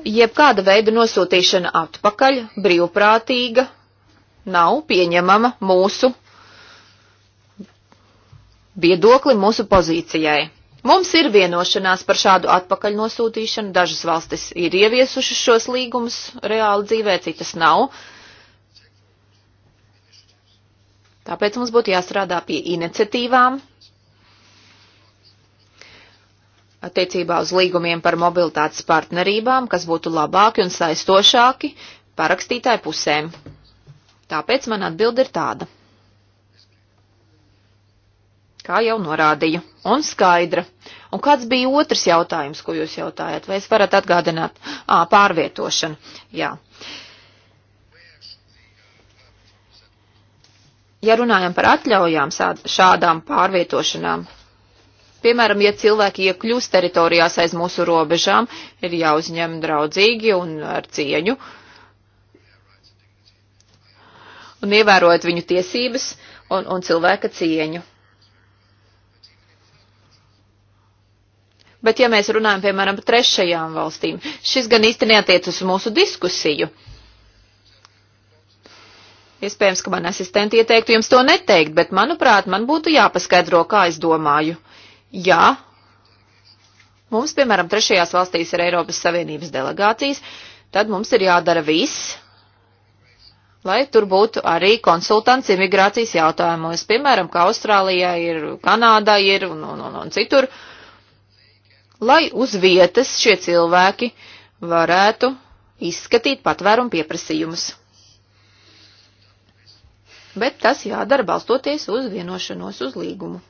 Jebkāda veida nosūtīšana atpakaļ, brīvprātīga, nav pieņemama mūsu viedokli, mūsu pozīcijai. Mums ir vienošanās par šādu atpakaļ nosūtīšanu. Dažas valstis ir ieviesušas šos līgumus reāli dzīvē, citas nav. Tāpēc mums būtu jāstrādā pie iniciatīvām attiecībā uz līgumiem par mobilitātes partnerībām, kas būtu labāki un saistošāki parakstītāju pusēm. Tāpēc man atbilde ir tāda. Kā jau norādīju, un skaidra. Un kāds bija otrs jautājums, ko jūs jautājat? Vai es varat atgādināt? Ā, pārvietošana. Jā. Ja runājam par atļaujām šādām pārvietošanām, Piemēram, ja cilvēki iekļūst teritorijās aiz mūsu robežām, ir jāuzņem draudzīgi un ar cieņu, un ievērojot viņu tiesības un, un cilvēka cieņu. Bet ja mēs runājam, piemēram, par trešajām valstīm, šis gan īsti neatiec uz mūsu diskusiju. Iespējams, ka man asistenti ieteiktu jums to neteikt, bet, manuprāt, man būtu jāpaskaidro, kā es domāju. Jā, mums, piemēram, trešajās valstīs ir Eiropas Savienības delegācijas, tad mums ir jādara viss, lai tur būtu arī konsultants imigrācijas jautājumos, piemēram, kā Austrālijā ir, Kanādā ir un, un, un, un citur, lai uz vietas šie cilvēki varētu izskatīt patvērumu pieprasījumus. Bet tas jādara balstoties uz vienošanos uz līgumu.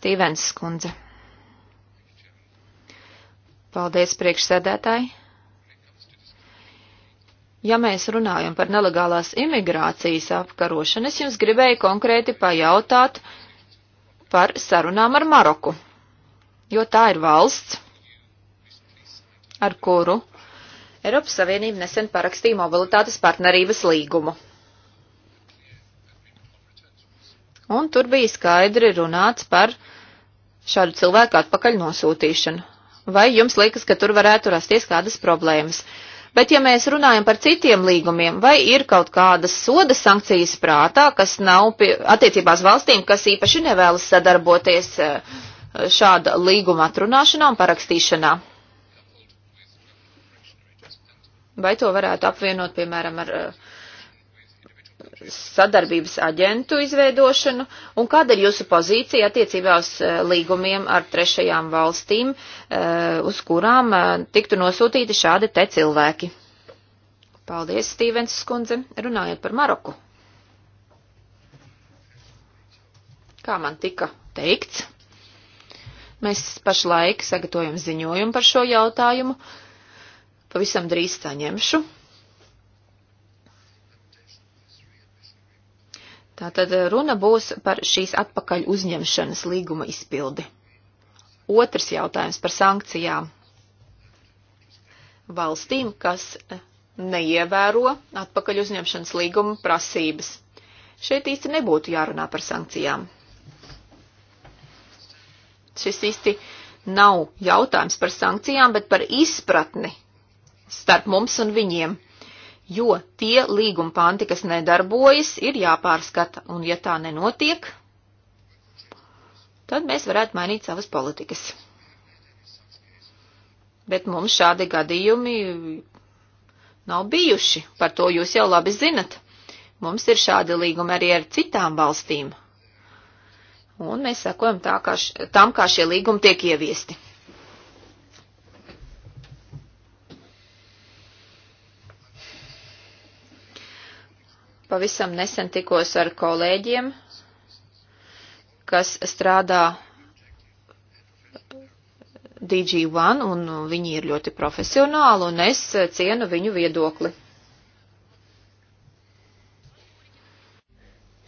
Stīvens skundze. Paldies, priekšsēdētāji. Ja mēs runājam par nelegālās imigrācijas apkarošanu, es jums gribēju konkrēti pajautāt par sarunām ar Maroku, jo tā ir valsts, ar kuru Eiropas Savienība nesen parakstīja mobilitātes partnerības līgumu. un tur bija skaidri runāts par šādu cilvēku atpakaļ nosūtīšanu. Vai jums liekas, ka tur varētu rasties kādas problēmas? Bet ja mēs runājam par citiem līgumiem, vai ir kaut kādas soda sankcijas prātā, kas nav pie, attiecībās valstīm, kas īpaši nevēlas sadarboties eh, šāda līguma atrunāšanā un parakstīšanā? Vai to varētu apvienot, piemēram, ar uh, sadarbības aģentu izveidošanu un kāda ir jūsu pozīcija attiecībā uz eh, līgumiem ar trešajām valstīm, eh, uz kurām eh, tiktu nosūtīti šādi te cilvēki? Paldies, Stīvens Skundze, runājot par Maroku. Kā man tika teikts, mēs pašlaik sagatavojam ziņojumu par šo jautājumu. Pavisam drīz saņemšu Tātad eh, runa būs par šīs atpakaļ uzņemšanas līguma izpildi. Otrs jautājums par sankcijām. Valstīm, kas eh, neievēro atpakaļ uzņemšanas līguma prasības. Šeit īsti nebūtu jārunā par sankcijām. Šis īsti nav jautājums par sankcijām, bet par izpratni starp mums un viņiem jo tie līguma panti, kas nedarbojas, ir jāpārskata, un ja tā nenotiek, tad mēs varētu mainīt savas politikas. Bet mums šādi gadījumi nav bijuši, par to jūs jau labi zinat. Mums ir šādi līgumi arī ar citām valstīm. Un mēs sekojam tā, kā š, tam, kā šie līgumi tiek ieviesti. Pavisam nesen tikos ar kolēģiem, kas strādā DG1, un viņi ir ļoti profesionāli, un es cienu viņu viedokli.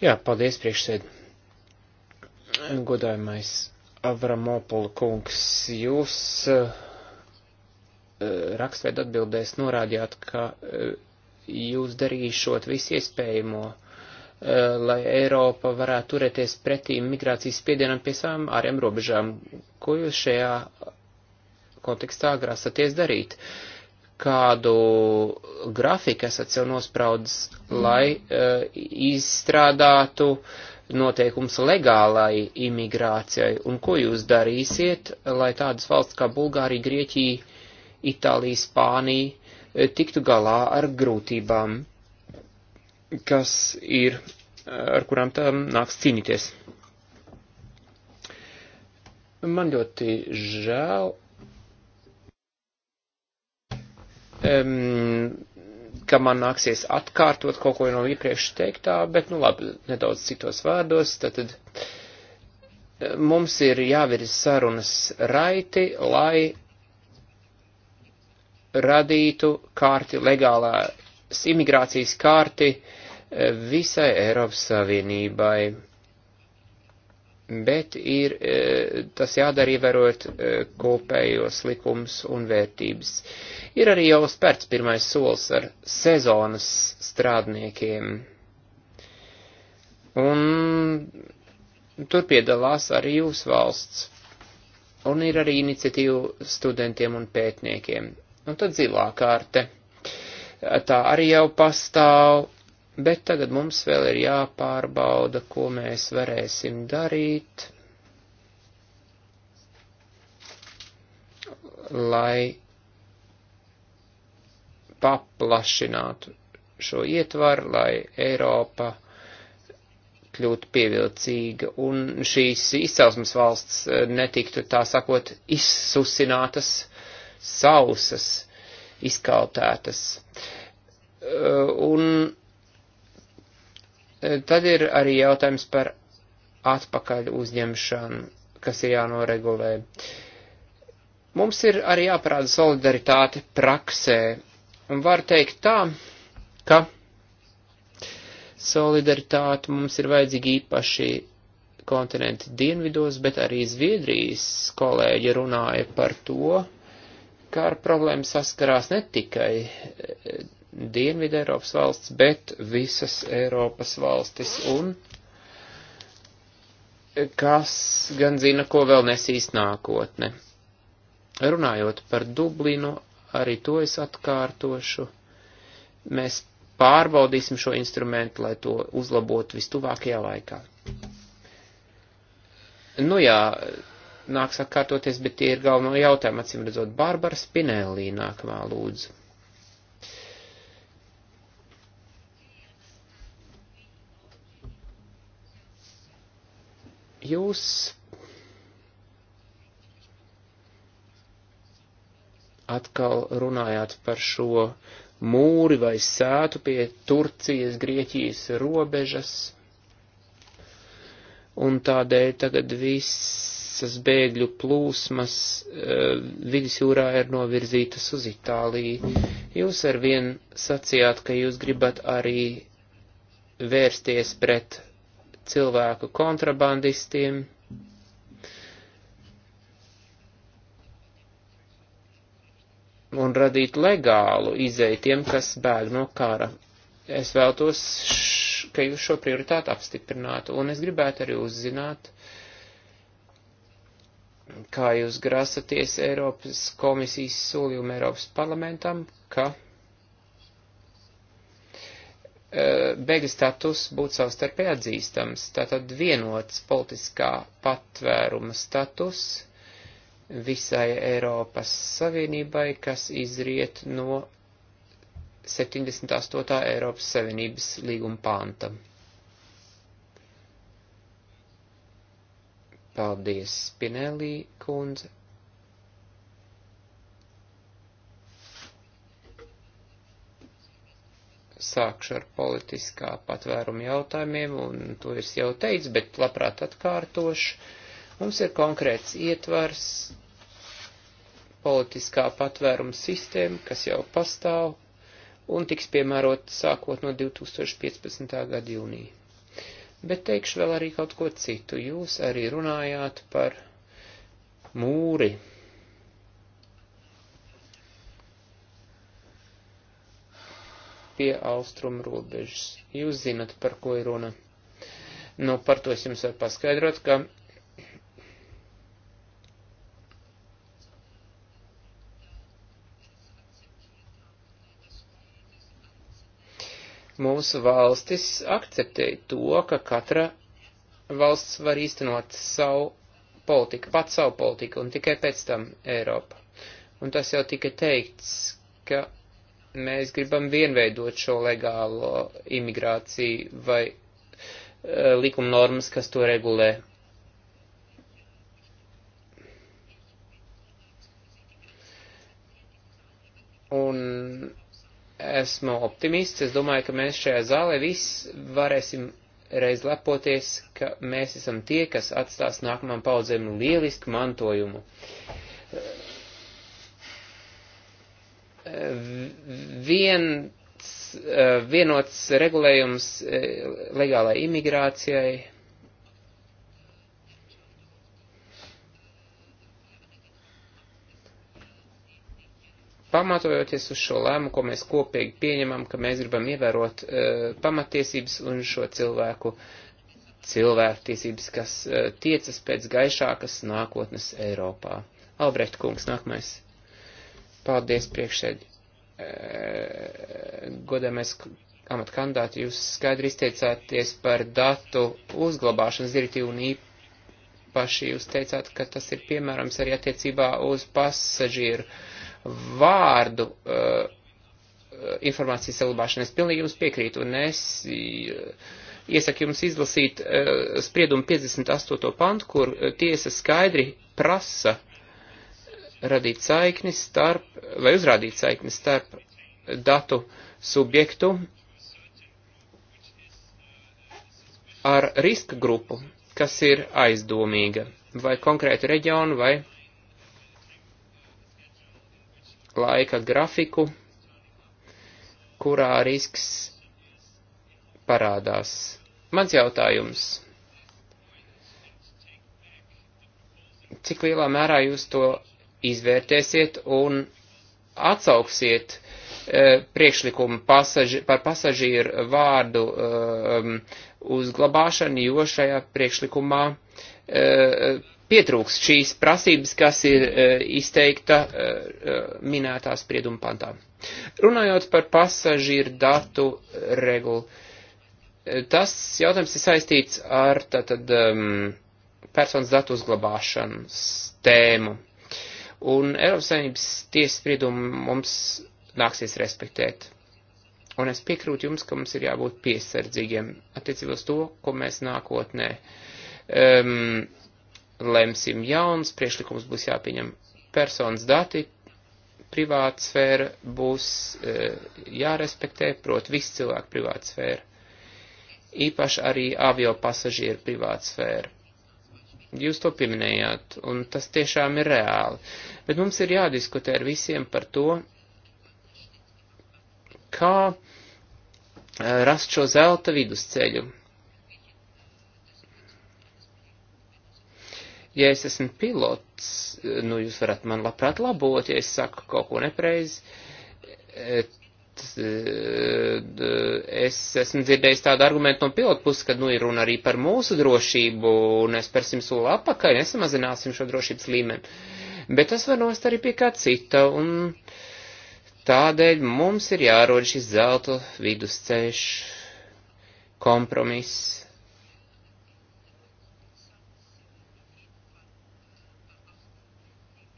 Jā, paldies priekšsēd. Godājumais Avramopula kungs, jūs uh, eh, rakstveid atbildēs norādījāt, ka uh, jūs darīšot visu iespējamo, eh, lai Eiropa varētu turēties pretī migrācijas spiedienam pie savām āriem robežām. Ko jūs šajā kontekstā grasaties darīt? Kādu grafiku esat sev nospraudis, lai uh, izstrādātu uh, noteikums legālai imigrācijai, un ko jūs darīsiet, lai tādas valsts kā Bulgārija, Grieķija, Itālija, Spānija Eh, tiktu galā ar grūtībām, kas ir, eh, ar kurām tam nāks cīnīties. Man ļoti žēl, um, ka man nāksies atkārtot kaut ko no iepriekš teiktā, bet, nu labi, nedaudz citos vārdos, tad, tad eh, mums ir jāvirs sarunas raiti, lai radītu kārti, legālās imigrācijas kārti e, visai Eiropas Savienībai. Bet ir e, tas jādara ievērot e, kopējos likums un vērtības. Ir arī jau spērts pirmais solis ar sezonas strādniekiem. Un tur piedalās arī jūsu valsts. Un ir arī iniciatīva studentiem un pētniekiem. Un nu, tad zilā kārte. Tā arī jau pastāv, bet tagad mums vēl ir jāpārbauda, ko mēs varēsim darīt, lai paplašinātu šo ietvaru, lai Eiropa kļūtu pievilcīga un šīs izcelsmes valsts eh, netiktu, tā sakot, izsusinātas sausas, izkaltētas. Uh, un uh, tad ir arī jautājums par atpakaļ uzņemšanu, kas ir jānoregulē. Mums ir arī jāparāda solidaritāte praksē, un var teikt tā, ka solidaritāte mums ir vajadzīga īpaši kontinenta dienvidos, bet arī Zviedrijas kolēģi runāja par to, kā ar problēmu saskarās ne tikai e, Dienvidē Eiropas valsts, bet visas Eiropas valstis un e, kas gan zina, ko vēl nesīs nākotne. Runājot par Dublinu, arī to es atkārtošu. Mēs pārbaudīsim šo instrumentu, lai to uzlabotu vistuvākajā laikā. Nu jā, nāks atkārtoties, bet tie ir galveno jautājumu, acīm redzot, Bārbara Spinelli nākamā lūdzu. Jūs atkal runājāt par šo mūri vai sētu pie Turcijas, Grieķijas robežas, un tādēļ tagad viss visas bēgļu plūsmas e, Viļas jūrā ir novirzītas uz Itāliju. Jūs ar vien sacījāt, ka jūs gribat arī vērsties pret cilvēku kontrabandistiem. Un radīt legālu izēju tiem, kas bēg no kara. Es vēltos, š, ka jūs šo prioritātu apstiprinātu, un es gribētu arī uzzināt, uh, kā jūs grasaties Eiropas komisijas solījumu Eiropas parlamentam, ka e, bēgļu status būtu savstarpēji atzīstams, tātad vienots politiskā patvēruma status visai Eiropas Savienībai, kas izriet no 78. Eiropas Savienības līguma pāntam. Paldies, Spinelī kundze. Sākšu ar politiskā patvērumu jautājumiem, un to es jau teicu, bet labprāt atkārtošu. Mums ir konkrēts ietvars, politiskā patvēruma sistēma, kas jau pastāv, un tiks piemērot sākot no 2015. gada jūnija. Bet teikšu vēl arī kaut ko citu. Jūs arī runājāt par mūri. Pie austrumu robežas. Jūs zinat, par ko ir runa. Nu, par to es jums varu paskaidrot, ka mūsu valstis akceptēja to, ka katra valsts var īstenot savu politiku, pat savu politiku, un tikai pēc tam Eiropa. Un tas jau tika teikts, ka mēs gribam vienveidot šo legālo imigrāciju vai e, likuma normas, kas to regulē. Un esmu optimists. Es domāju, ka mēs šajā zālē viss varēsim reiz lepoties, ka mēs esam tie, kas atstās nākamajām paudzēm lielisku mantojumu. Viens, vienots regulējums eh, legālai imigrācijai, Pamatojoties uz šo lēmu, ko mēs kopīgi pieņemam, ka mēs gribam ievērot uh, pamatiesības un šo cilvēku cilvēktiesības, kas uh, tiecas pēc gaišākas nākotnes Eiropā. Albrecht kungs, nākamais. Paldies priekšēd. Uh, eh, Godāmies amatkandāti, jūs skaidri izteicāties par datu uzglabāšanas direktīvu un īpaši jūs teicāt, ka tas ir piemērams arī attiecībā uz pasažieru vārdu uh, uh informācijas saglabāšanu. Es pilnīgi jums piekrītu, un es uh, iesaku jums izlasīt uh, spriedumu 58. pantu, kur uh, tiesa skaidri prasa radīt saikni starp, vai uzrādīt saikni starp datu subjektu ar riska grupu, kas ir aizdomīga, vai konkrēti reģionu, vai laika grafiku, kurā risks parādās. Mans jautājums. Cik lielā mērā jūs to izvērtēsiet un atsauksiet e, priekšlikumu pasaži, par pasažīru vārdu e, uzglabāšanu, jo šajā priekšlikumā e, pietrūkst šīs prasības, kas ir e, izteikta e, e, minētā sprieduma pantā. Runājot par pasažīru datu regulu, tas jautājums ir saistīts ar tātad um, personas datu uzglabāšanas tēmu. Un Eiropas Savienības tiesas spriedumu mums nāksies respektēt. Un es piekrūtu jums, ka mums ir jābūt piesardzīgiem attiecībā uz to, ko mēs nākotnē um, lemsim jauns, priešlikums būs jāpieņem personas dati, privāta sfēra būs e, jārespektē, proti viss cilvēku privāta sfēra. Īpaši arī avio pasažieru privāta sfēra. Jūs to pieminējāt, un tas tiešām ir reāli. Bet mums ir jādiskutē ar visiem par to, kā e, rast šo zelta vidusceļu Ja es esmu pilots, nu jūs varat man labprāt labot, ja es saku kaut ko nepreizi. Es esmu dzirdējis tādu argumentu no pilota puses, ka nu ir runa arī par mūsu drošību, un es persim soli apakaļ, nesamazināsim šo drošības līmeni. Bet tas var nost arī pie kā cita, un tādēļ mums ir jāroda šis zelta vidusceļš kompromiss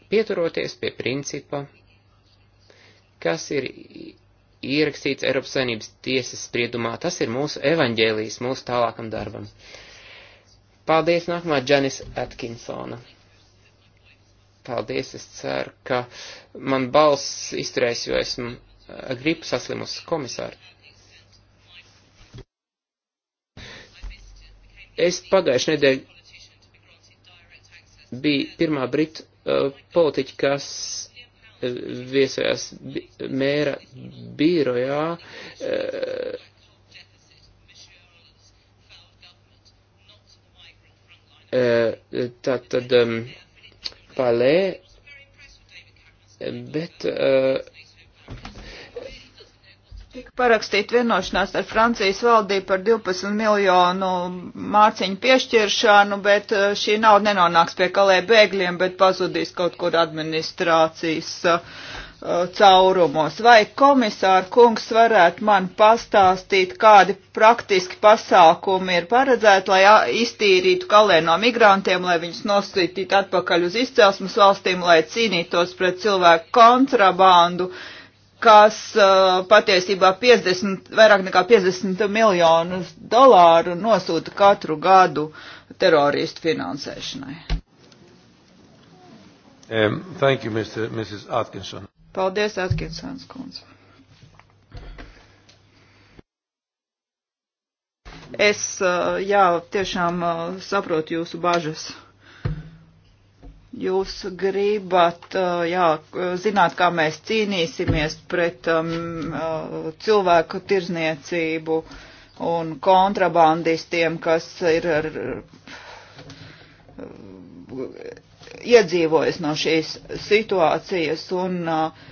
pieturoties pie principa, kas ir ierakstīts Eiropas Savienības tiesas spriedumā. Tas ir mūsu evaņģēlijs, mūsu tālākam darbam. Paldies, nākamā Džanis Atkinsona. Paldies, es ceru, ka man balss izturēs, jo esmu eh, gripu saslimus komisāru. Es pagājušajā nedēļā biju pirmā Britu Eh, politiķi, kas viesojās mēra birojā, eh, eh, tātad mm, palē, bet uh, Tik parakstīt vienošanās ar Francijas valdību par 12 miljonu mārciņu piešķiršanu, bet eh, šī nauda nenonāks pie kalē bēgļiem, bet pazudīs kaut kur administrācijas uh, caurumos. Vai komisāra kungs varētu man pastāstīt, kādi praktiski pasākumi ir paredzēti, lai iztīrītu kalē no migrantiem, lai viņus nosītītu atpakaļ uz izcelsmes valstīm, lai cīnītos pret cilvēku kontrabandu, kas uh, patiesībā 50, vairāk nekā 50 miljonus dolāru nosūta katru gadu teroristu finansēšanai. Um, thank you, Mr. Mrs. Atkinson. Paldies, Atkinsons kundze. Es, uh, jā, tiešām uh, saprotu jūsu bažas jūs gribat jā, zināt, kā mēs cīnīsimies pret um, cilvēku tirzniecību un kontrabandistiem, kas ir ar, iedzīvojas no šīs situācijas un uh,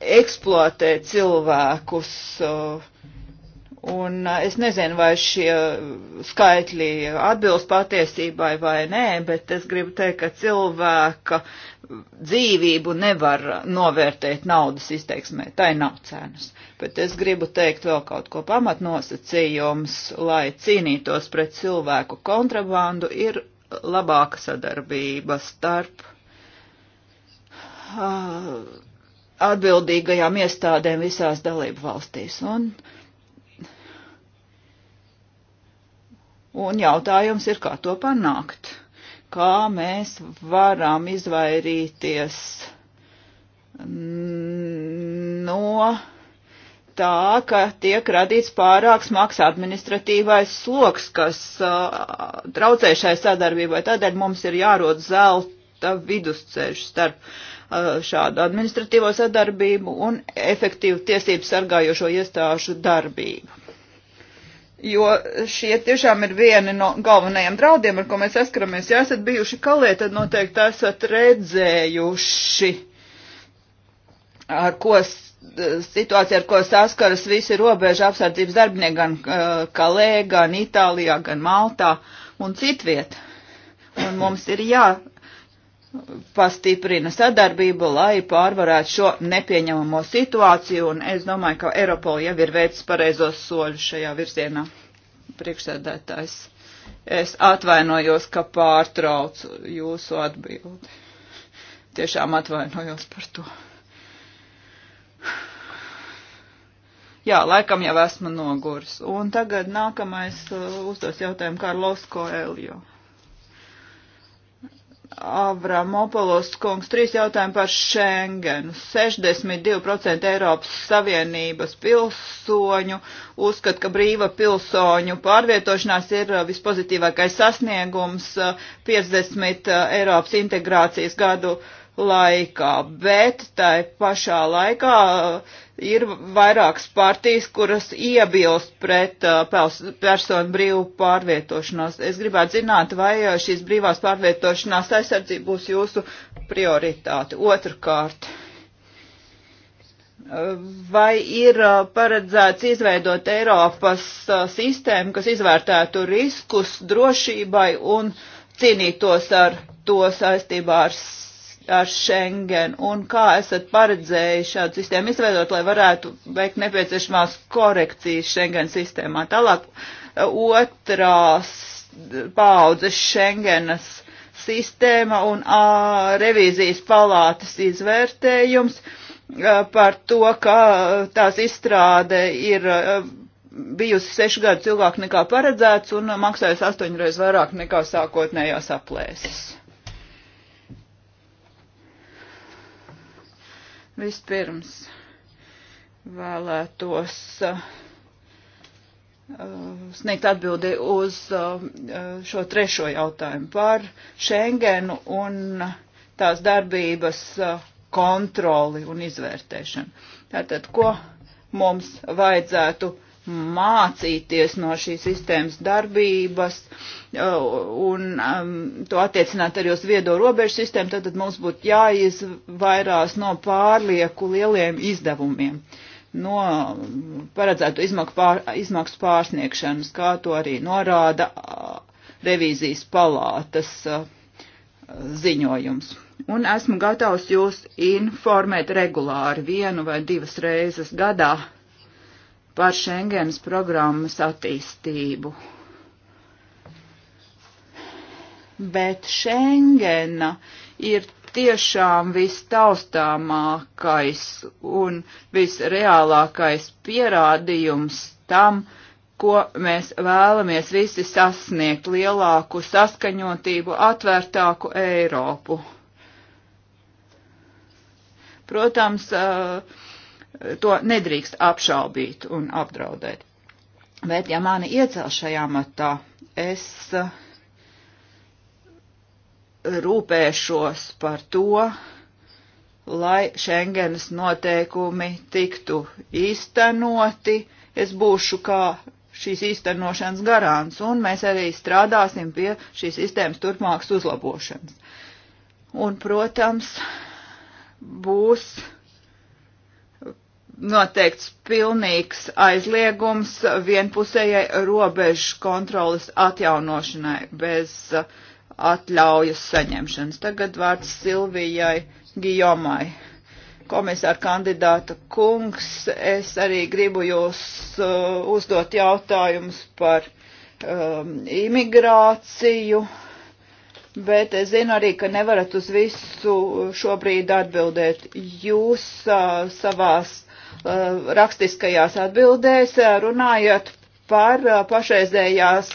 eksploatē cilvēkus uh, Un uh, es nezinu, vai šie skaitļi atbilst patiesībai vai nē, bet es gribu teikt, ka cilvēka dzīvību nevar novērtēt naudas izteiksmē. Tai nav cenas. Bet es gribu teikt vēl kaut ko pamatnosacījums, lai cīnītos pret cilvēku kontrabandu, ir labāka sadarbība starp. Uh, atbildīgajām iestādēm visās dalību valstīs. Un uh, Un jautājums ir, kā to panākt? Kā mēs varam izvairīties no tā, ka tiek radīts pārāk smags administratīvais sloks, kas uh, traucē šai sadarbībai. Tādēļ mums ir jārod zelta vidusceļš starp uh, šādu administratīvo sadarbību un efektīvu tiesību sargājošo iestāžu darbību jo šie tiešām ir vieni no galvenajiem draudiem, ar ko mēs saskaramies. Ja esat bijuši kalē, tad noteikti esat redzējuši, ar ko situācija, ar ko saskaras visi robeža apsardzības darbinieki gan eh, Kalē, gan Itālijā, gan Maltā un citviet. Un mums ir jā pastiprina sadarbību, lai pārvarētu šo nepieņemamo situāciju, un es domāju, ka Eiropola jau ir veicis pareizos soļus šajā virzienā. Priekšsēdētājs, es atvainojos, ka pārtraucu jūsu atbildi. Tiešām atvainojos par to. Jā, laikam jau esmu nogurs. Un tagad nākamais uh, uzdos jautājumu Karlos Koeljo. Avramopolos kungs, trīs jautājumi par Schengenu. 62% Eiropas Savienības pilsoņu uzskat, ka brīva pilsoņu pārvietošanās ir uh, vispozitīvākais sasniegums 50 uh, uh, Eiropas integrācijas gadu laikā, bet tai pašā laikā uh, ir vairākas partijas, kuras iebilst pret uh, personu brīvu pārvietošanos. Es gribētu zināt, vai uh, šīs brīvās pārvietošanās aizsardzība būs jūsu prioritāte. Otrkārt, uh, vai ir paredzēts izveidot Eiropas sistēmu, kas izvērtētu riskus drošībai un cīnītos ar to saistībā ar ar Schengen un kā esat paredzējuši šādu sistēmu izveidot, lai varētu veikt nepieciešamās korekcijas Schengen sistēmā. Tālāk otrās paudzes Schengenas sistēma un a, revīzijas palātas izvērtējums a, par to, ka tās izstrāde ir a, bijusi sešu gadus ilgāk nekā paredzēts un maksājas astoņreiz vairāk nekā sākotnējās aplēses. Vispirms vēlētos uh, sniegt atbildi uz uh, uh, šo trešo jautājumu par Schengenu un tās darbības uh, kontroli un izvērtēšanu. Tātad, ko mums vajadzētu uh, mācīties no šīs sistēmas darbības un um, to attiecināt arī uz viedo robežu sistēmu, tad, tad mums būtu jāizvairās no pārlieku lieliem izdevumiem, no paredzētu izmaksu, pār, izmaksu pārsniegšanas, kā to arī norāda revīzijas palātas uh, ziņojums. Un esmu gatavs jūs informēt regulāri vienu vai divas reizes gadā par Schengens programmas attīstību. Bet Schengena ir tiešām vistaustāmākais un visreālākais pierādījums tam, ko mēs vēlamies visi sasniegt - lielāku saskaņotību, atvērtāku Eiropu. Protams, uh, to nedrīkst apšaubīt un apdraudēt. Bet ja mani iecel šajā matā, es eh, rūpēšos par to, lai Schengenas noteikumi tiktu īstenoti, es būšu kā šīs īstenošanas garants, un mēs arī strādāsim pie šīs sistēmas turpmākas uzlabošanas. Un, protams, būs noteikts pilnīgs aizliegums vienpusējai robežu kontrolas atjaunošanai bez uh, atļaujas saņemšanas. Tagad vārds Silvijai Gijomai. Komisāra kandidāta kungs, es arī gribu jūs uh, uzdot jautājumus par um, imigrāciju, bet es zinu arī, ka nevarat uz visu šobrīd atbildēt. Jūs uh, savās Eh, rakstiskajās atbildēs eh, runājot par eh, pašreizējās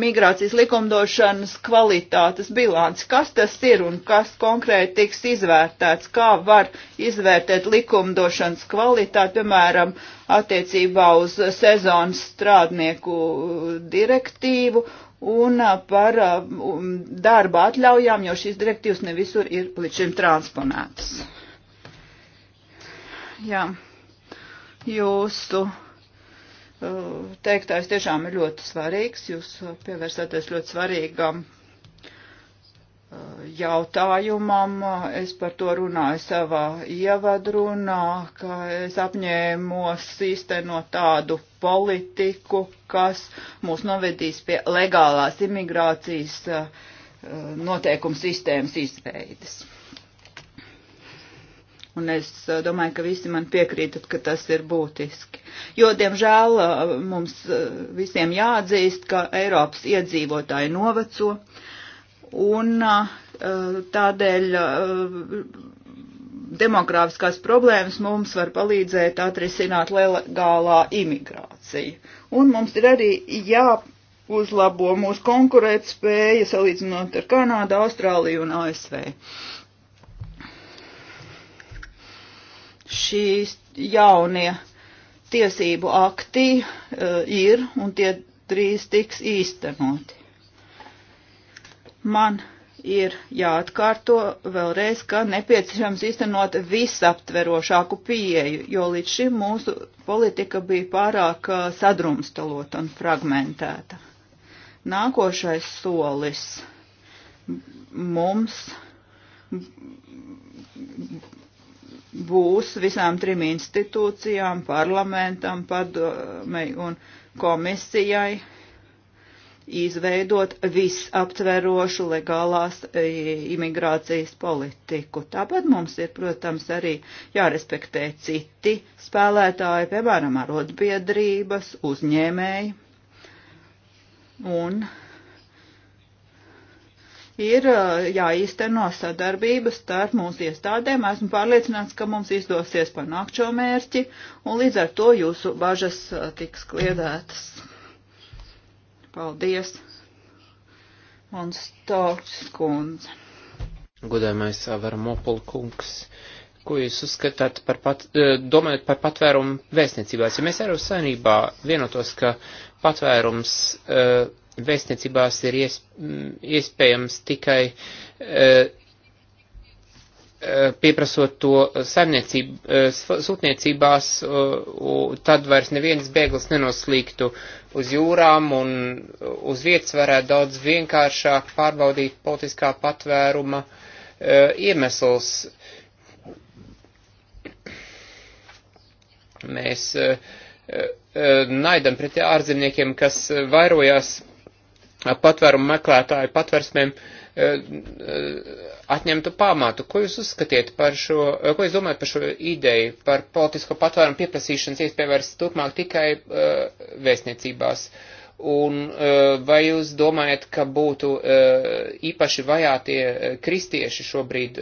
migrācijas likumdošanas kvalitātes bilanci. Kas tas ir un kas konkrēti tiks izvērtēts? Kā var izvērtēt likumdošanas kvalitāti, piemēram, attiecībā uz sezonas strādnieku direktīvu un par um, darba atļaujām, jo šīs direktīvas nevisur ir līdz šim transponētas. Jā. Yeah jūsu uh, teiktais tiešām ir ļoti svarīgs. Jūs uh, pievērsāties ļoti svarīgam uh, jautājumam. Es par to runāju savā ievadrunā, ka es apņēmos īstenot tādu politiku, kas mūs novedīs pie legālās imigrācijas noteikumu sistēmas izveides. Un es uh, domāju, ka visi man piekrītat, ka tas ir būtiski. Jo, diemžēl, uh, mums uh, visiem jāatzīst, ka Eiropas iedzīvotāji noveco, un tādēļ demogrāfiskās problēmas mums var palīdzēt atrisināt legālā imigrācija. Un mums ir arī jāuzlabo mūsu konkurētspēja salīdzinot ar Kanādu, Austrāliju un ASV. šīs jaunie tiesību akti uh, ir un tie drīz tiks īstenoti. Man ir jāatkārto vēlreiz, ka nepieciešams īstenot visaptverošāku pieeju, jo līdz šim mūsu politika bija pārāk uh, eh, sadrumstalot un fragmentēta. Nākošais solis mums būs visām trim institūcijām, parlamentam, padomei un komisijai izveidot visaptverošu legālās e, imigrācijas politiku. Tāpat mums ir, protams, arī jārespektē citi spēlētāji, piemēram, arotbiedrības, uzņēmēji. Un ir uh, jāīsteno sadarbība starp mūsu iestādēm. Esmu pārliecināts, ka mums izdosies panākt šo mērķi, un līdz ar to jūsu bažas uh, tiks kliedētas. Paldies! Un stāsts kundze. Godājumais Varmopul kungs ko jūs uzskatāt par, pat, uh, domājat par patvērumu vēstniecībās? Ja mēs Eiropas saimnībā vienotos, ka patvērums uh, vēstniecībās ir mm, iespējams tikai e, e, pieprasot to e, sūtniecībās, tad vairs neviens bēglis nenoslīgtu uz jūrām un uz vietas varētu daudz vienkāršāk pārbaudīt politiskā patvēruma iemesls. Mēs naidam pret ārzemniekiem, kas vairojās patvērumu meklētāju patversmēm e, e, atņemtu pamatu. Ko jūs uzskatiet par šo, e, ko jūs domājat par šo ideju, par politisko patvērumu pieprasīšanas iespēju vairs turpmāk tikai uh, vēstniecībās? Un uh, vai jūs domājat, ka būtu uh, īpaši vajātie kristieši šobrīd,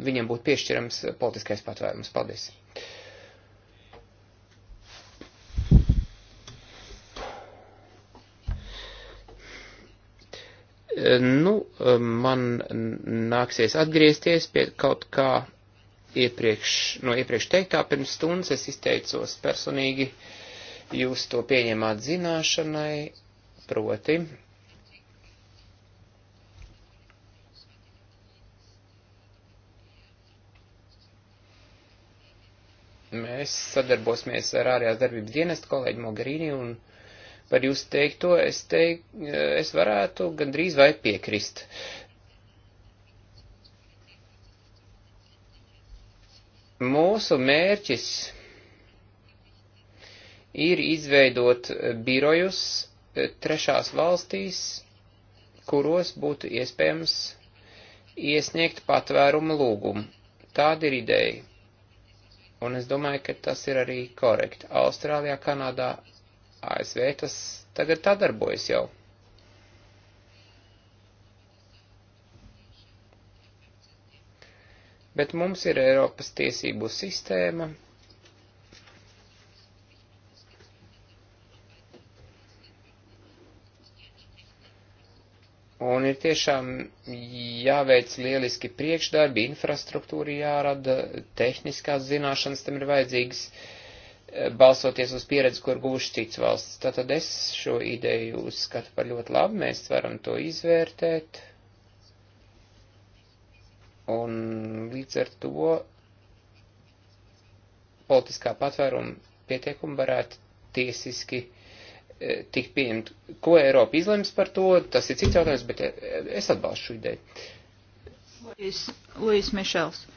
viņiem būtu piešķirams politiskais patvērums? Paldies. Uh, Nu, man nāksies atgriezties pie kaut kā iepriekš, no iepriekš teiktā pirms stundas es izteicos personīgi, jūs to pieņemāt zināšanai, proti. Mēs sadarbosimies ar ārējās darbības dienestu kolēģi Mogherini un Par jūs teikto es, teik, es varētu gandrīz vai piekrist. Mūsu mērķis ir izveidot birojus trešās valstīs, kuros būtu iespējams iesniegt patvērumu lūgumu. Tāda ir ideja. Un es domāju, ka tas ir arī korekti. Austrālijā, Kanādā, ASV tas tagad tā darbojas jau. Bet mums ir Eiropas tiesību sistēma. Un ir tiešām jāveic lieliski priekšdarbi, infrastruktūra jārada, tehniskās zināšanas tam ir vajadzīgas. Uh, Eh, balsoties uz pieredzi, kur gūši cits valsts. Tātad es šo ideju uzskatu par ļoti labu, mēs varam to izvērtēt. Un līdz ar to politiskā patvēruma pieteikuma varētu tiesiski e, tikt pieņemt. Ko Eiropa izlems par to, tas ir cits jautājums, bet eh, es atbalstu šo ideju. Luis, Luis Mišels. Uh,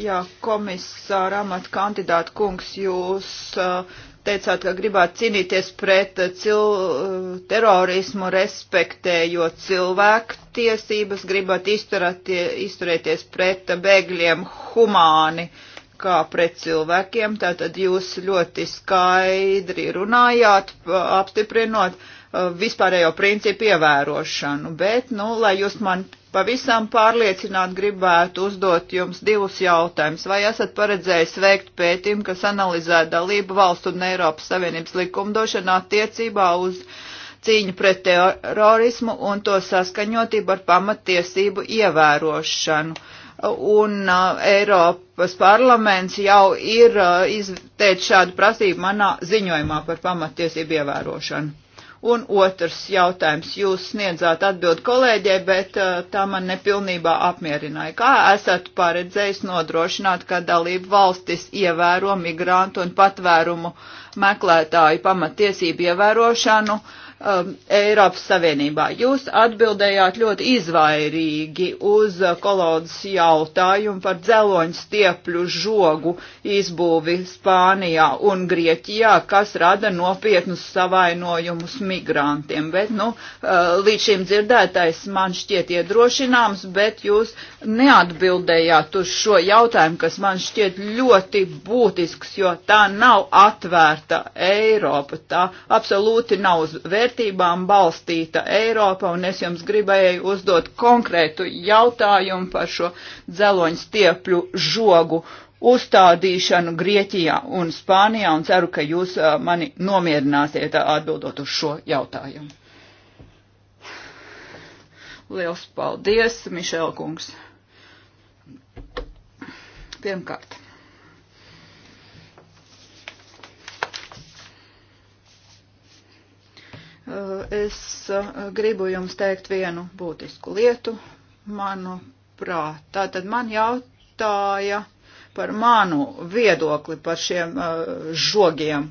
Jā, komisāra amata kandidāta kungs, jūs uh, teicāt, ka gribāt cīnīties pret uh, cil, uh, terorismu, respektējot cilvēku tiesības, gribat izturēties pret bēgļiem humāni kā pret cilvēkiem. Tātad jūs ļoti skaidri runājāt, apstiprinot Uh, vispārējo principu ievērošanu, bet, nu, lai jūs man pavisam pārliecināt, gribētu uzdot jums divus jautājumus. Vai esat paredzējis veikt pētījumu, kas analizē dalību valstu un Eiropas Savienības likumdošanā attiecībā uz cīņu pret terorismu un to saskaņotību ar pamatiesību ievērošanu? un uh, Eiropas parlaments jau ir uh, izteicis šādu prasību manā ziņojumā par pamatiesību ievērošanu. Un otrs jautājums, jūs sniedzāt atbild kolēģē, bet uh, tā man nepilnībā apmierināja. Kā esat paredzējis nodrošināt, ka dalību valstis ievēro migrantu un patvērumu meklētāju pamatiesību ievērošanu uh, um, Eiropas Savienībā. Jūs atbildējāt ļoti izvairīgi uz kolodas jautājumu par dzeloņu stiepļu žogu izbūvi Spānijā un Grieķijā, kas rada nopietnus savainojumus migrantiem. Bet, nu, uh, līdz šim dzirdētais man šķiet iedrošināms, bet jūs neatbildējāt uz šo jautājumu, kas man šķiet ļoti būtisks, jo tā nav atvērta Eiropa, tā absolūti nav uz vērtībām balstīta Eiropa, un es jums gribēju uzdot konkrētu jautājumu par šo dzeloņu stiepļu žogu uzstādīšanu Grieķijā un Spānijā, un ceru, ka jūs uh, mani nomierināsiet uh, atbildot uz šo jautājumu. Liels paldies, Mišēl kungs! Pirmkārt. Es uh, gribu jums teikt vienu būtisku lietu, manuprāt. Tātad man jautāja par manu viedokli par šiem uh, žogiem.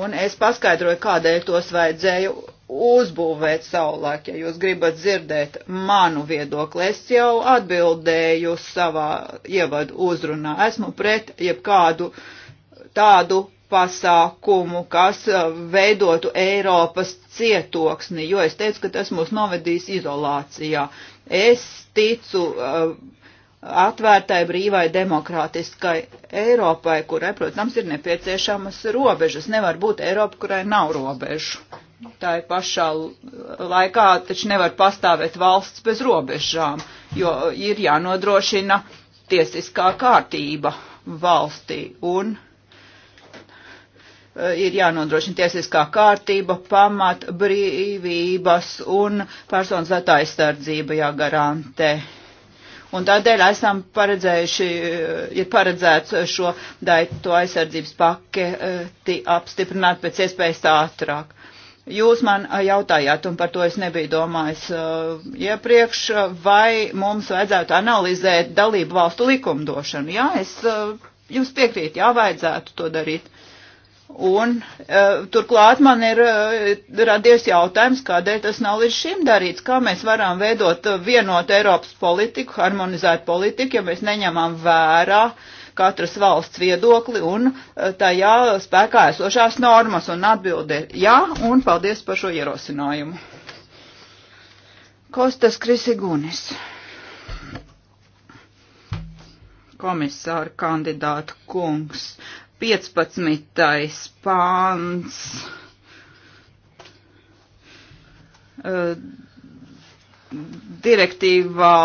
Un es paskaidroju, kādēļ tos vajadzēja uzbūvēt savulaik. Ja jūs gribat dzirdēt manu viedokli, es jau atbildēju savā ievadu uzrunā. Esmu pret jebkādu tādu pasākumu, kas uh, veidotu Eiropas cietoksni, jo es teicu, ka tas mūs novedīs izolācijā. Es ticu uh, atvērtai brīvai demokrātiskai Eiropai, kurai, protams, ir nepieciešamas robežas. Nevar būt Eiropa, kurai nav robežu. Tā ir pašā laikā taču nevar pastāvēt valsts bez robežām, jo ir jānodrošina tiesiskā kārtība valstī un e, ir jānodrošina tiesiskā kārtība, pamat brīvības un personas datu aizsardzība jāgarantē. Un tādēļ esam paredzējuši, e, ir paredzēts šo daitu aizsardzības paketi e, apstiprināt pēc iespējas ātrāk. Jūs man jautājāt, un par to es nebiju domājis uh, iepriekš, vai mums vajadzētu analizēt dalību valstu likumdošanu. Jā, es uh, jums piekrītu, jā, vajadzētu to darīt. Un uh, turklāt man ir uh, radies jautājums, kādēļ tas nav līdz šim darīts, kā mēs varam veidot vienotu Eiropas politiku, harmonizēt politiku, ja mēs neņemam vērā uh, katras valsts viedokli un eh, tajā spēkā esošās normas un atbildi jā un paldies par šo ierosinājumu. Kostas Krisigunis. Komisāra kandidāta kungs. 15. pāns. Uh, direktīvā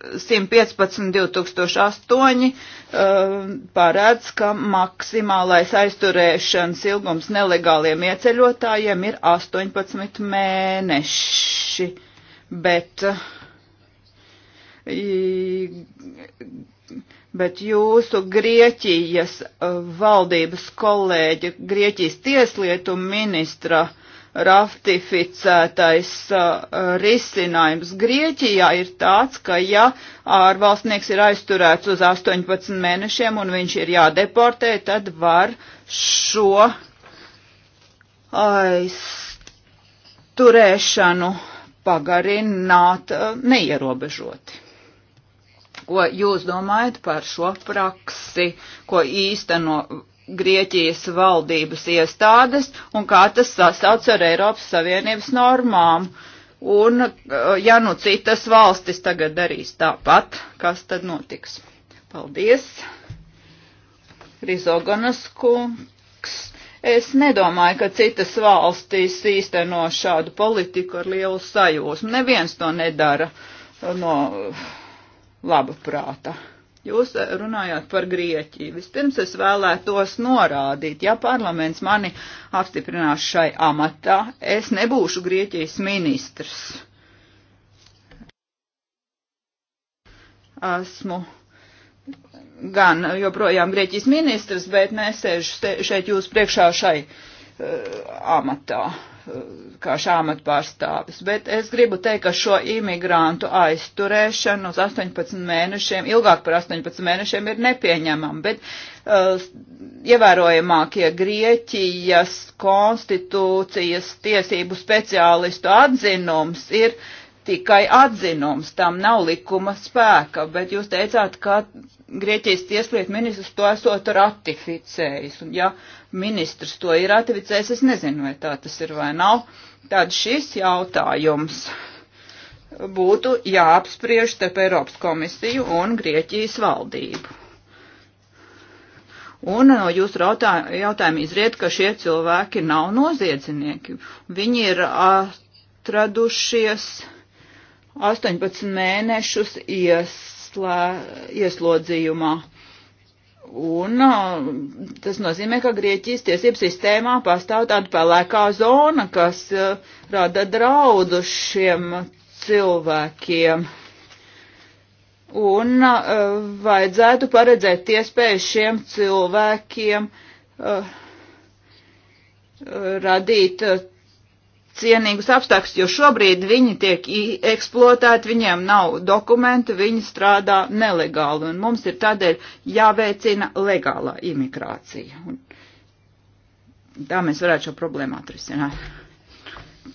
115.2008 uh, parāds, ka maksimālais aizturēšanas ilgums nelegāliem ieceļotājiem ir 18 mēneši, bet, uh, bet jūsu Grieķijas uh, valdības kolēģi, Grieķijas tieslietu ministra ratificētais uh, risinājums Grieķijā ir tāds, ka ja ārvalstnieks ir aizturēts uz 18 mēnešiem un viņš ir jādeportē, tad var šo aizturēšanu pagarināt uh, neierobežoti. Ko jūs domājat par šo praksi, ko īsteno Grieķijas valdības iestādes un kā tas sasauc ar Eiropas Savienības normām. Un, uh, ja nu citas valstis tagad darīs tāpat, kas tad notiks? Paldies! Rizoganas kungs. Es nedomāju, ka citas valstis īsteno šādu politiku ar lielu sajūsmu. Neviens to nedara no laba prāta. Jūs eh, runājāt par Grieķiju. Vispirms es vēlētos norādīt, ja parlaments mani apstiprinās šai amatā, es nebūšu Grieķijas ministrs. Esmu gan joprojām Grieķijas ministrs, bet nesēžu šeit jūs priekšā šai uh, amatā. Uh, kā šāmat pārstāvis, bet es gribu teikt, ka šo imigrantu aizturēšanu uz 18 mēnešiem, ilgāk par 18 mēnešiem ir nepieņemama, bet uh, ievērojamākie Grieķijas konstitūcijas tiesību speciālistu atzinums ir tikai atzinums, tam nav likuma spēka, bet jūs teicāt, ka Grieķijas tieslietu ministrs to esot ratificējis. Un, ja, uh, ministrs to ir ratificējis. Es nezinu, vai tā tas ir vai nav. Tad šis jautājums būtu jāapspriež starp Eiropas komisiju un Grieķijas valdību. Un no uh, jūsu jautājuma izriet, ka šie cilvēki nav noziedznieki. Viņi ir atradušies 18 mēnešus ieslā, ieslodzījumā. Un tas nozīmē, ka Grieķijas tiesību sistēmā pastāv tāda pelēkā zona, kas rada draudu šiem cilvēkiem. Un vajadzētu paredzēt iespēju šiem cilvēkiem radīt cienīgus apstākļus, jo šobrīd viņi tiek eksploatēti, viņiem nav dokumentu, viņi strādā nelegāli, un mums ir tādēļ jāveicina legālā imigrācija. Un tā mēs varētu šo problēmu atrisināt.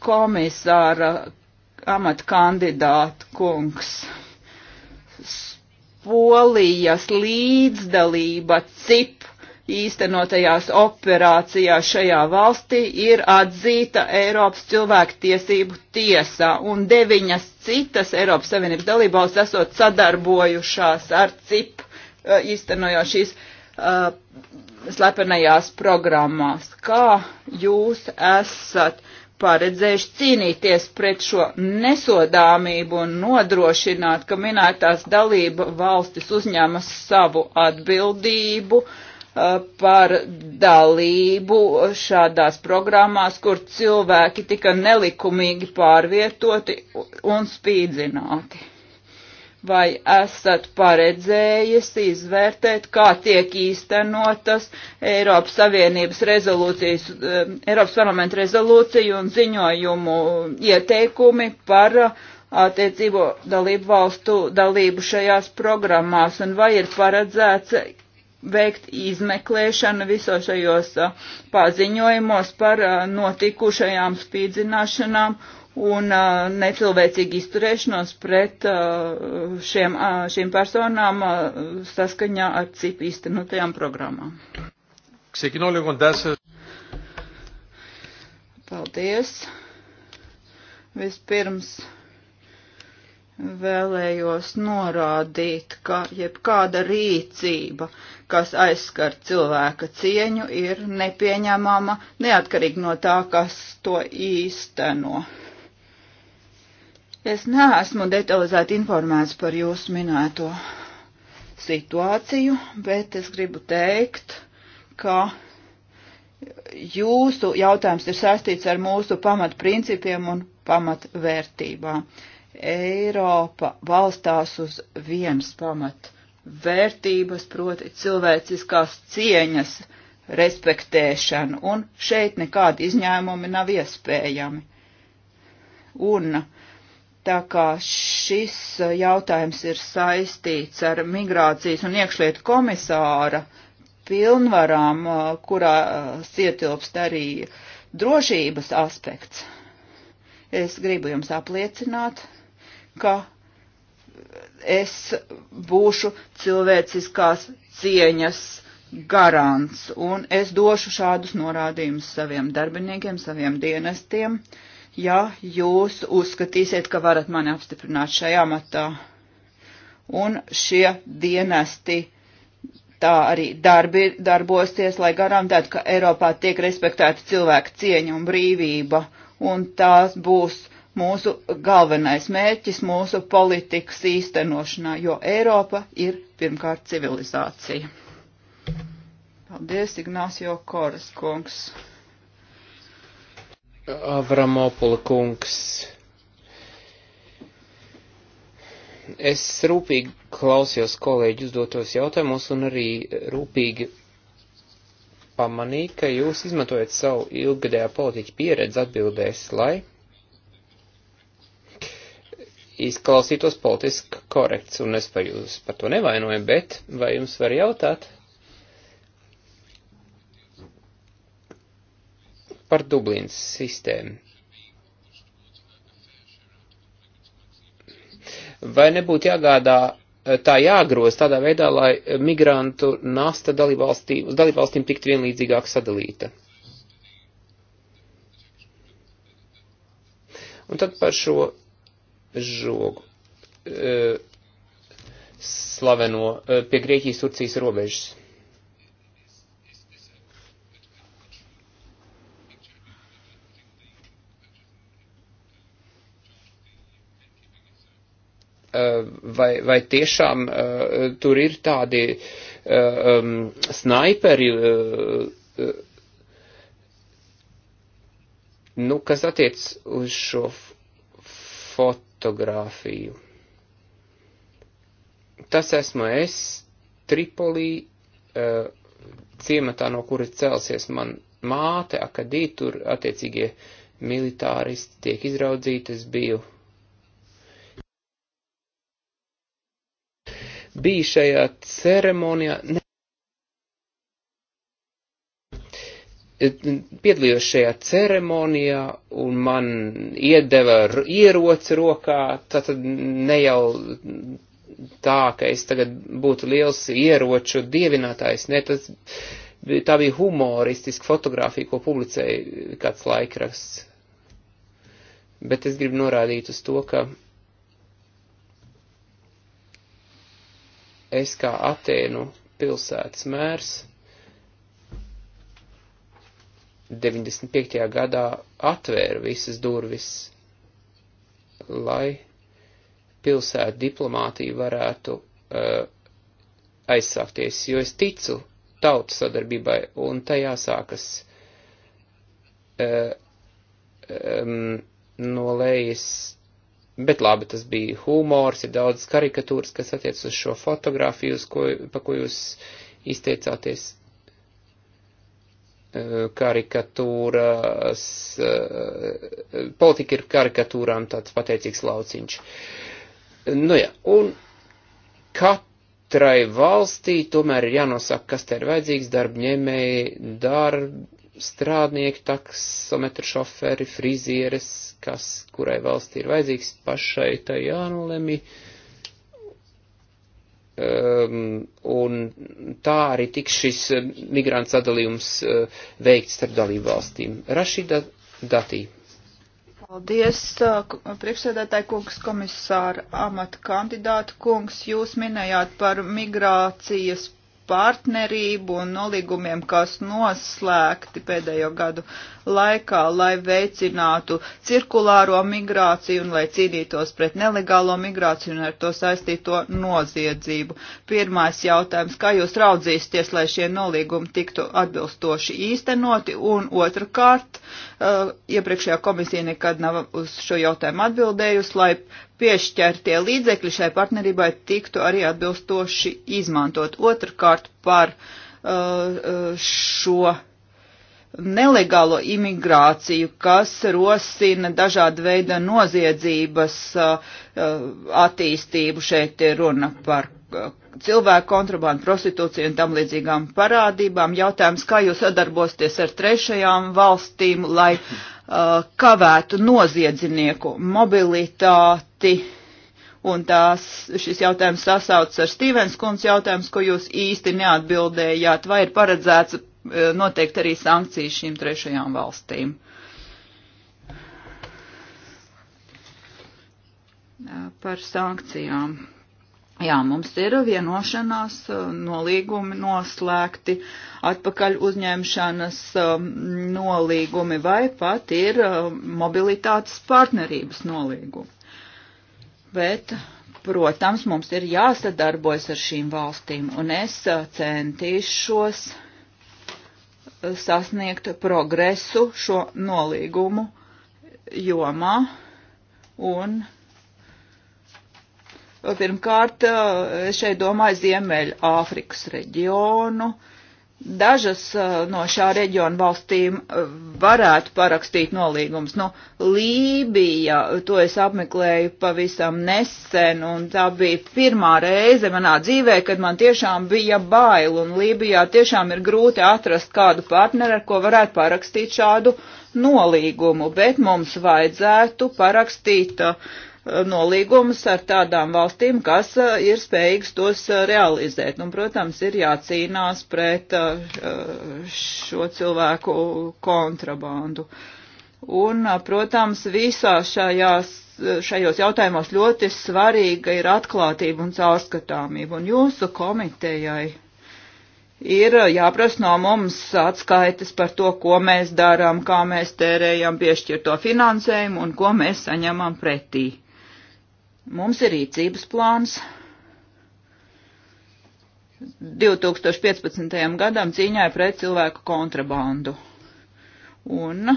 Komisāra amata kandidāta kungs. Polijas līdzdalība CIP īstenotajās operācijās šajā valstī ir atzīta Eiropas cilvēktiesību tiesā, un deviņas citas Eiropas Savienības dalībvalstis esot sadarbojušās ar CIP uh, īstenojot šīs uh, slepenajās programmās. Kā jūs esat paredzējuši cīnīties pret šo nesodāmību un nodrošināt, ka minētās dalība valstis uzņemas savu atbildību? Uh, Uh, par dalību šādās programmās, kur cilvēki tika nelikumīgi pārvietoti un spīdzināti. Vai esat paredzējis izvērtēt, kā tiek īstenotas Eiropas Savienības rezolūcijas, um, Eiropas parlamenta rezolūciju un ziņojumu ieteikumi par uh, attiecību dalību valstu dalību šajās programmās un vai ir paredzēts veikt izmeklēšanu visos šajos paziņojumos par notikušajām spīdzināšanām un necilvēcīgu izturēšanos pret šiem, šīm personām saskaņā ar CIP īstenotajām programmām. Paldies. Vispirms vēlējos norādīt, ka jebkāda rīcība, uh, kas aizskar cilvēka cieņu, ir nepieņemama, neatkarīgi no tā, kas to īsteno. Es neesmu detalizēti informēts par jūsu minēto situāciju, bet es gribu teikt, ka jūsu jautājums ir saistīts ar mūsu pamatprincipiem un pamatvērtībām. Eiropa balstās uz viens pamat vērtības, proti cilvēciskās cieņas respektēšanu, un šeit nekādi izņēmumi nav iespējami. Un tā kā šis jautājums ir saistīts ar migrācijas un iekšlietu komisāra pilnvarām, kurās uh, ietilpst arī drošības aspekts, es gribu jums apliecināt, ka es būšu cilvēciskās cieņas garants, un es došu šādus norādījumus saviem darbiniekiem, saviem dienestiem, ja jūs uzskatīsiet, ka varat mani apstiprināt šajā matā. Un šie dienesti tā arī darbi, darbosies, lai garantētu, ka Eiropā tiek respektēta cilvēka cieņa un brīvība, un tās būs mūsu galvenais mērķis mūsu politikas īstenošanā, jo Eiropa ir pirmkārt civilizācija. Paldies, Ignācio Koras kungs. Avramopula kungs. Es rūpīgi klausījos kolēģi uzdotos jautājumus un arī rūpīgi pamanīju, ka jūs izmantojat savu ilggadējā politiķu pieredzi atbildēs, lai izklausītos politiski korekts, un es par jūs par to nevainoju, bet vai jums var jautāt par Dublīnas sistēmu? Vai nebūtu jāgādā tā jāgroz tādā veidā, lai migrantu nasta dalībvalstīm, dalībvalstīm tiktu vienlīdzīgāk sadalīta? Un tad par šo žogu e, slaveno e, pie Grieķijas Turcijas robežas. E, vai, vai tiešām uh, tur ir tādi uh, um, snaiperi, uh, uh, nu, kas attiec uz šo foto? fotografiju. Tas esmu es, Tripolī, uh, eh, ciematā, no kuras celsies man māte, akadī, tur attiecīgie militāristi tiek izraudzīti, es biju. Bija šajā ceremonijā. Ne piedalījos šajā ceremonijā un man iedeva ieroci rokā, tātad ne jau tā, ka es tagad būtu liels ieroču dievinātājs, ne, tas, tā bija humoristiska fotografija, ko publicēja kāds laikraksts. Bet es gribu norādīt uz to, ka es kā Atēnu pilsētas mērs, 95. gadā atvēra visas durvis, lai pilsētu diplomātija varētu uh, aizsākties, jo es ticu tautu sadarbībai, un tajā sākas uh, um, no lejas, bet labi, tas bija humors, ir daudz karikatūras, kas attiec uz šo fotografiju, uz ko, pa ko jūs izteicāties karikatūras, eh, politika ir karikatūrām tāds pateicīgs lauciņš. Nu jā, un katrai valstī tomēr ir jānosaka, kas te ir vajadzīgs, darbņēmēji, darb, strādnieki, taksometru šoferi, frizieres, kas kurai valstī ir vajadzīgs, pašai tai jānolemi. Uh, Um, un tā arī tiks šis uh, migrants sadalījums uh, veikts starp dalību valstīm. Rašida Datī. Paldies, uh, priekšsēdētāji kungs, komisāra amata kandidāta kungs. Jūs minējāt par migrācijas partnerību un nolīgumiem, kas noslēgti pēdējo gadu laikā, lai veicinātu cirkulāro migrāciju un lai cīnītos pret nelegālo migrāciju un ar to saistīto noziedzību. Pirmais jautājums, kā jūs raudzīsties, lai šie nolīgumi tiktu atbilstoši īstenoti, un otrkārt, uh, Uh, iepriekšējā komisija nekad nav uz šo jautājumu atbildējusi, lai piešķērtie līdzekļi šai partnerībai tiktu arī atbilstoši izmantot. Otrakārt par uh, uh, šo nelegālo imigrāciju, kas rosina dažāda veida noziedzības uh, uh, attīstību. Šeit ir runa par uh, cilvēku kontrabandu, prostitūciju un tam līdzīgām parādībām. Jautājums, kā jūs sadarbosieties ar trešajām valstīm, lai uh, kavētu noziedznieku mobilitāti? Un tās, šis jautājums sasaucas ar Stīvens kundzes jautājums, ko jūs īsti neatbildējāt, vai ir paredzēts noteikt arī sankcijas šīm trešajām valstīm. Par sankcijām. Jā, mums ir vienošanās, nolīgumi noslēgti, atpakaļ uzņemšanas um, nolīgumi vai pat ir um, mobilitātes partnerības nolīgumi. Bet, protams, mums ir jāsadarbojas ar šīm valstīm, un es uh, centīšos sasniegt progresu šo nolīgumu jomā un pirmkārt es šeit domāju Ziemeļa Āfrikas reģionu, uh, dažas uh, no šā reģiona valstīm uh, varētu parakstīt nolīgumus. Nu, Lībija, to es apmeklēju pavisam nesen, un tā bija pirmā reize manā dzīvē, kad man tiešām bija bail, un Lībijā tiešām ir grūti atrast kādu partneri, ar ko varētu parakstīt šādu nolīgumu, bet mums vajadzētu parakstīt uh, Eh, nolīgumus ar tādām valstīm, kas eh, ir spējīgas tos eh, realizēt. Un, nu, protams, ir jācīnās pret šo cilvēku kontrabandu. Un, protams, visā šajās, šajos jautājumos ļoti svarīga ir atklātība un caurskatāmība. Un jūsu komitejai ir jāprasa no mums atskaites par to, ko mēs darām, kā mēs tērējam piešķirto finansējumu un ko mēs saņemam pretī. Mums ir rīcības plāns 2015. gadam cīņai pret cilvēku kontrabandu. Un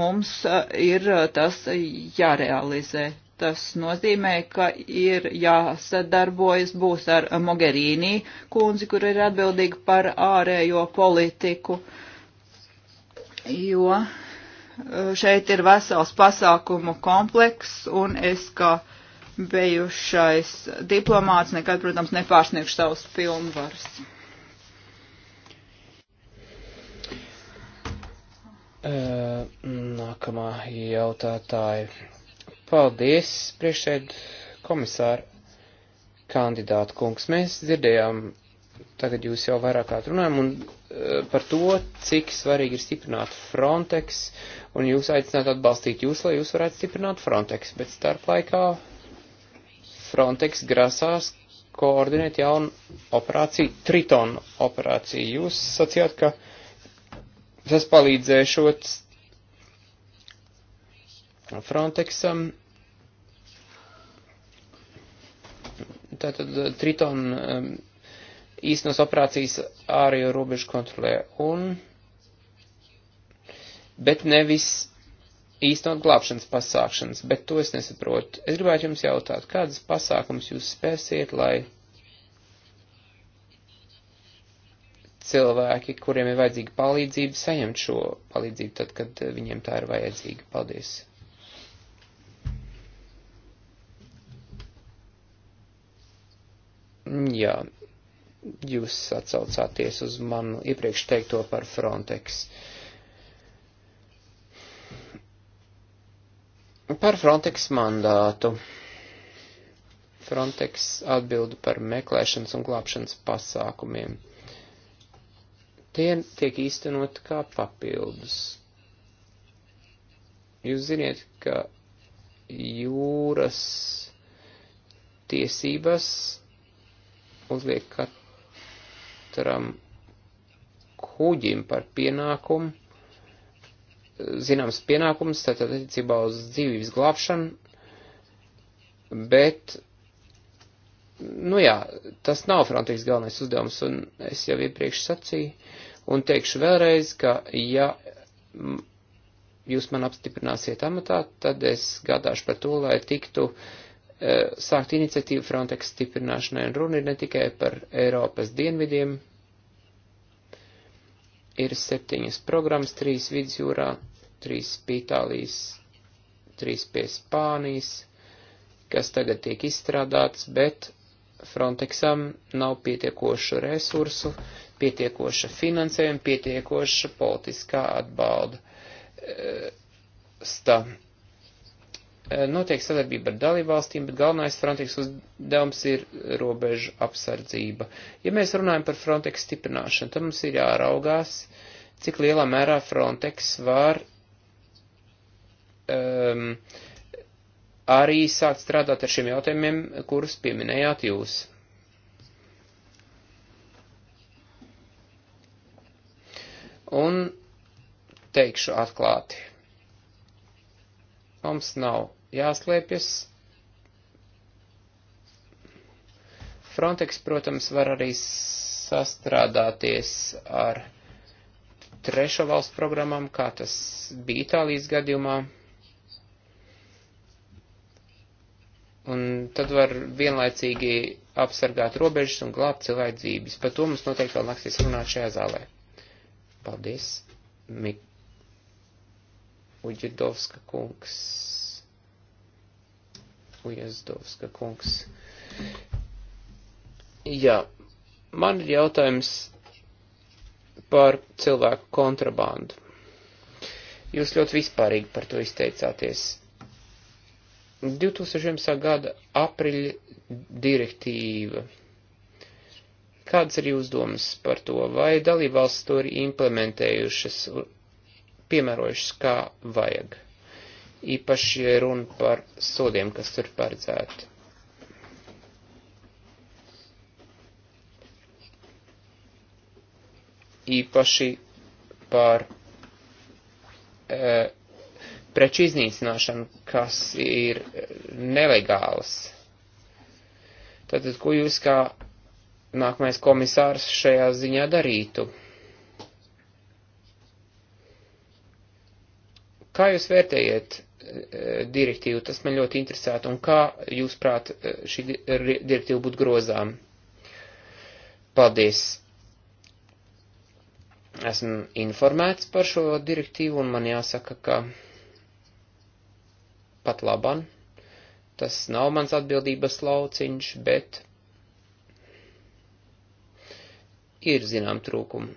mums ir tas jārealizē. Tas nozīmē, ka ir jāsadarbojas būs ar Mogherīnī kundzi, kur ir atbildīga par ārējo politiku, jo uh, Eh, šeit ir vesels pasākumu kompleks, un es kā bijušais diplomāts nekad, protams, nepārsniegšu savus pilnvarus. Eh, nākamā jautātāja. Paldies, priekšēd komisāra kandidāta kungs. Mēs dzirdējām tagad jūs jau vairāk kā runājam, un eh, par to, cik svarīgi ir stiprināt Frontex, un jūs aicināt atbalstīt jūs, lai jūs varētu stiprināt Frontex, bet starp laikā Frontex grasās koordinēt jaunu operāciju, Triton operāciju. Jūs sacījāt, ka tas palīdzēšot Frontexam. Tātad eh, Triton um, īstenos operācijas ārējo robežu kontrolē, un, bet nevis īstenot glābšanas pasākšanas, bet to es nesaprotu. Es gribētu jums jautāt, kādas pasākums jūs spēsiet, lai cilvēki, kuriem ir vajadzīga palīdzība, saņemt šo palīdzību tad, kad eh, viņiem tā ir vajadzīga. Paldies! Jā, jūs atsaucāties uz manu iepriekš teikto par Frontex. Par Frontex mandātu. Frontex atbildu par meklēšanas un glābšanas pasākumiem. Tie tiek īstenot kā papildus. Jūs ziniet, ka jūras tiesības uzliek katru sektoram kuģim par pienākumu, zināms pienākums, tātad attiecībā uz dzīvības glābšanu, bet, nu jā, tas nav Frontex galvenais uzdevums, un es jau iepriekš sacīju, un teikšu vēlreiz, ka ja jūs man apstiprināsiet amatā, tad es gādāšu par to, lai tiktu uh, Eh, sākt iniciatīvu Frontex stiprināšanai, un runa ir ne tikai par Eiropas dienvidiem, ir septiņas programmas, trīs vidusjūrā, trīs pie Itālijas, trīs pie Spānijas, kas tagad tiek izstrādātas, bet Frontexam nav pietiekošu resursu, pietiekoša finansējuma, pietiekoša politiskā atbalda. E, sta Eh, notiek sadarbība ar dalībvalstīm, bet galvenais Frontex uzdevums ir robežu apsardzība. Ja mēs runājam par Frontex stiprināšanu, tad mums ir jāraugās, cik lielā mērā Frontex var um, arī sākt strādāt ar šiem jautājumiem, kurus pieminējāt jūs. Un teikšu atklāti. Mums nav jāslēpjas. Frontex, protams, var arī sastrādāties ar trešo valstu programmām, kā tas bija Itālijas gadījumā. Un tad var vienlaicīgi apsargāt robežas un glābt cilvēku dzīvības. Par to mums noteikti vēl nāksies runāt šajā zālē. Paldies, Mik Uģidovska kungs. Ujazdovska kungs. Jā, man ir jautājums par cilvēku kontrabandu. Jūs ļoti vispārīgi par to izteicāties. 2011. gada apriļa direktīva. Kādas ir jūs domas par to? Vai dalībvalsts to ir implementējušas piemērojušas kā vajag. Īpaši, ja runa par sodiem, kas tur paredzēti. Īpaši par e, preču iznīcināšanu, kas ir nelegāls. Tātad, ko jūs kā nākamais komisārs šajā ziņā darītu? Kā jūs vērtējat e, direktīvu, tas man ļoti interesētu, un kā jūs prāt e, šī direktīva būtu grozām? Paldies! Esmu informēts par šo direktīvu, un man jāsaka, ka pat laban. Tas nav mans atbildības lauciņš, bet ir zinām trūkumi.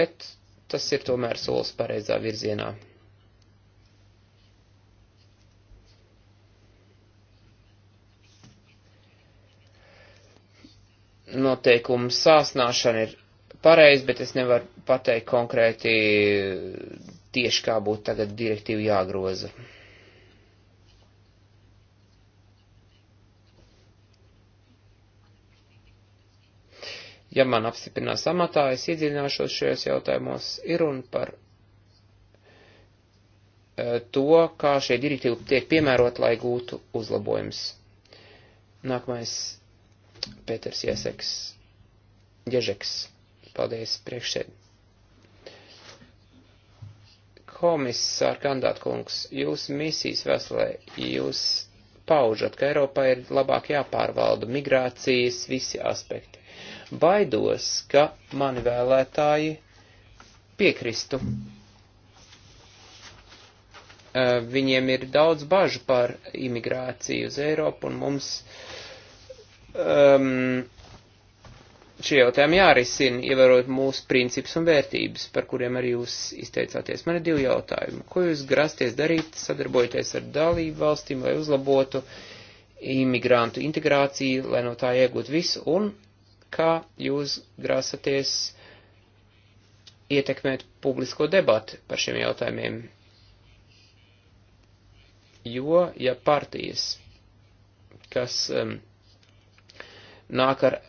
Bet tas ir tomēr solis pareizā virzienā. Noteikumu sāsnāšana ir pareizi, bet es nevaru pateikt konkrēti tieši kā būtu tagad direktīva jāgroza. ja man apstiprinās amatā, es iedziļināšos šajos jautājumos, ir un par e, to, kā šie direktīvi tiek piemērot, lai gūtu uzlabojums. Nākamais Pēters Ieseks, Ježeks. Paldies, priekšsēd. Komisār kandidāt kungs, jūs misijas veselē, jūs paužat, ka Eiropā ir labāk jāpārvalda migrācijas visi aspekti Baidos, ka mani vēlētāji piekristu. Eh, viņiem ir daudz bažu par imigrāciju uz Eiropu un mums um, šie jautājumi jārisina, ievērot mūsu principus un vērtības, par kuriem arī jūs izteicāties. Man ir divi jautājumi. Ko jūs grasties darīt, sadarbojoties ar dalību valstīm, lai uzlabotu imigrantu integrāciju, lai no tā iegūtu visu? Un kā jūs grāsaties ietekmēt publisko debatu par šiem jautājumiem. Jo, ja partijas, kas um, nāk ar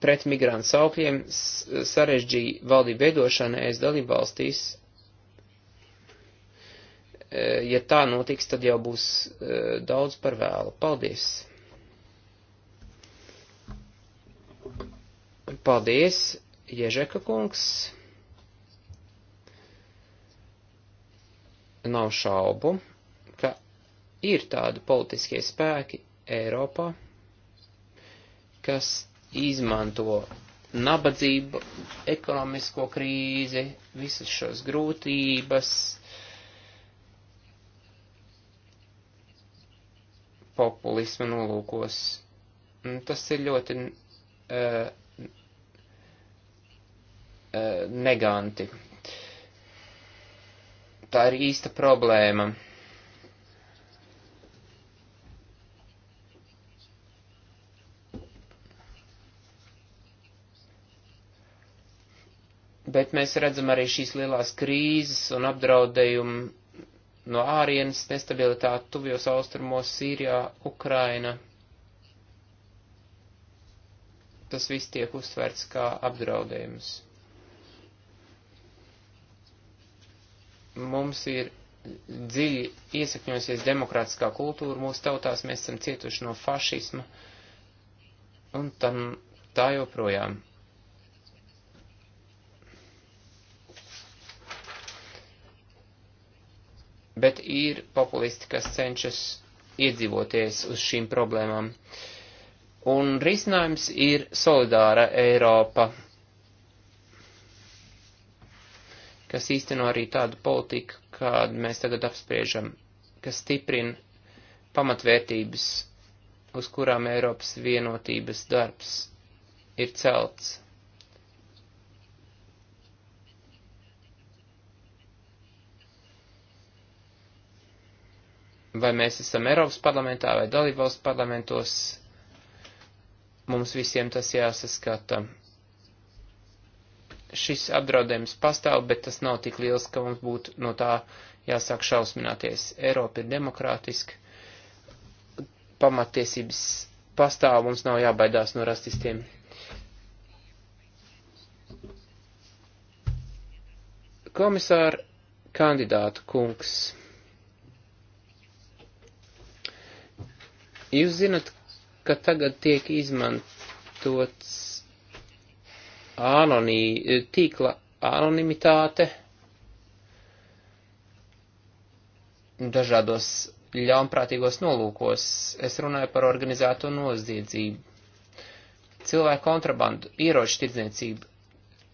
pret migrantu saukļiem, sarežģīja valdību veidošana es dalību valstīs, eh, ja tā notiks, tad jau būs eh, daudz par vēlu. Paldies! Paldies, Ježeka kungs. Nav šaubu, ka ir tādi politiskie spēki Eiropā, kas izmanto nabadzību, ekonomisko krīzi, visas šos grūtības, populisma nolūkos. Tas ir ļoti uh, E, neganti. Tā ir īsta problēma. Bet mēs redzam arī šīs lielās krīzes un apdraudējumu no ārienes nestabilitāti tuvjos austrumos, Sīrijā, Ukraina. Tas viss tiek uztverts kā apdraudējums. mums ir dziļi iesakņojusies demokrātiskā kultūra mūsu tautās, mēs esam cietuši no fašisma, un tam tā joprojām. Bet ir populisti, kas cenšas iedzīvoties uz šīm problēmām. Un risinājums ir solidāra Eiropa, kas īsteno arī tādu politiku, kādu mēs tagad apspriežam, kas stiprina pamatvērtības, uz kurām Eiropas vienotības darbs ir celts. Vai mēs esam Eiropas parlamentā vai dalībvalsts parlamentos, mums visiem tas jāsaskata šis apdraudējums pastāv, bet tas nav tik liels, ka mums būtu no tā jāsāk šausmināties. Eiropa ir demokrātiska, pamattiesības pastāv, mums nav jābaidās no rasistiem. Komisāra kandidātu kungs. Jūs zinat, ka tagad tiek izmantots anonī, eh, tīkla anonimitāte dažādos ļaunprātīgos nolūkos. Es runāju par organizēto noziedzību, cilvēku kontrabandu, ieroču tirdzniecību,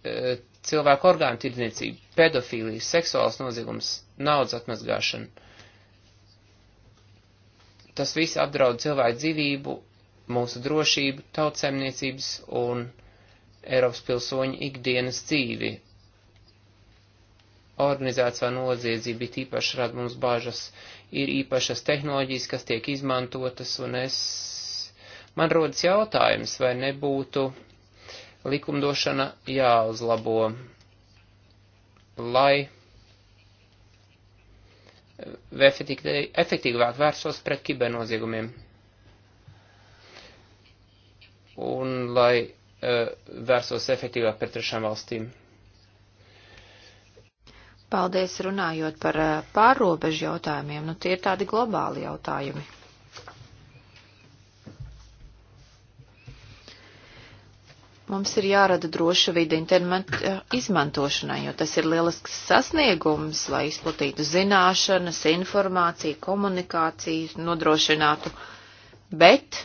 eh, cilvēku orgānu tirdzniecību, pedofīliju, seksuāls noziegums, naudas atmazgāšanu. Tas viss apdraud cilvēku dzīvību, mūsu drošību, tautsēmniecības un Eiropas pilsoņu ikdienas dzīvi. Organizētā noziedzība īpaši rada mums bažas. Ir īpašas tehnoloģijas, kas tiek izmantotas, un es, man rodas jautājums, vai nebūtu likumdošana jāuzlabo, lai efektīvāk vērsos pret kibernoziegumiem. Un lai E, vērsos efektīvāk pret trešām valstīm. Paldies runājot par e, pārobežu jautājumiem. Nu, tie ir tādi globāli jautājumi. Mums ir jārada droša vide interneta e, izmantošanai, jo tas ir lielisks sasniegums, lai izplatītu zināšanas, informāciju, komunikāciju, nodrošinātu. Bet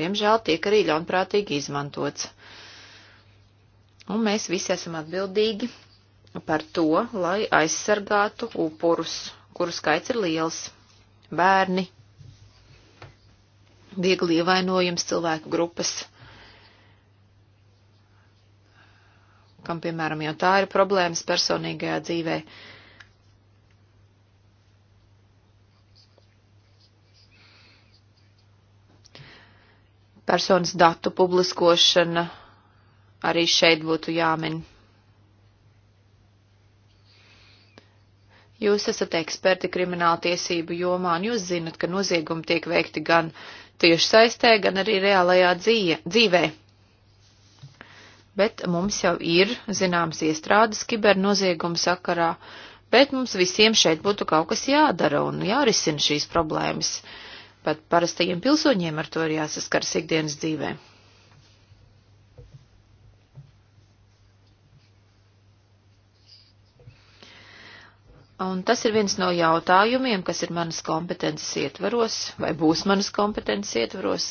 diemžēl tiek arī ļaunprātīgi izmantots. Un mēs visi esam atbildīgi par to, lai aizsargātu upurus, kuru skaits ir liels - bērni, viegli ievainojums cilvēku grupas, kam, piemēram, jau tā ir problēmas personīgajā dzīvē. personas datu publiskošana arī šeit būtu jāmin. Jūs esat eksperti krimināla tiesību jomā, un jūs zinat, ka noziegumi tiek veikti gan tieši saistē, gan arī reālajā dzīvē. Bet mums jau ir zināms iestrādes kibernoziegumu sakarā, bet mums visiem šeit būtu kaut kas jādara un jārisina šīs problēmas. Uh, Pat parastajiem pilsoņiem ar to ir jāsaskars ikdienas dzīvē. Un tas ir viens no jautājumiem, kas ir manas kompetences ietvaros, vai būs manas kompetences ietvaros.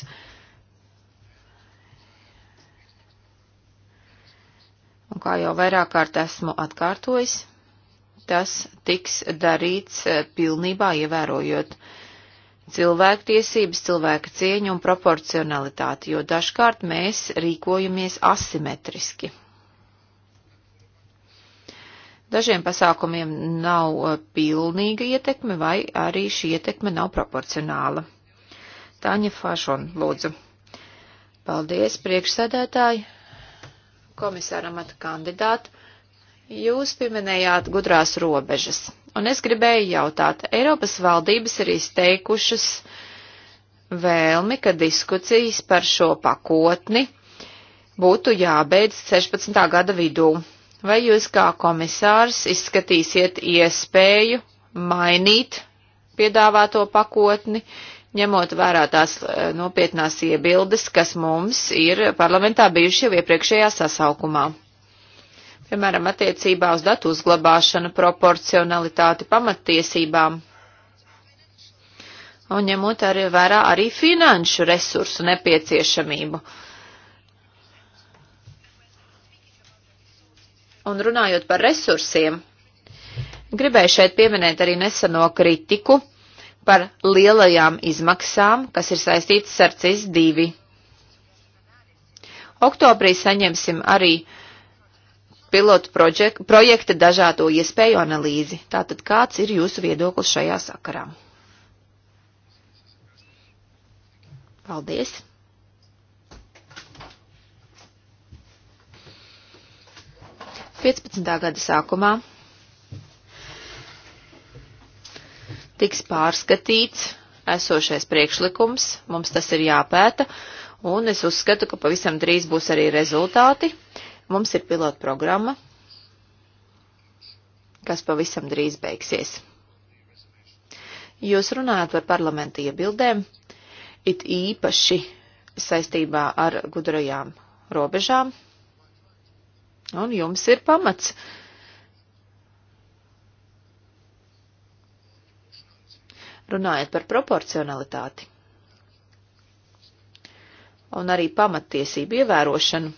Un kā jau vairāk kārt esmu atkārtojis, tas tiks darīts eh, pilnībā ievērojot uh, cilvēktiesības, cilvēka cieņu un proporcionalitāti, jo dažkārt mēs rīkojamies asimetriski. Dažiem pasākumiem nav uh, pilnīga ietekme vai arī šī ietekme nav proporcionāla. Tāņa Fašon, lūdzu. Paldies, priekšsēdētāji, komisāram at kandidātu. Jūs pieminējāt gudrās robežas. Un es gribēju jautāt, Eiropas valdības ir izteikušas vēlmi, ka diskusijas par šo pakotni būtu jābeidz 16. gada vidū. Vai jūs kā komisārs izskatīsiet iespēju mainīt piedāvāto pakotni, ņemot vērā tās eh, nopietnās iebildes, kas mums ir parlamentā bijuši jau iepriekšējā sasaukumā? piemēram, attiecībā uz datu uzglabāšanu, proporcionalitāti pamattiesībām. Un ņemot arī vērā arī finanšu resursu nepieciešamību. Un runājot par resursiem, gribēju šeit pieminēt arī neseno kritiku par lielajām izmaksām, kas ir saistītas ar CIS 2. Oktobrī saņemsim arī uh, pilotu projekta, projekta dažādo iespēju analīzi. Tātad kāds ir jūsu viedoklis šajā sakarā? Paldies! Piecpadsmitā gada sākumā tiks pārskatīts esošais priekšlikums, mums tas ir jāpēta, un es uzskatu, ka pavisam drīz būs arī rezultāti. Uh, Mums ir pilota programma, kas pavisam drīz beigsies. Jūs runājat par parlamenta iebildēm, it īpaši saistībā ar gudrajām robežām, un jums ir pamats. Runājot par proporcionalitāti un arī pamattiesību ievērošanu,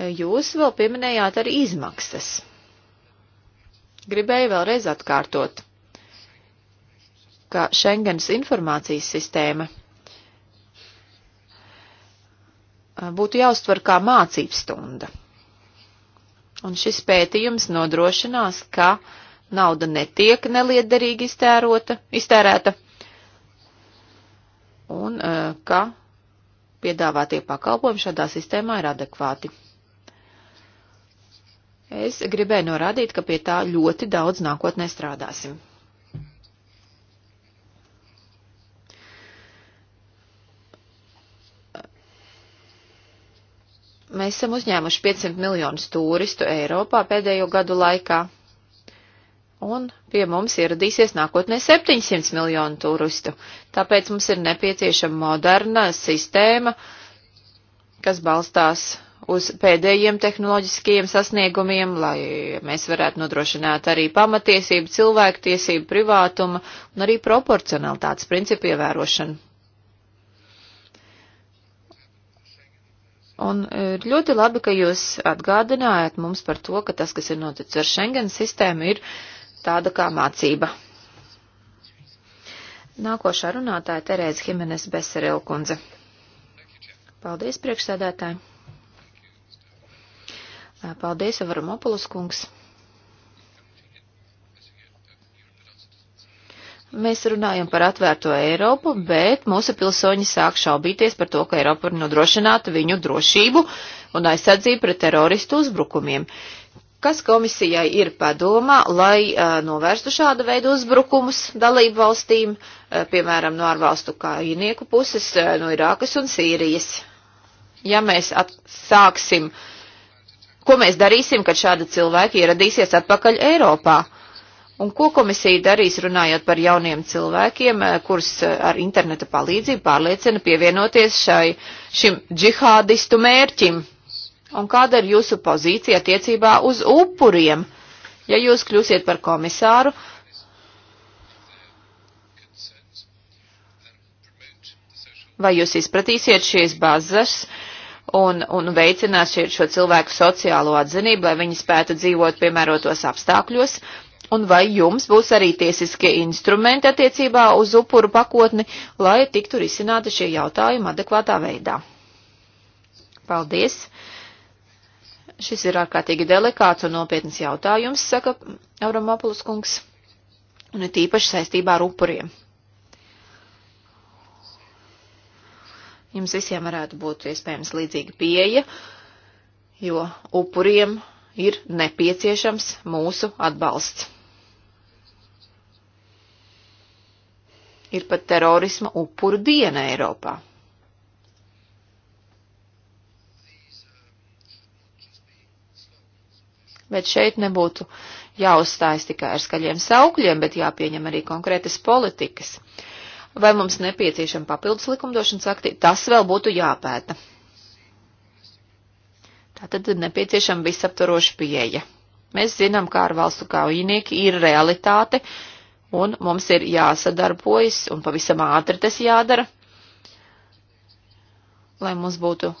Jūs vēl pieminējāt arī izmaksas. Gribēju vēlreiz atkārtot, ka Schengens informācijas sistēma būtu jāuztver kā mācības stunda. Un šis pētījums nodrošinās, ka nauda netiek neliederīgi iztērota, iztērēta un ka piedāvātie pakalpojumi šādā sistēmā ir adekvāti. Es gribēju norādīt, ka pie tā ļoti daudz nākotnē strādāsim. Mēs esam uzņēmuši 500 miljonus turistu Eiropā pēdējo gadu laikā, un pie mums ieradīsies nākotnē 700 miljonu turistu. Tāpēc mums ir nepieciešama moderna sistēma, kas balstās uz pēdējiem tehnoloģiskajiem sasniegumiem, lai mēs varētu nodrošināt arī pamatiesību, cilvēktiesību, privātuma un arī proporcionalitātes principu ievērošanu. Un e, ļoti labi, ka jūs atgādinājāt mums par to, ka tas, kas ir noticis ar Schengen sistēmu, ir tāda kā mācība. Nākošā runātāja Terēza Himenes Beserelkundze. Paldies, priekšsēdētāji! Paldies, Avramopulus kungs. Mēs runājam par atvērto Eiropu, bet mūsu pilsoņi sāk šaubīties par to, ka Eiropa var nodrošināt viņu drošību un aizsardzību pret teroristu uzbrukumiem. Kas komisijai ir padomā, lai uh, novērstu šādu veidu uzbrukumus dalību valstīm, uh, piemēram, no ārvalstu kājnieku puses, uh, no Irākas un Sīrijas? Ja mēs sāksim uh, Ko mēs darīsim, kad šādi cilvēki ieradīsies atpakaļ Eiropā? Un ko komisija darīs runājot par jauniem cilvēkiem, eh, kurus eh, ar interneta palīdzību pārliecina pievienoties šai, šim džihādistu mērķim? Un kāda ir jūsu pozīcija attiecībā uz upuriem? Ja jūs kļūsiet par komisāru, vai jūs izpratīsiet šīs bazas, uh, un, un veicinās šie, šo cilvēku sociālo atzinību, lai viņi spētu dzīvot piemērotos apstākļos. Un vai jums būs arī tiesiskie instrumenti attiecībā uz upuru pakotni, lai tiktu risināti šie jautājumi adekvātā veidā? Paldies! Šis ir ārkārtīgi delikāts un nopietns jautājums, saka Auramopulus kungs, un ir tīpaši saistībā ar upuriem. jums visiem varētu būt iespējams līdzīga pieeja, jo upuriem ir nepieciešams mūsu atbalsts. Ir pat terorisma upuru diena Eiropā. Bet šeit nebūtu jāuzstājas tikai ar skaļiem saukļiem, bet jāpieņem arī konkrētas politikas. Uh, vai mums nepieciešama papildus likumdošanas akti, tas vēl būtu jāpēta. Tātad ir nepieciešama visaptvaroša pieeja. Mēs zinām, kā ar valstu kaujinieki ir realitāte, un mums ir jāsadarbojas, un pavisam ātri tas jādara, lai mums būtu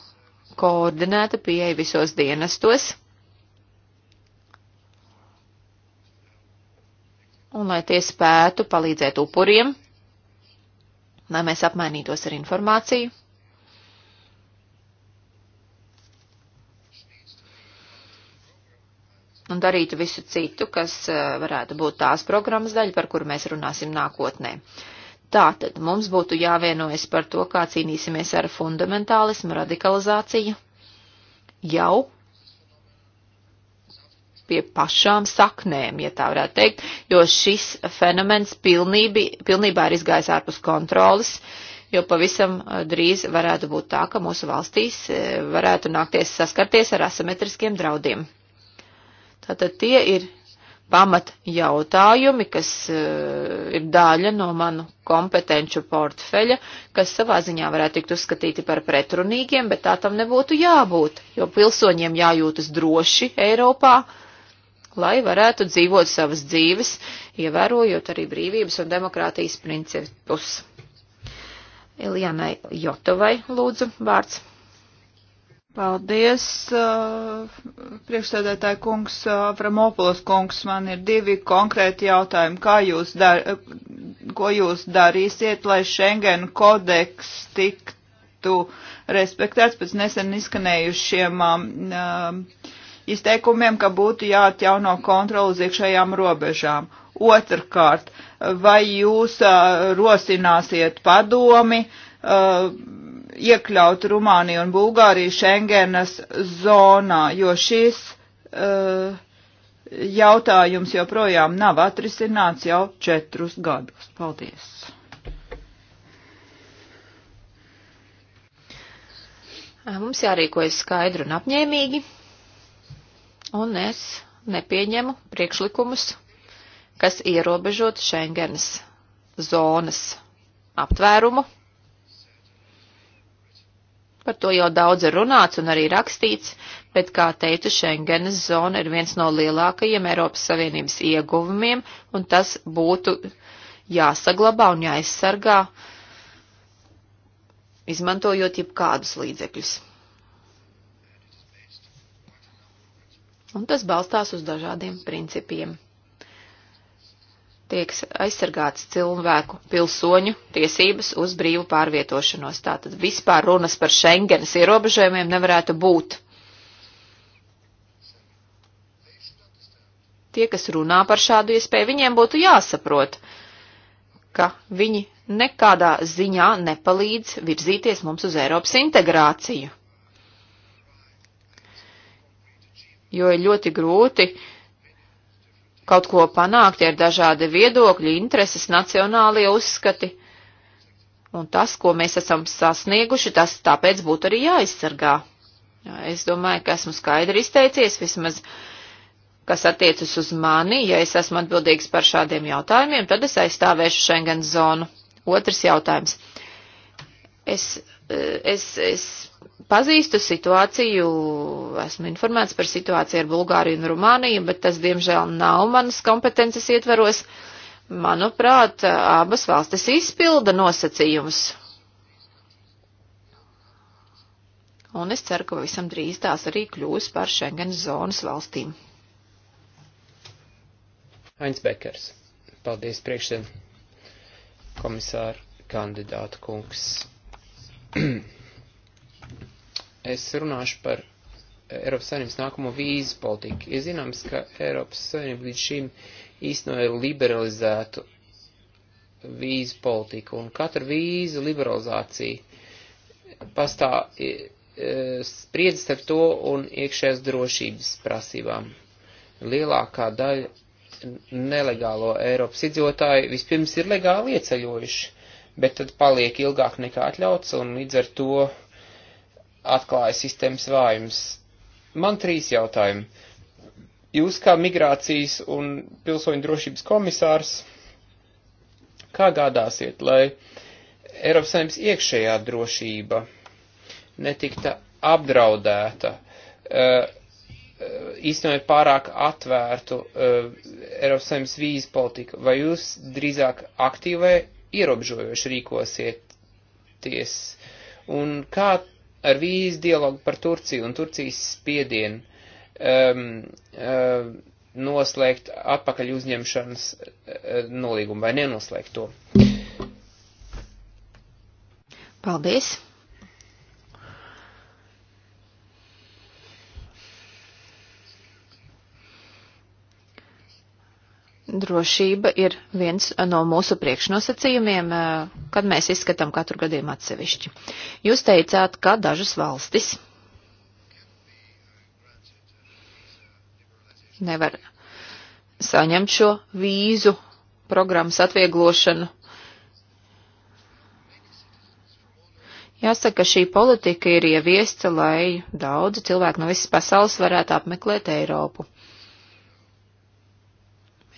koordinēta pieeja visos dienestos, un lai tie spētu palīdzēt upuriem lai mēs apmainītos ar informāciju. Un darītu visu citu, kas eh, varētu būt tās programmas daļa, par kuru mēs runāsim nākotnē. Tātad mums būtu jāvienojas par to, kā cīnīsimies ar fundamentālismu, radikalizāciju jau pie pašām saknēm, ja tā varētu teikt, jo šis fenomens pilnībi, pilnībā ir izgājis ārpus kontrolas, jo pavisam uh, drīz varētu būt tā, ka mūsu valstīs uh, varētu nākties saskarties ar asimetriskiem draudiem. Tātad tie ir pamat jautājumi, kas uh, ir daļa no manu kompetenču portfeļa, kas savā ziņā varētu tikt uzskatīti par pretrunīgiem, bet tā tam nebūtu jābūt, jo pilsoņiem jājūtas droši Eiropā, lai varētu dzīvot savas dzīves, ievērojot arī brīvības un demokrātijas principus. Ilijanai Jotovai lūdzu vārds. Paldies, uh, priekšstādētāji kungs, uh, Avramopulos kungs, man ir divi konkrēti jautājumi. Kā jūs, dar, uh, ko jūs darīsiet, lai Schengen kodeks tiktu respektēts pēc nesen izskanējušiem um, izteikumiem, ka būtu jāatjauno kontroli uz iekšējām robežām. Otrkārt, vai jūs rosināsiet padomi iekļaut Rumāniju un Bulgāriju Schengenas zonā, jo šis jautājums joprojām nav atrisināts jau četrus gadus. Paldies! Mums jārīkojas skaidri un apņēmīgi, un es nepieņemu priekšlikumus, kas ierobežot Schengenas zonas aptvērumu. Par to jau daudz ir runāts un arī rakstīts, bet, kā teicu, Schengenas zona ir viens no lielākajiem Eiropas Savienības ieguvumiem, un tas būtu jāsaglabā un jāaizsargā, izmantojot jebkādus līdzekļus. Un tas balstās uz dažādiem principiem. Tiek aizsargāts cilvēku pilsoņu tiesības uz brīvu pārvietošanos. Tātad vispār runas par Schengenas ierobežojumiem nevarētu būt. Tie, kas runā par šādu iespēju, viņiem būtu jāsaprot, ka viņi nekādā ziņā nepalīdz virzīties mums uz Eiropas integrāciju. jo ir ļoti grūti kaut ko panākt, ja ir dažādi viedokļi, intereses, nacionālie uzskati. Un tas, ko mēs esam sasnieguši, tas tāpēc būtu arī jāizsargā. Es domāju, ka esmu skaidri izteicies, vismaz kas attiecas uz mani, ja es esmu atbildīgs par šādiem jautājumiem, tad es aizstāvēšu Schengen zonu. Otrs jautājums. Es, eh, es, es pazīstu situāciju, esmu informēts par situāciju ar Bulgāriju un Rumāniju, bet tas, diemžēl, nav manas kompetences ietveros. Manuprāt, abas valstis izpilda nosacījumus. Un es ceru, ka pavisam drīz tās arī kļūs par Schengen zonas valstīm. Heinz Bekers. Paldies priekšsēd komisāru kandidātu kungs. Es runāšu par eh, Eiropas Savienības nākamo vīzu politiku. Ir zināms, ka Eiropas Savienība līdz šim īstenoja liberalizētu vīzu politiku, un katra vīzu liberalizācija pastāv e, spriedzes starp to un iekšējās drošības prasībām. Lielākā daļa nelegālo Eiropas iedzīvotāju vispirms ir legāli ieceļojuši, bet tad paliek ilgāk nekā atļauts, un līdz ar to atklāja sistēmas vājums. Man trīs jautājumi. Jūs kā migrācijas un pilsoņu drošības komisārs, kā gādāsiet, lai Eiropas saimnes iekšējā drošība netikta apdraudēta, eh, eh, īstenojot pārāk atvērtu eh, Eiropas saimnes vīzu politiku, vai jūs drīzāk aktīvai ierobežojoši rīkosieties? Un kā ar vīzu dialogu par Turciju un Turcijas spiedienu um, um, noslēgt atpakaļ uzņemšanas uh, nolīgumu vai nenoslēgt to. Paldies! Drošība ir viens no mūsu priekšnosacījumiem, eh, kad mēs izskatām katru gadījumu atsevišķi. Jūs teicāt, ka dažas valstis nevar saņemt šo vīzu programmas atvieglošanu. Jāsaka, ka šī politika ir ieviesta, lai daudzi cilvēki no visas pasaules varētu apmeklēt Eiropu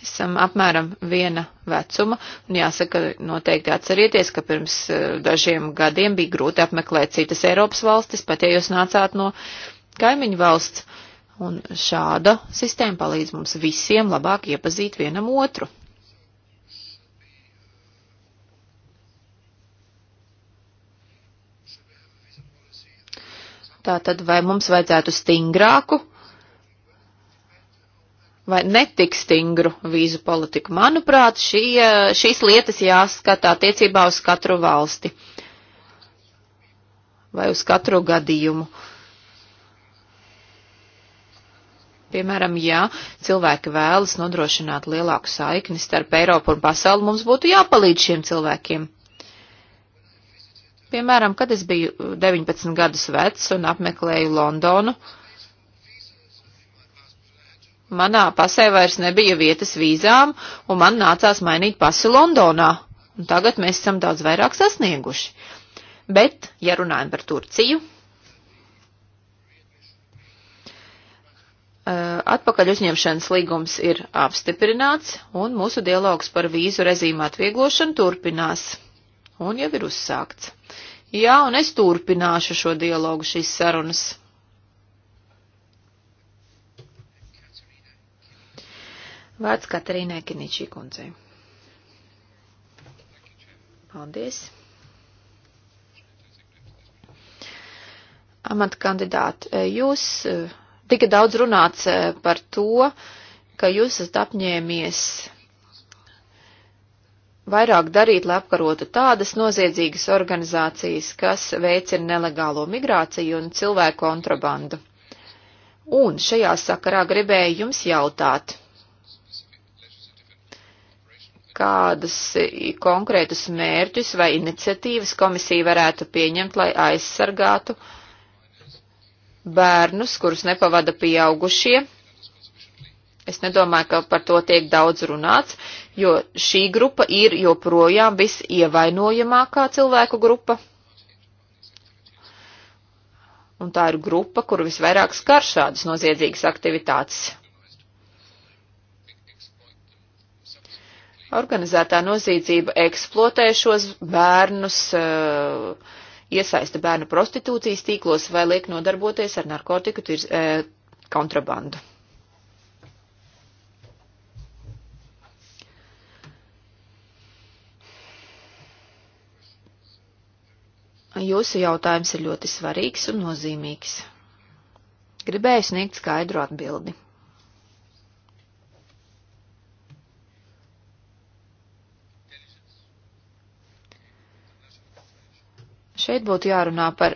esam apmēram viena vecuma, un jāsaka, noteikti atcerieties, ka pirms eh, dažiem gadiem bija grūti apmeklēt citas Eiropas valstis, pat ja jūs nācāt no kaimiņu valsts, un šāda sistēma palīdz mums visiem labāk iepazīt vienam otru. Tātad vai mums vajadzētu stingrāku vai netik stingru vīzu politiku. Manuprāt, šie, eh, šīs lietas jāskatā attiecībā uz katru valsti vai uz katru gadījumu. Piemēram, ja cilvēki vēlas nodrošināt lielāku saikni starp Eiropu un pasauli, mums būtu jāpalīdz šiem cilvēkiem. Piemēram, kad es biju 19 gadus vecs un apmeklēju Londonu, uh, manā pasē vairs nebija vietas vīzām, un man nācās mainīt pasi Londonā. Un tagad mēs esam daudz vairāk sasnieguši. Bet, ja runājam par Turciju, eh, atpakaļ uzņemšanas līgums ir apstiprināts, un mūsu dialogs par vīzu režīmu atvieglošanu turpinās, un jau ir uzsākts. Jā, un es turpināšu šo dialogu šīs sarunas Vārds Katarīnai Kiničī kundzei. Paldies. Amata kandidāti, eh, jūs eh, tika daudz runāts eh, par to, ka jūs esat apņēmies vairāk darīt, lai apkarotu tādas noziedzīgas organizācijas, kas veicina nelegālo migrāciju un cilvēku kontrabandu. Un šajā sakarā gribēju jums jautāt, kādas e, konkrētas mērķus vai iniciatīvas komisija varētu pieņemt, lai aizsargātu bērnus, kurus nepavada pieaugušie. Es nedomāju, ka par to tiek daudz runāts, jo šī grupa ir joprojām visievainojamākā cilvēku grupa. Un tā ir grupa, kur visvairāk skar šādas noziedzīgas aktivitātes. Organizētā noziedzība eksploatē šos bērnus, eh, iesaista bērnu prostitūcijas tīklos vai liek nodarboties ar narkotiku tirs, eh, kontrabandu. Jūsu jautājums ir ļoti svarīgs un nozīmīgs. Gribēju sniegt skaidru atbildi. Šeit būtu jārunā par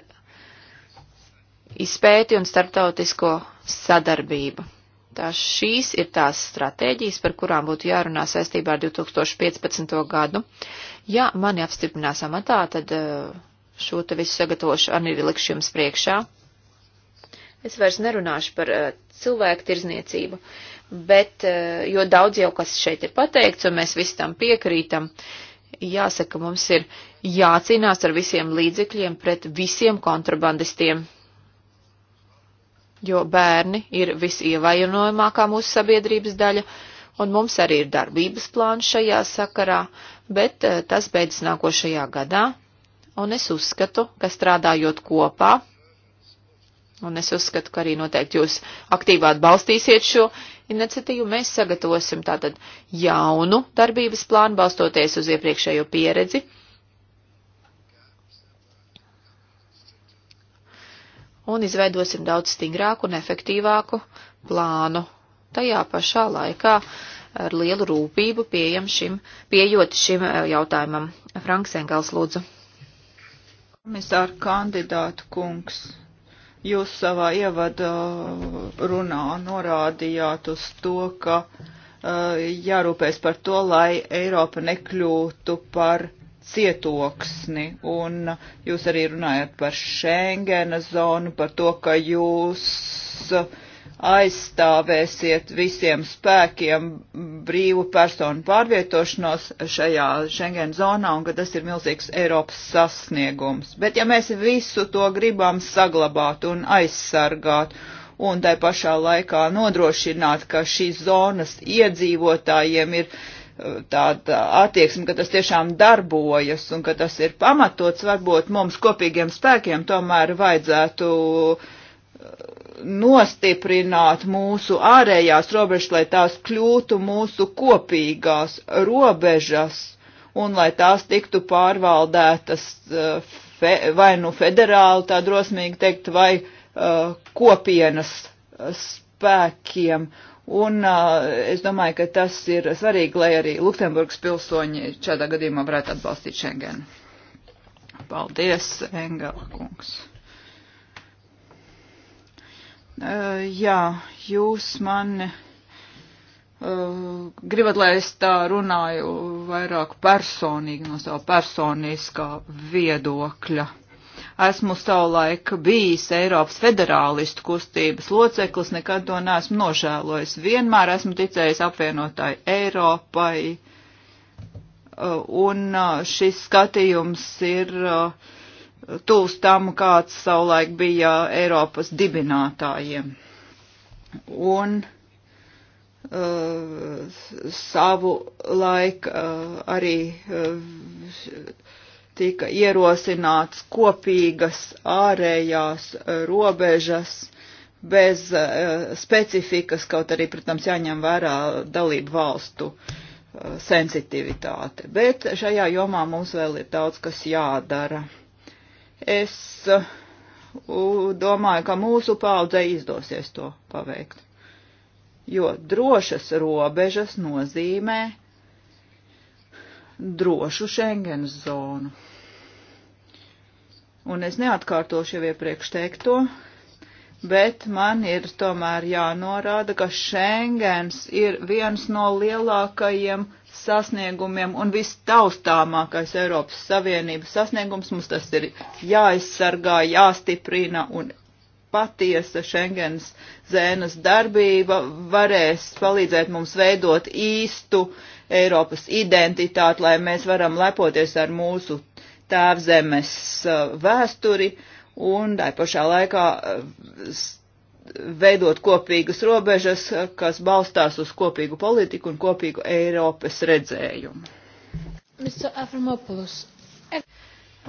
izpēti un starptautisko sadarbību. Tā šīs ir tās stratēģijas, par kurām būtu jārunā saistībā ar 2015. gadu. Ja mani apstiprinās amatā, tad eh, šo te visu sagatavošu arī likšu jums priekšā. Es vairs nerunāšu par eh, cilvēku tirzniecību, bet, eh, jo daudz jau kas šeit ir pateikts, un mēs visi tam piekrītam, jāsaka, mums ir jācīnās ar visiem līdzekļiem pret visiem kontrabandistiem, jo bērni ir visievainojamākā mūsu sabiedrības daļa, un mums arī ir darbības plāns šajā sakarā, bet eh, tas beidzas nākošajā gadā, un es uzskatu, ka strādājot kopā, un es uzskatu, ka arī noteikti jūs aktīvi atbalstīsiet šo iniciatīvu, mēs sagatavosim tātad jaunu darbības plānu, balstoties uz iepriekšējo pieredzi, un izveidosim daudz stingrāku un efektīvāku plānu. Tajā pašā laikā ar lielu rūpību pieejam šim, pieejot šim eh, jautājumam. Franks Engels lūdzu. Komisāra kandidātu kungs, jūs savā ievada runā norādījāt uz to, ka eh, jārūpēs par to, lai Eiropa nekļūtu par cietoksni. Un jūs arī runājat par Schengena zonu, par to, ka jūs aizstāvēsiet visiem spēkiem brīvu personu pārvietošanos šajā Schengen zonā un ka tas ir milzīgs Eiropas sasniegums. Bet ja mēs visu to gribam saglabāt un aizsargāt un tai pašā laikā nodrošināt, ka šīs zonas iedzīvotājiem ir uh, tāda attieksme, ka tas tiešām darbojas un ka tas ir pamatots, varbūt mums kopīgiem spēkiem tomēr vajadzētu uh, nostiprināt mūsu ārējās robežas, lai tās kļūtu mūsu kopīgās robežas un lai tās tiktu pārvaldētas uh, fe, vai nu federāli, tā drosmīgi teikt, vai uh, kopienas uh, spēkiem. Un uh, es domāju, ka tas ir svarīgi, lai arī Luksemburgas pilsoņi šādā gadījumā varētu atbalstīt Schengenu. Paldies, Engela kungs. Uh, jā, jūs mani Uh, gribat, lai es tā runāju vairāk personīgi no sava personiskā viedokļa. Esmu savulaik bijis Eiropas federālistu kustības loceklis, nekad to neesmu nožēlojis. Vienmēr esmu ticējis apvienotāji Eiropai, uh, un uh, šis skatījums ir uh, tūs tam, kāds savulaik bija Eiropas dibinātājiem. Un Uh, savu laiku uh, arī uh, tika ierosināts kopīgas ārējās e, robežas bez uh, specifikas, kaut arī, protams, jāņem vērā dalību valstu uh, sensitivitāte. Bet šajā jomā mums vēl ir daudz kas jādara. Es uh, domāju, ka mūsu paudzei izdosies to paveikt, jo drošas robežas nozīmē, drošu Schengens zonu. Un es neatkārtošu jau iepriekš teikto, bet man ir tomēr jānorāda, ka Schengens ir viens no lielākajiem sasniegumiem un vistaustāmākais Eiropas Savienības sasniegums. Mums tas ir jāizsargā, jāstiprina un patiesa Schengens zēnas darbība varēs palīdzēt mums veidot īstu uh, Eiropas identitāti, lai mēs varam lepoties ar mūsu tēvzemes uh, vēsturi un tai pašā laikā uh, veidot kopīgas robežas, uh, kas balstās uz kopīgu politiku un kopīgu Eiropas redzējumu. Mr. Avramopoulos. E-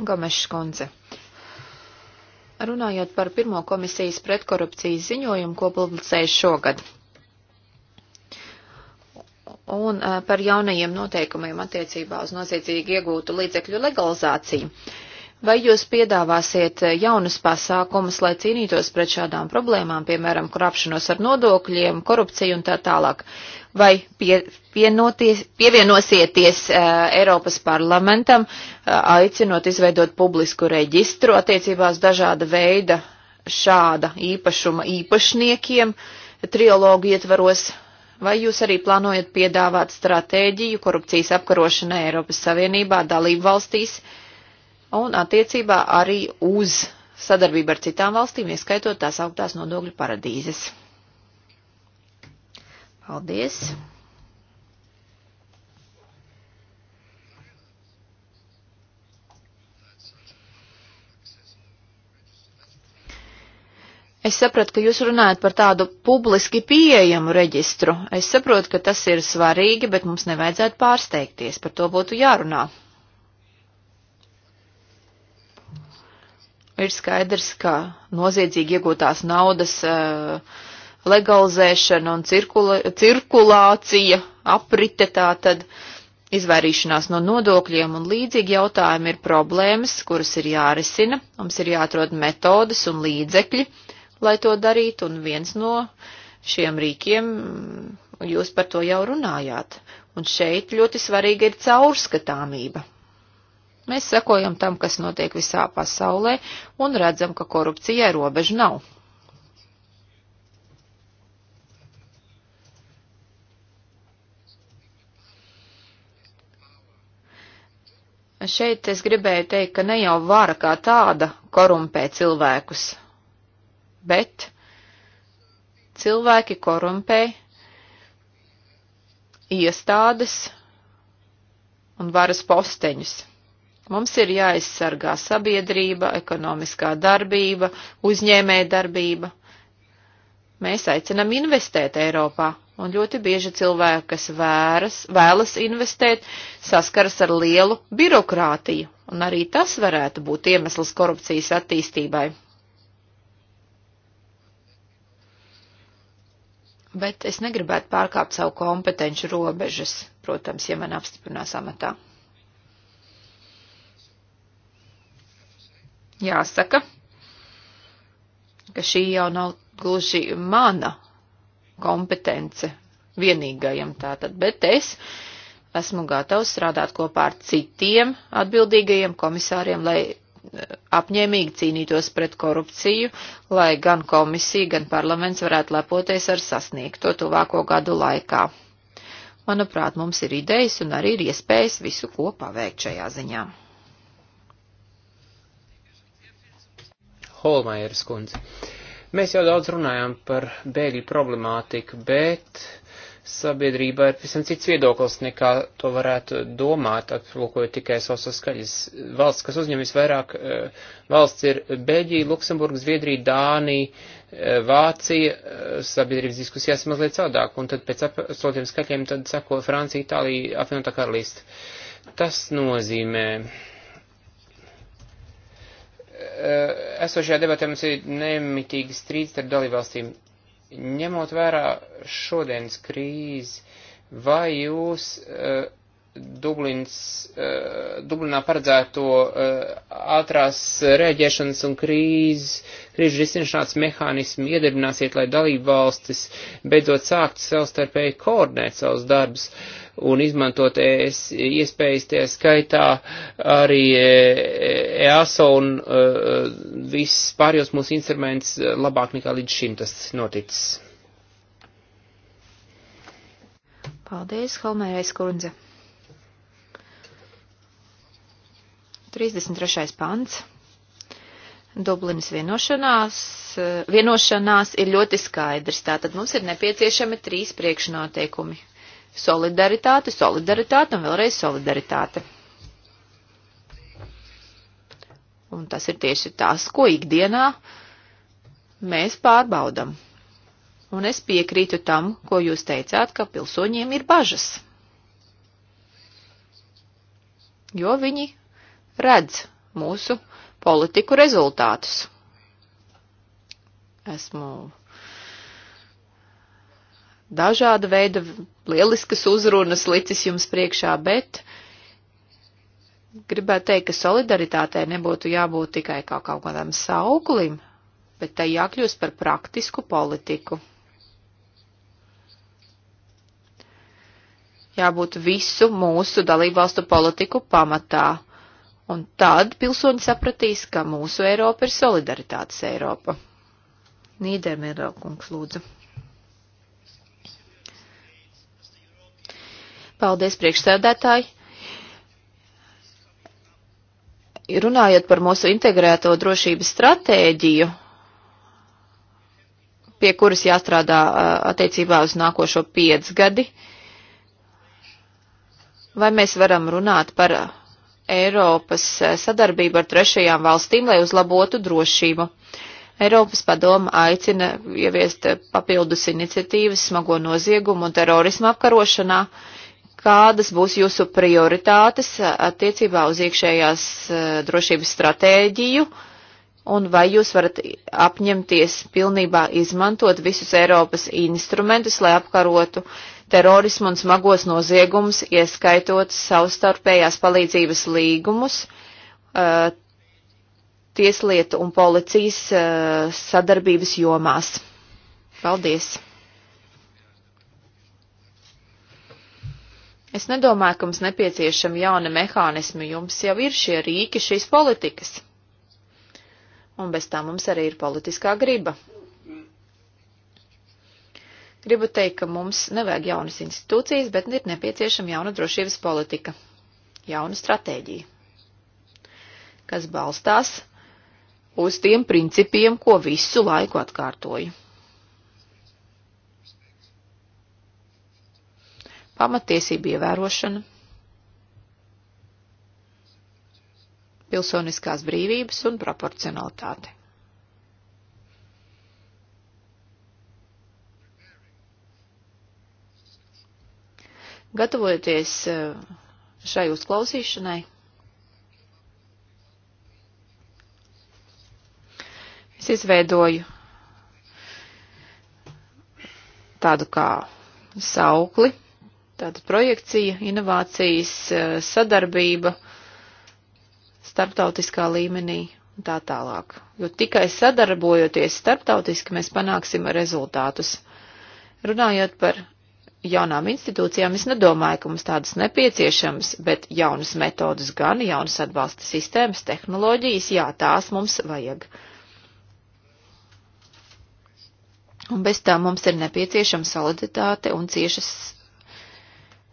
Gomešs kundze. Runājot par pirmo komisijas pretkorupcijas ziņojumu, ko publicēju šogad, un par jaunajiem noteikumiem attiecībā uz noziedzīgi iegūtu līdzekļu legalizāciju. Vai jūs piedāvāsiet jaunas pasākumus, lai cīnītos pret šādām problēmām, piemēram, krāpšanos ar nodokļiem, korupciju un tā tālāk? Vai pie, pievienosieties uh, Eiropas parlamentam, uh, aicinot izveidot publisku reģistru attiecībās dažāda veida šāda īpašuma īpašniekiem trilogu ietvaros? Uh, Vai jūs arī plānojat piedāvāt stratēģiju korupcijas apkarošanai Eiropas Savienībā dalību valstīs un attiecībā arī uz sadarbību ar citām valstīm, ieskaitot tās augtās nodokļu paradīzes? Paldies! Es sapratu, ka jūs runājat par tādu publiski pieejamu reģistru. Es saprotu, ka tas ir svarīgi, bet mums nevajadzētu pārsteigties. Par to būtu jārunā. Ir skaidrs, ka noziedzīgi iegūtās naudas eh, legalizēšana un cirkula, cirkulācija, aprite tā tad, izvairīšanās no nodokļiem un līdzīgi jautājumi ir problēmas, kuras ir jārisina. Mums ir jāatrod metodas un līdzekļi lai to darītu, un viens no šiem rīkiem, mm, jūs par to jau runājāt, un šeit ļoti svarīga ir caurskatāmība. Mēs sekojam tam, kas notiek visā pasaulē, un redzam, ka korupcijai robežu nav. Šeit es gribēju teikt, ka ne jau vara kā tāda korumpē cilvēkus, bet cilvēki korumpē iestādes un varas posteņus. Mums ir jāaizsargā sabiedrība, ekonomiskā darbība, uzņēmē darbība. Mēs aicinam investēt Eiropā, un ļoti bieži cilvēki, kas vēras, vēlas investēt, saskaras ar lielu birokrātiju, un arī tas varētu būt iemesls korupcijas attīstībai. bet es negribētu pārkāpt savu kompetenci robežas, protams, ja man apstiprinās amatā. Jāsaka, ka šī jau nav gluži mana kompetence vienīgajam tātad, bet es esmu gatavs strādāt kopā ar citiem atbildīgajiem komisāriem, lai apņēmīgi cīnītos pret korupciju, lai gan komisija, gan parlaments varētu lepoties ar sasniegto tuvāko gadu laikā. Manuprāt, mums ir idejas un arī ir iespējas visu ko paveikt šajā ziņā. Holmajeras kundze. Mēs jau daudz runājām par bēgļu problemātiku, bet uh, sabiedrībā ir visam cits viedoklis, nekā to varētu domāt, aplūkojot tikai savas skaļas. Valsts, kas uzņem visvairāk eh, valsts, ir Beļģija, Luksemburga, Zviedrija, Dānija, eh, Vācija. Eh, sabiedrības diskusijās ir mazliet savādāk, un tad pēc apstotiem skaļiem tad sako Francija, Itālija, apvienotā karalista. Tas nozīmē. Esošajā debatē mums ir nemitīgi strīds starp dalībvalstīm. Ņemot vērā šodienas krīzi, vai jūs uh, Dublins, uh, Dublinā paredzēto uh, ātrās rēģēšanas un krīzes, krīžu risināšanas mehānismu iedarbināsiet, lai dalību valstis beidzot sākt savstarpēji koordinēt savus darbus? Uh, un izmantot ES iespējas, tie skaitā arī e, e, EASO un uh, viss pārējos mūsu instruments labāk nekā līdz šim tas noticis. Paldies, Holmērais Kundze. 33. pants. Dublinas vienošanās, vienošanās ir ļoti skaidrs. Tātad mums ir nepieciešami trīs priekšnoteikumi solidaritāte, solidaritāte un vēlreiz solidaritāte. Un tas ir tieši tas, ko ikdienā mēs pārbaudam. Un es piekrītu tam, ko jūs teicāt, ka pilsoņiem ir bažas. Jo viņi redz mūsu politiku rezultātus. Esmu dažāda veida lieliskas uzrunas licis jums priekšā, bet gribētu teikt, ka solidaritātei nebūtu jābūt tikai kā kaut kādam sauklim, bet tai jākļūst par praktisku politiku. Jābūt visu mūsu dalībvalstu politiku pamatā, un tad pilsoņi sapratīs, ka mūsu Eiropa ir solidaritātes Eiropa. Nīdermērā kungs lūdzu. Paldies, priekšsēdētāji! Runājot par mūsu integrēto drošības stratēģiju, pie kuras jāstrādā attiecībā uz nākošo piecgadi, vai mēs varam runāt par Eiropas sadarbību ar trešajām valstīm, lai uzlabotu drošību. Eiropas padoma aicina ieviest papildus iniciatīvas smago noziegumu un terorismu apkarošanā, kādas būs jūsu prioritātes eh, attiecībā uz iekšējās eh, drošības stratēģiju un vai jūs varat apņemties pilnībā izmantot visus Eiropas instrumentus, lai apkarotu terorismu un smagos noziegumus, ieskaitot savstarpējās palīdzības līgumus, eh, tieslietu un policijas sadarbības jomās. Paldies! Es nedomāju, ka mums nepieciešami jauni mehānismi, jums jau ir šie rīki šīs politikas. Un bez tā mums arī ir politiskā griba. Gribu teikt, ka mums nevajag jaunas institūcijas, bet ir nepieciešama jauna drošības politika, jauna stratēģija, kas balstās uz tiem principiem, ko visu laiku atkārtoju. pamatiesību ievērošana, pilsoniskās brīvības un proporcionalitāte. Gatavojoties eh, šai uzklausīšanai, es izveidoju tādu kā saukli Tātad projekcija, inovācijas, eh, sadarbība starptautiskā līmenī un tā tālāk. Jo tikai sadarbojoties starptautiski mēs panāksim rezultātus. Runājot par jaunām institūcijām, es nedomāju, ka mums tādas nepieciešams, bet jaunas metodas gan, jaunas atbalsta sistēmas, tehnoloģijas, jā, tās mums vajag. Un bez tā mums ir nepieciešama soliditāte un ciešas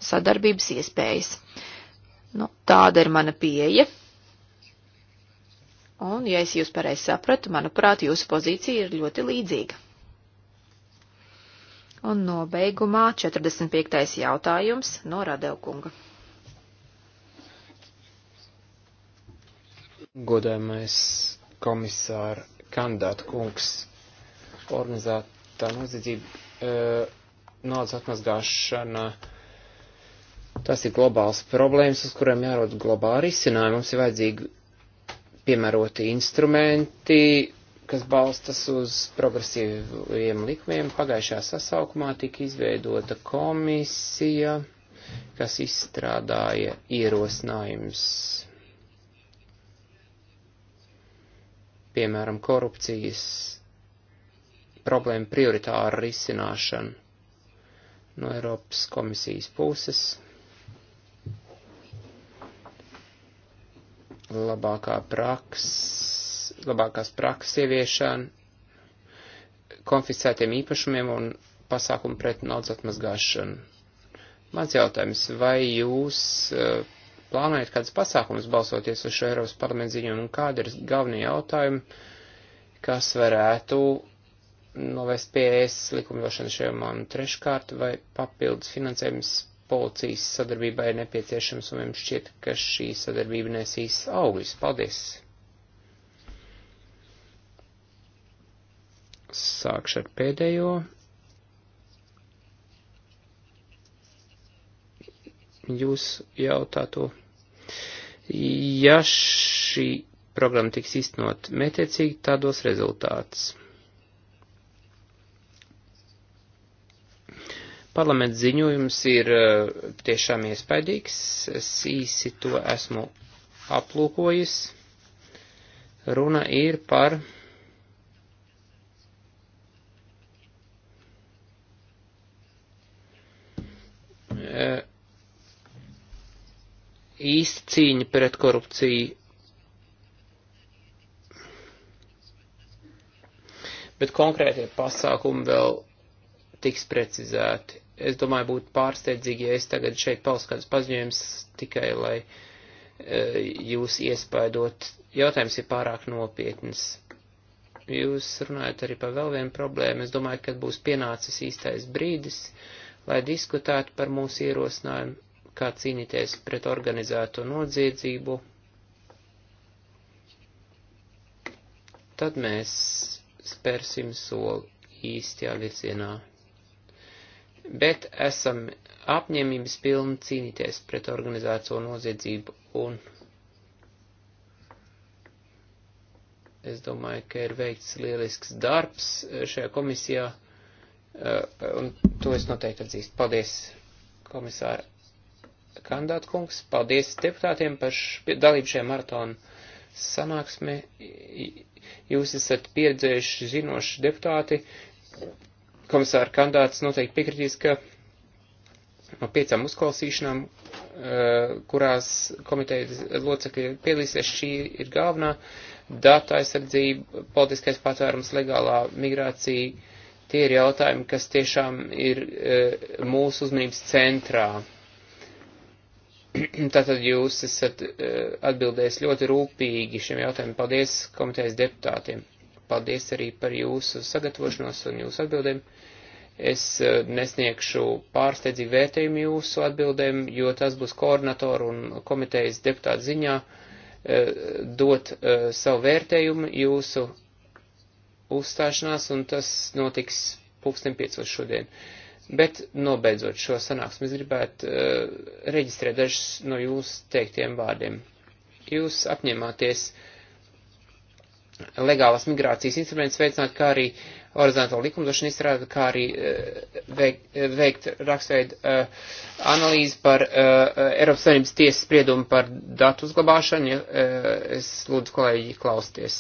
sadarbības iespējas. Nu, tāda ir mana pieeja. Un, ja es jūs pareizi sapratu, manuprāt, jūsu pozīcija ir ļoti līdzīga. Un nobeigumā 45. jautājums no Radevkunga. Godājumais komisāra kandidāta kungs organizētā noziedzība, e, naudas atmazgāšana, e, Tas ir globāls problēmas, uz kurām jārod globāli risinājumi. Mums ir vajadzīgi piemēroti instrumenti, kas balstas uz progresīviem likumiem. Pagājušā sasaukumā tika izveidota komisija, kas izstrādāja ierosinājums. Piemēram, korupcijas problēma prioritāra risināšana no Eiropas komisijas puses labākā praks, labākās prakses ieviešana, konfiscētiem īpašumiem un pasākumu pret naudas atmazgāšanu. Mans jautājums, vai jūs e, plānojat kādas pasākumas balsoties uz šo Eiropas parlamentu ziņojumu un kādi ir galvenie jautājumi, kas varētu novest pie ES likumdošanas šajomām treškārt vai papildus finansējums policijas sadarbībai ir nepieciešams, un mums šķiet, ka šī sadarbība nesīs augļus. Paldies! Sākšu ar pēdējo. Jūs jautātu, ja šī programma tiks iznot mētiecīgi, tādos rezultāts. Parlaments ziņojums ir eh, tiešām iespaidīgs, es īsi to esmu aplūkojis. Runa ir par eh, īsta cīņa pret korupciju. Bet konkrētie pasākumi vēl tiks precizēti es domāju, būtu pārsteidzīgi, ja es tagad šeit paustu kāds paziņojums tikai, lai e, jūs iespaidot. Jautājums ir pārāk nopietns. Jūs runājat arī par vēl vienu problēmu. Es domāju, ka būs pienācis īstais brīdis, lai diskutētu par mūsu ierosinājumu, kā cīnīties pret organizēto nodziedzību. Tad mēs spērsim soli īstajā virzienā bet esam apņēmības pilni cīnīties pret organizēto noziedzību un es domāju, ka ir veikts lielisks darbs šajā komisijā eh, un to es noteikti atzīstu. Paldies, komisāra kandidāta kungs, paldies deputātiem par dalību šajā maratonu sanāksmē. Jūs esat pieredzējuši zinoši deputāti, komisāra kandidāts noteikti piekritīs, ka no piecām uzklausīšanām, eh, kurās komitejas locekļi piedalīsies, šī ir galvenā data aizsardzība, politiskais patvērums, legālā migrācija. Tie ir jautājumi, kas tiešām ir eh, mūsu uzmanības centrā. Tātad jūs esat eh, atbildējis ļoti rūpīgi šiem jautājumiem. Paldies komitejas deputātiem! Paldies arī par jūsu sagatavošanos un jūsu atbildēm. Es eh, nesniegšu pārsteidzīgu vērtējumu jūsu atbildēm, jo tas būs koordinatoru un komitejas deputātu ziņā eh, dot eh, savu vērtējumu jūsu uzstāšanās, un tas notiks pulksten piecos šodien. Bet nobeidzot šo sanāksmu, es gribētu uh, reģistrēt dažus no jūsu teiktiem vārdiem. Jūs apņemāties uh, legālas migrācijas instrumentus veicināt, kā arī horizontālu likumdošanu izstrādāt, kā arī eh, veik, eh, veikt rakstveidu eh, analīzi par Eiropas Savienības tiesas spriedumu par datu uzglabāšanu. Ja, es lūdzu kolēģi klausties.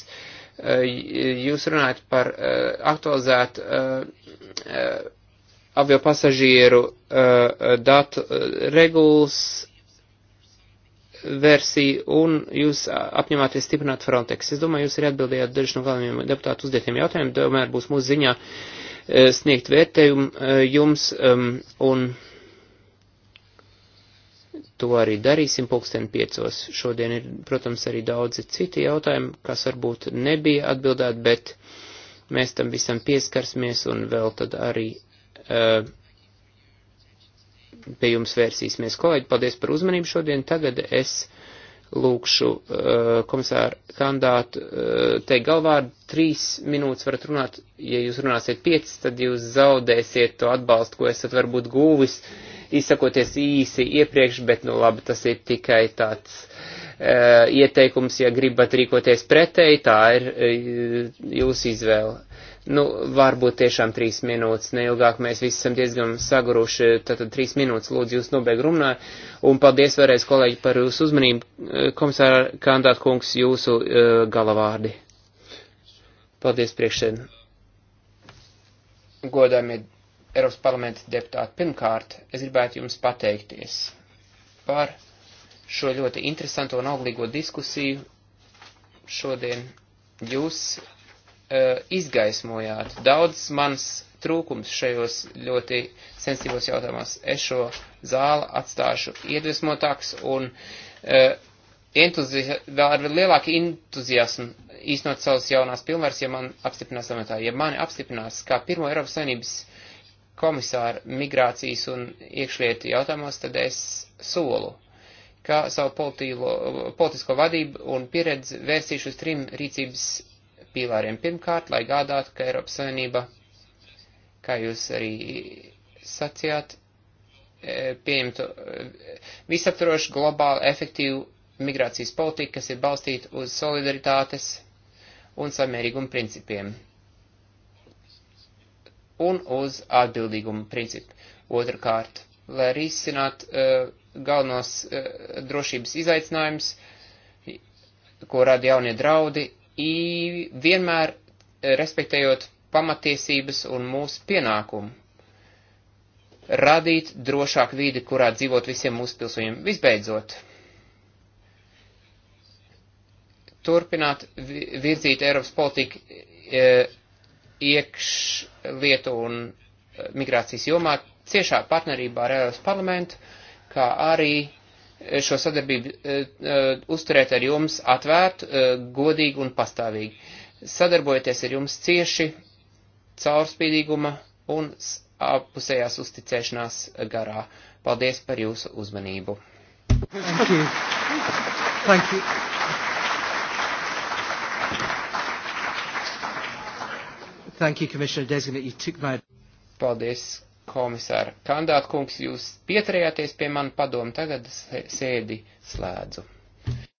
Jūs runājat par aktualizētu avio pasažieru datu regulas versiju un jūs apņemāties stiprināt Frontex. Es domāju, jūs arī atbildējāt dažu no galvenajiem deputātu uzdotiem jautājumiem, domāju, būs mūsu ziņā e, sniegt vērtējumu e, jums um, un to arī darīsim pulksten piecos. Šodien ir, protams, arī daudzi citi jautājumi, kas varbūt nebija atbildēt, bet mēs tam visam pieskarsimies un vēl tad arī. Uh, pie jums vērsīsimies. Kolēģi, paldies par uzmanību šodien. Tagad es lūkšu uh, komisāru kandātu uh, eh, teikt galvārdu. Trīs minūtes varat runāt. Ja jūs runāsiet piecas, tad jūs zaudēsiet to atbalstu, ko esat varbūt guvis, izsakoties īsi iepriekš, bet nu labi, tas ir tikai tāds. Uh, ieteikums, ja gribat rīkoties pretēji, tā ir uh, jūsu izvēle. Nu, varbūt tiešām trīs minūtes, neilgāk mēs visi esam diezgan saguruši, tātad trīs minūtes lūdzu jūs nobeig runā, un paldies vēlreiz kolēģi par jūsu uzmanību, eh, komisāra kandāt kungs, jūsu uh, galavārdi. Paldies priekšēd. Godāmie Eiropas parlamenta deputāti, pirmkārt, es gribētu jums pateikties par šo ļoti interesanto un auglīgo diskusiju šodien. Jūs Eh, izgaismojāt daudz mans trūkums šajos ļoti sensitīvos jautājumos. Es šo zāli atstāšu iedvesmotāks un eh, vēl ar lielāku entuziasmu īstenot savas jaunās pilnvaras, ja man apstiprinās amatā. Ja mani apstiprinās kā pirmo Eiropas Savienības komisāru migrācijas un iekšlietu jautājumos, tad es solu, ka savu politīlo, politisko vadību un pieredzi vērsīšu uz trim rīcības pīlāriem. Pirmkārt, lai gādātu, ka Eiropas Savienība, kā jūs arī sacījāt, e, pieņemtu e, visaptrošu globālu efektīvu migrācijas politiku, kas ir balstīta uz solidaritātes un samērīguma principiem un uz atbildīguma principu. Otrakārt, lai risinātu uh, e, galvenos uh, drošības izaicinājumus, ko rada jaunie draudi, vienmēr eh, respektējot pamatiesības un mūsu pienākumu radīt drošāku vidi, kurā dzīvot visiem mūsu pilsoņiem. Visbeidzot, turpināt virzīt Eiropas politiku eh, iekšlietu un eh, migrācijas jomā ciešā partnerībā ar Eiropas parlamentu, kā arī šo sadarbību e, e, uzturēt ar jums atvērtu, e, godīgu un pastāvīgu. Sadarbojoties ar jums cieši, caurspīdīguma un apusējās uzticēšanās garā. Paldies par jūsu uzmanību. Thank you. Thank you. Thank you, Commissioner Designate. You took my... Paldies, komisāra kandātkungs, jūs pieturējāties pie man padomu, tagad sēdi slēdzu.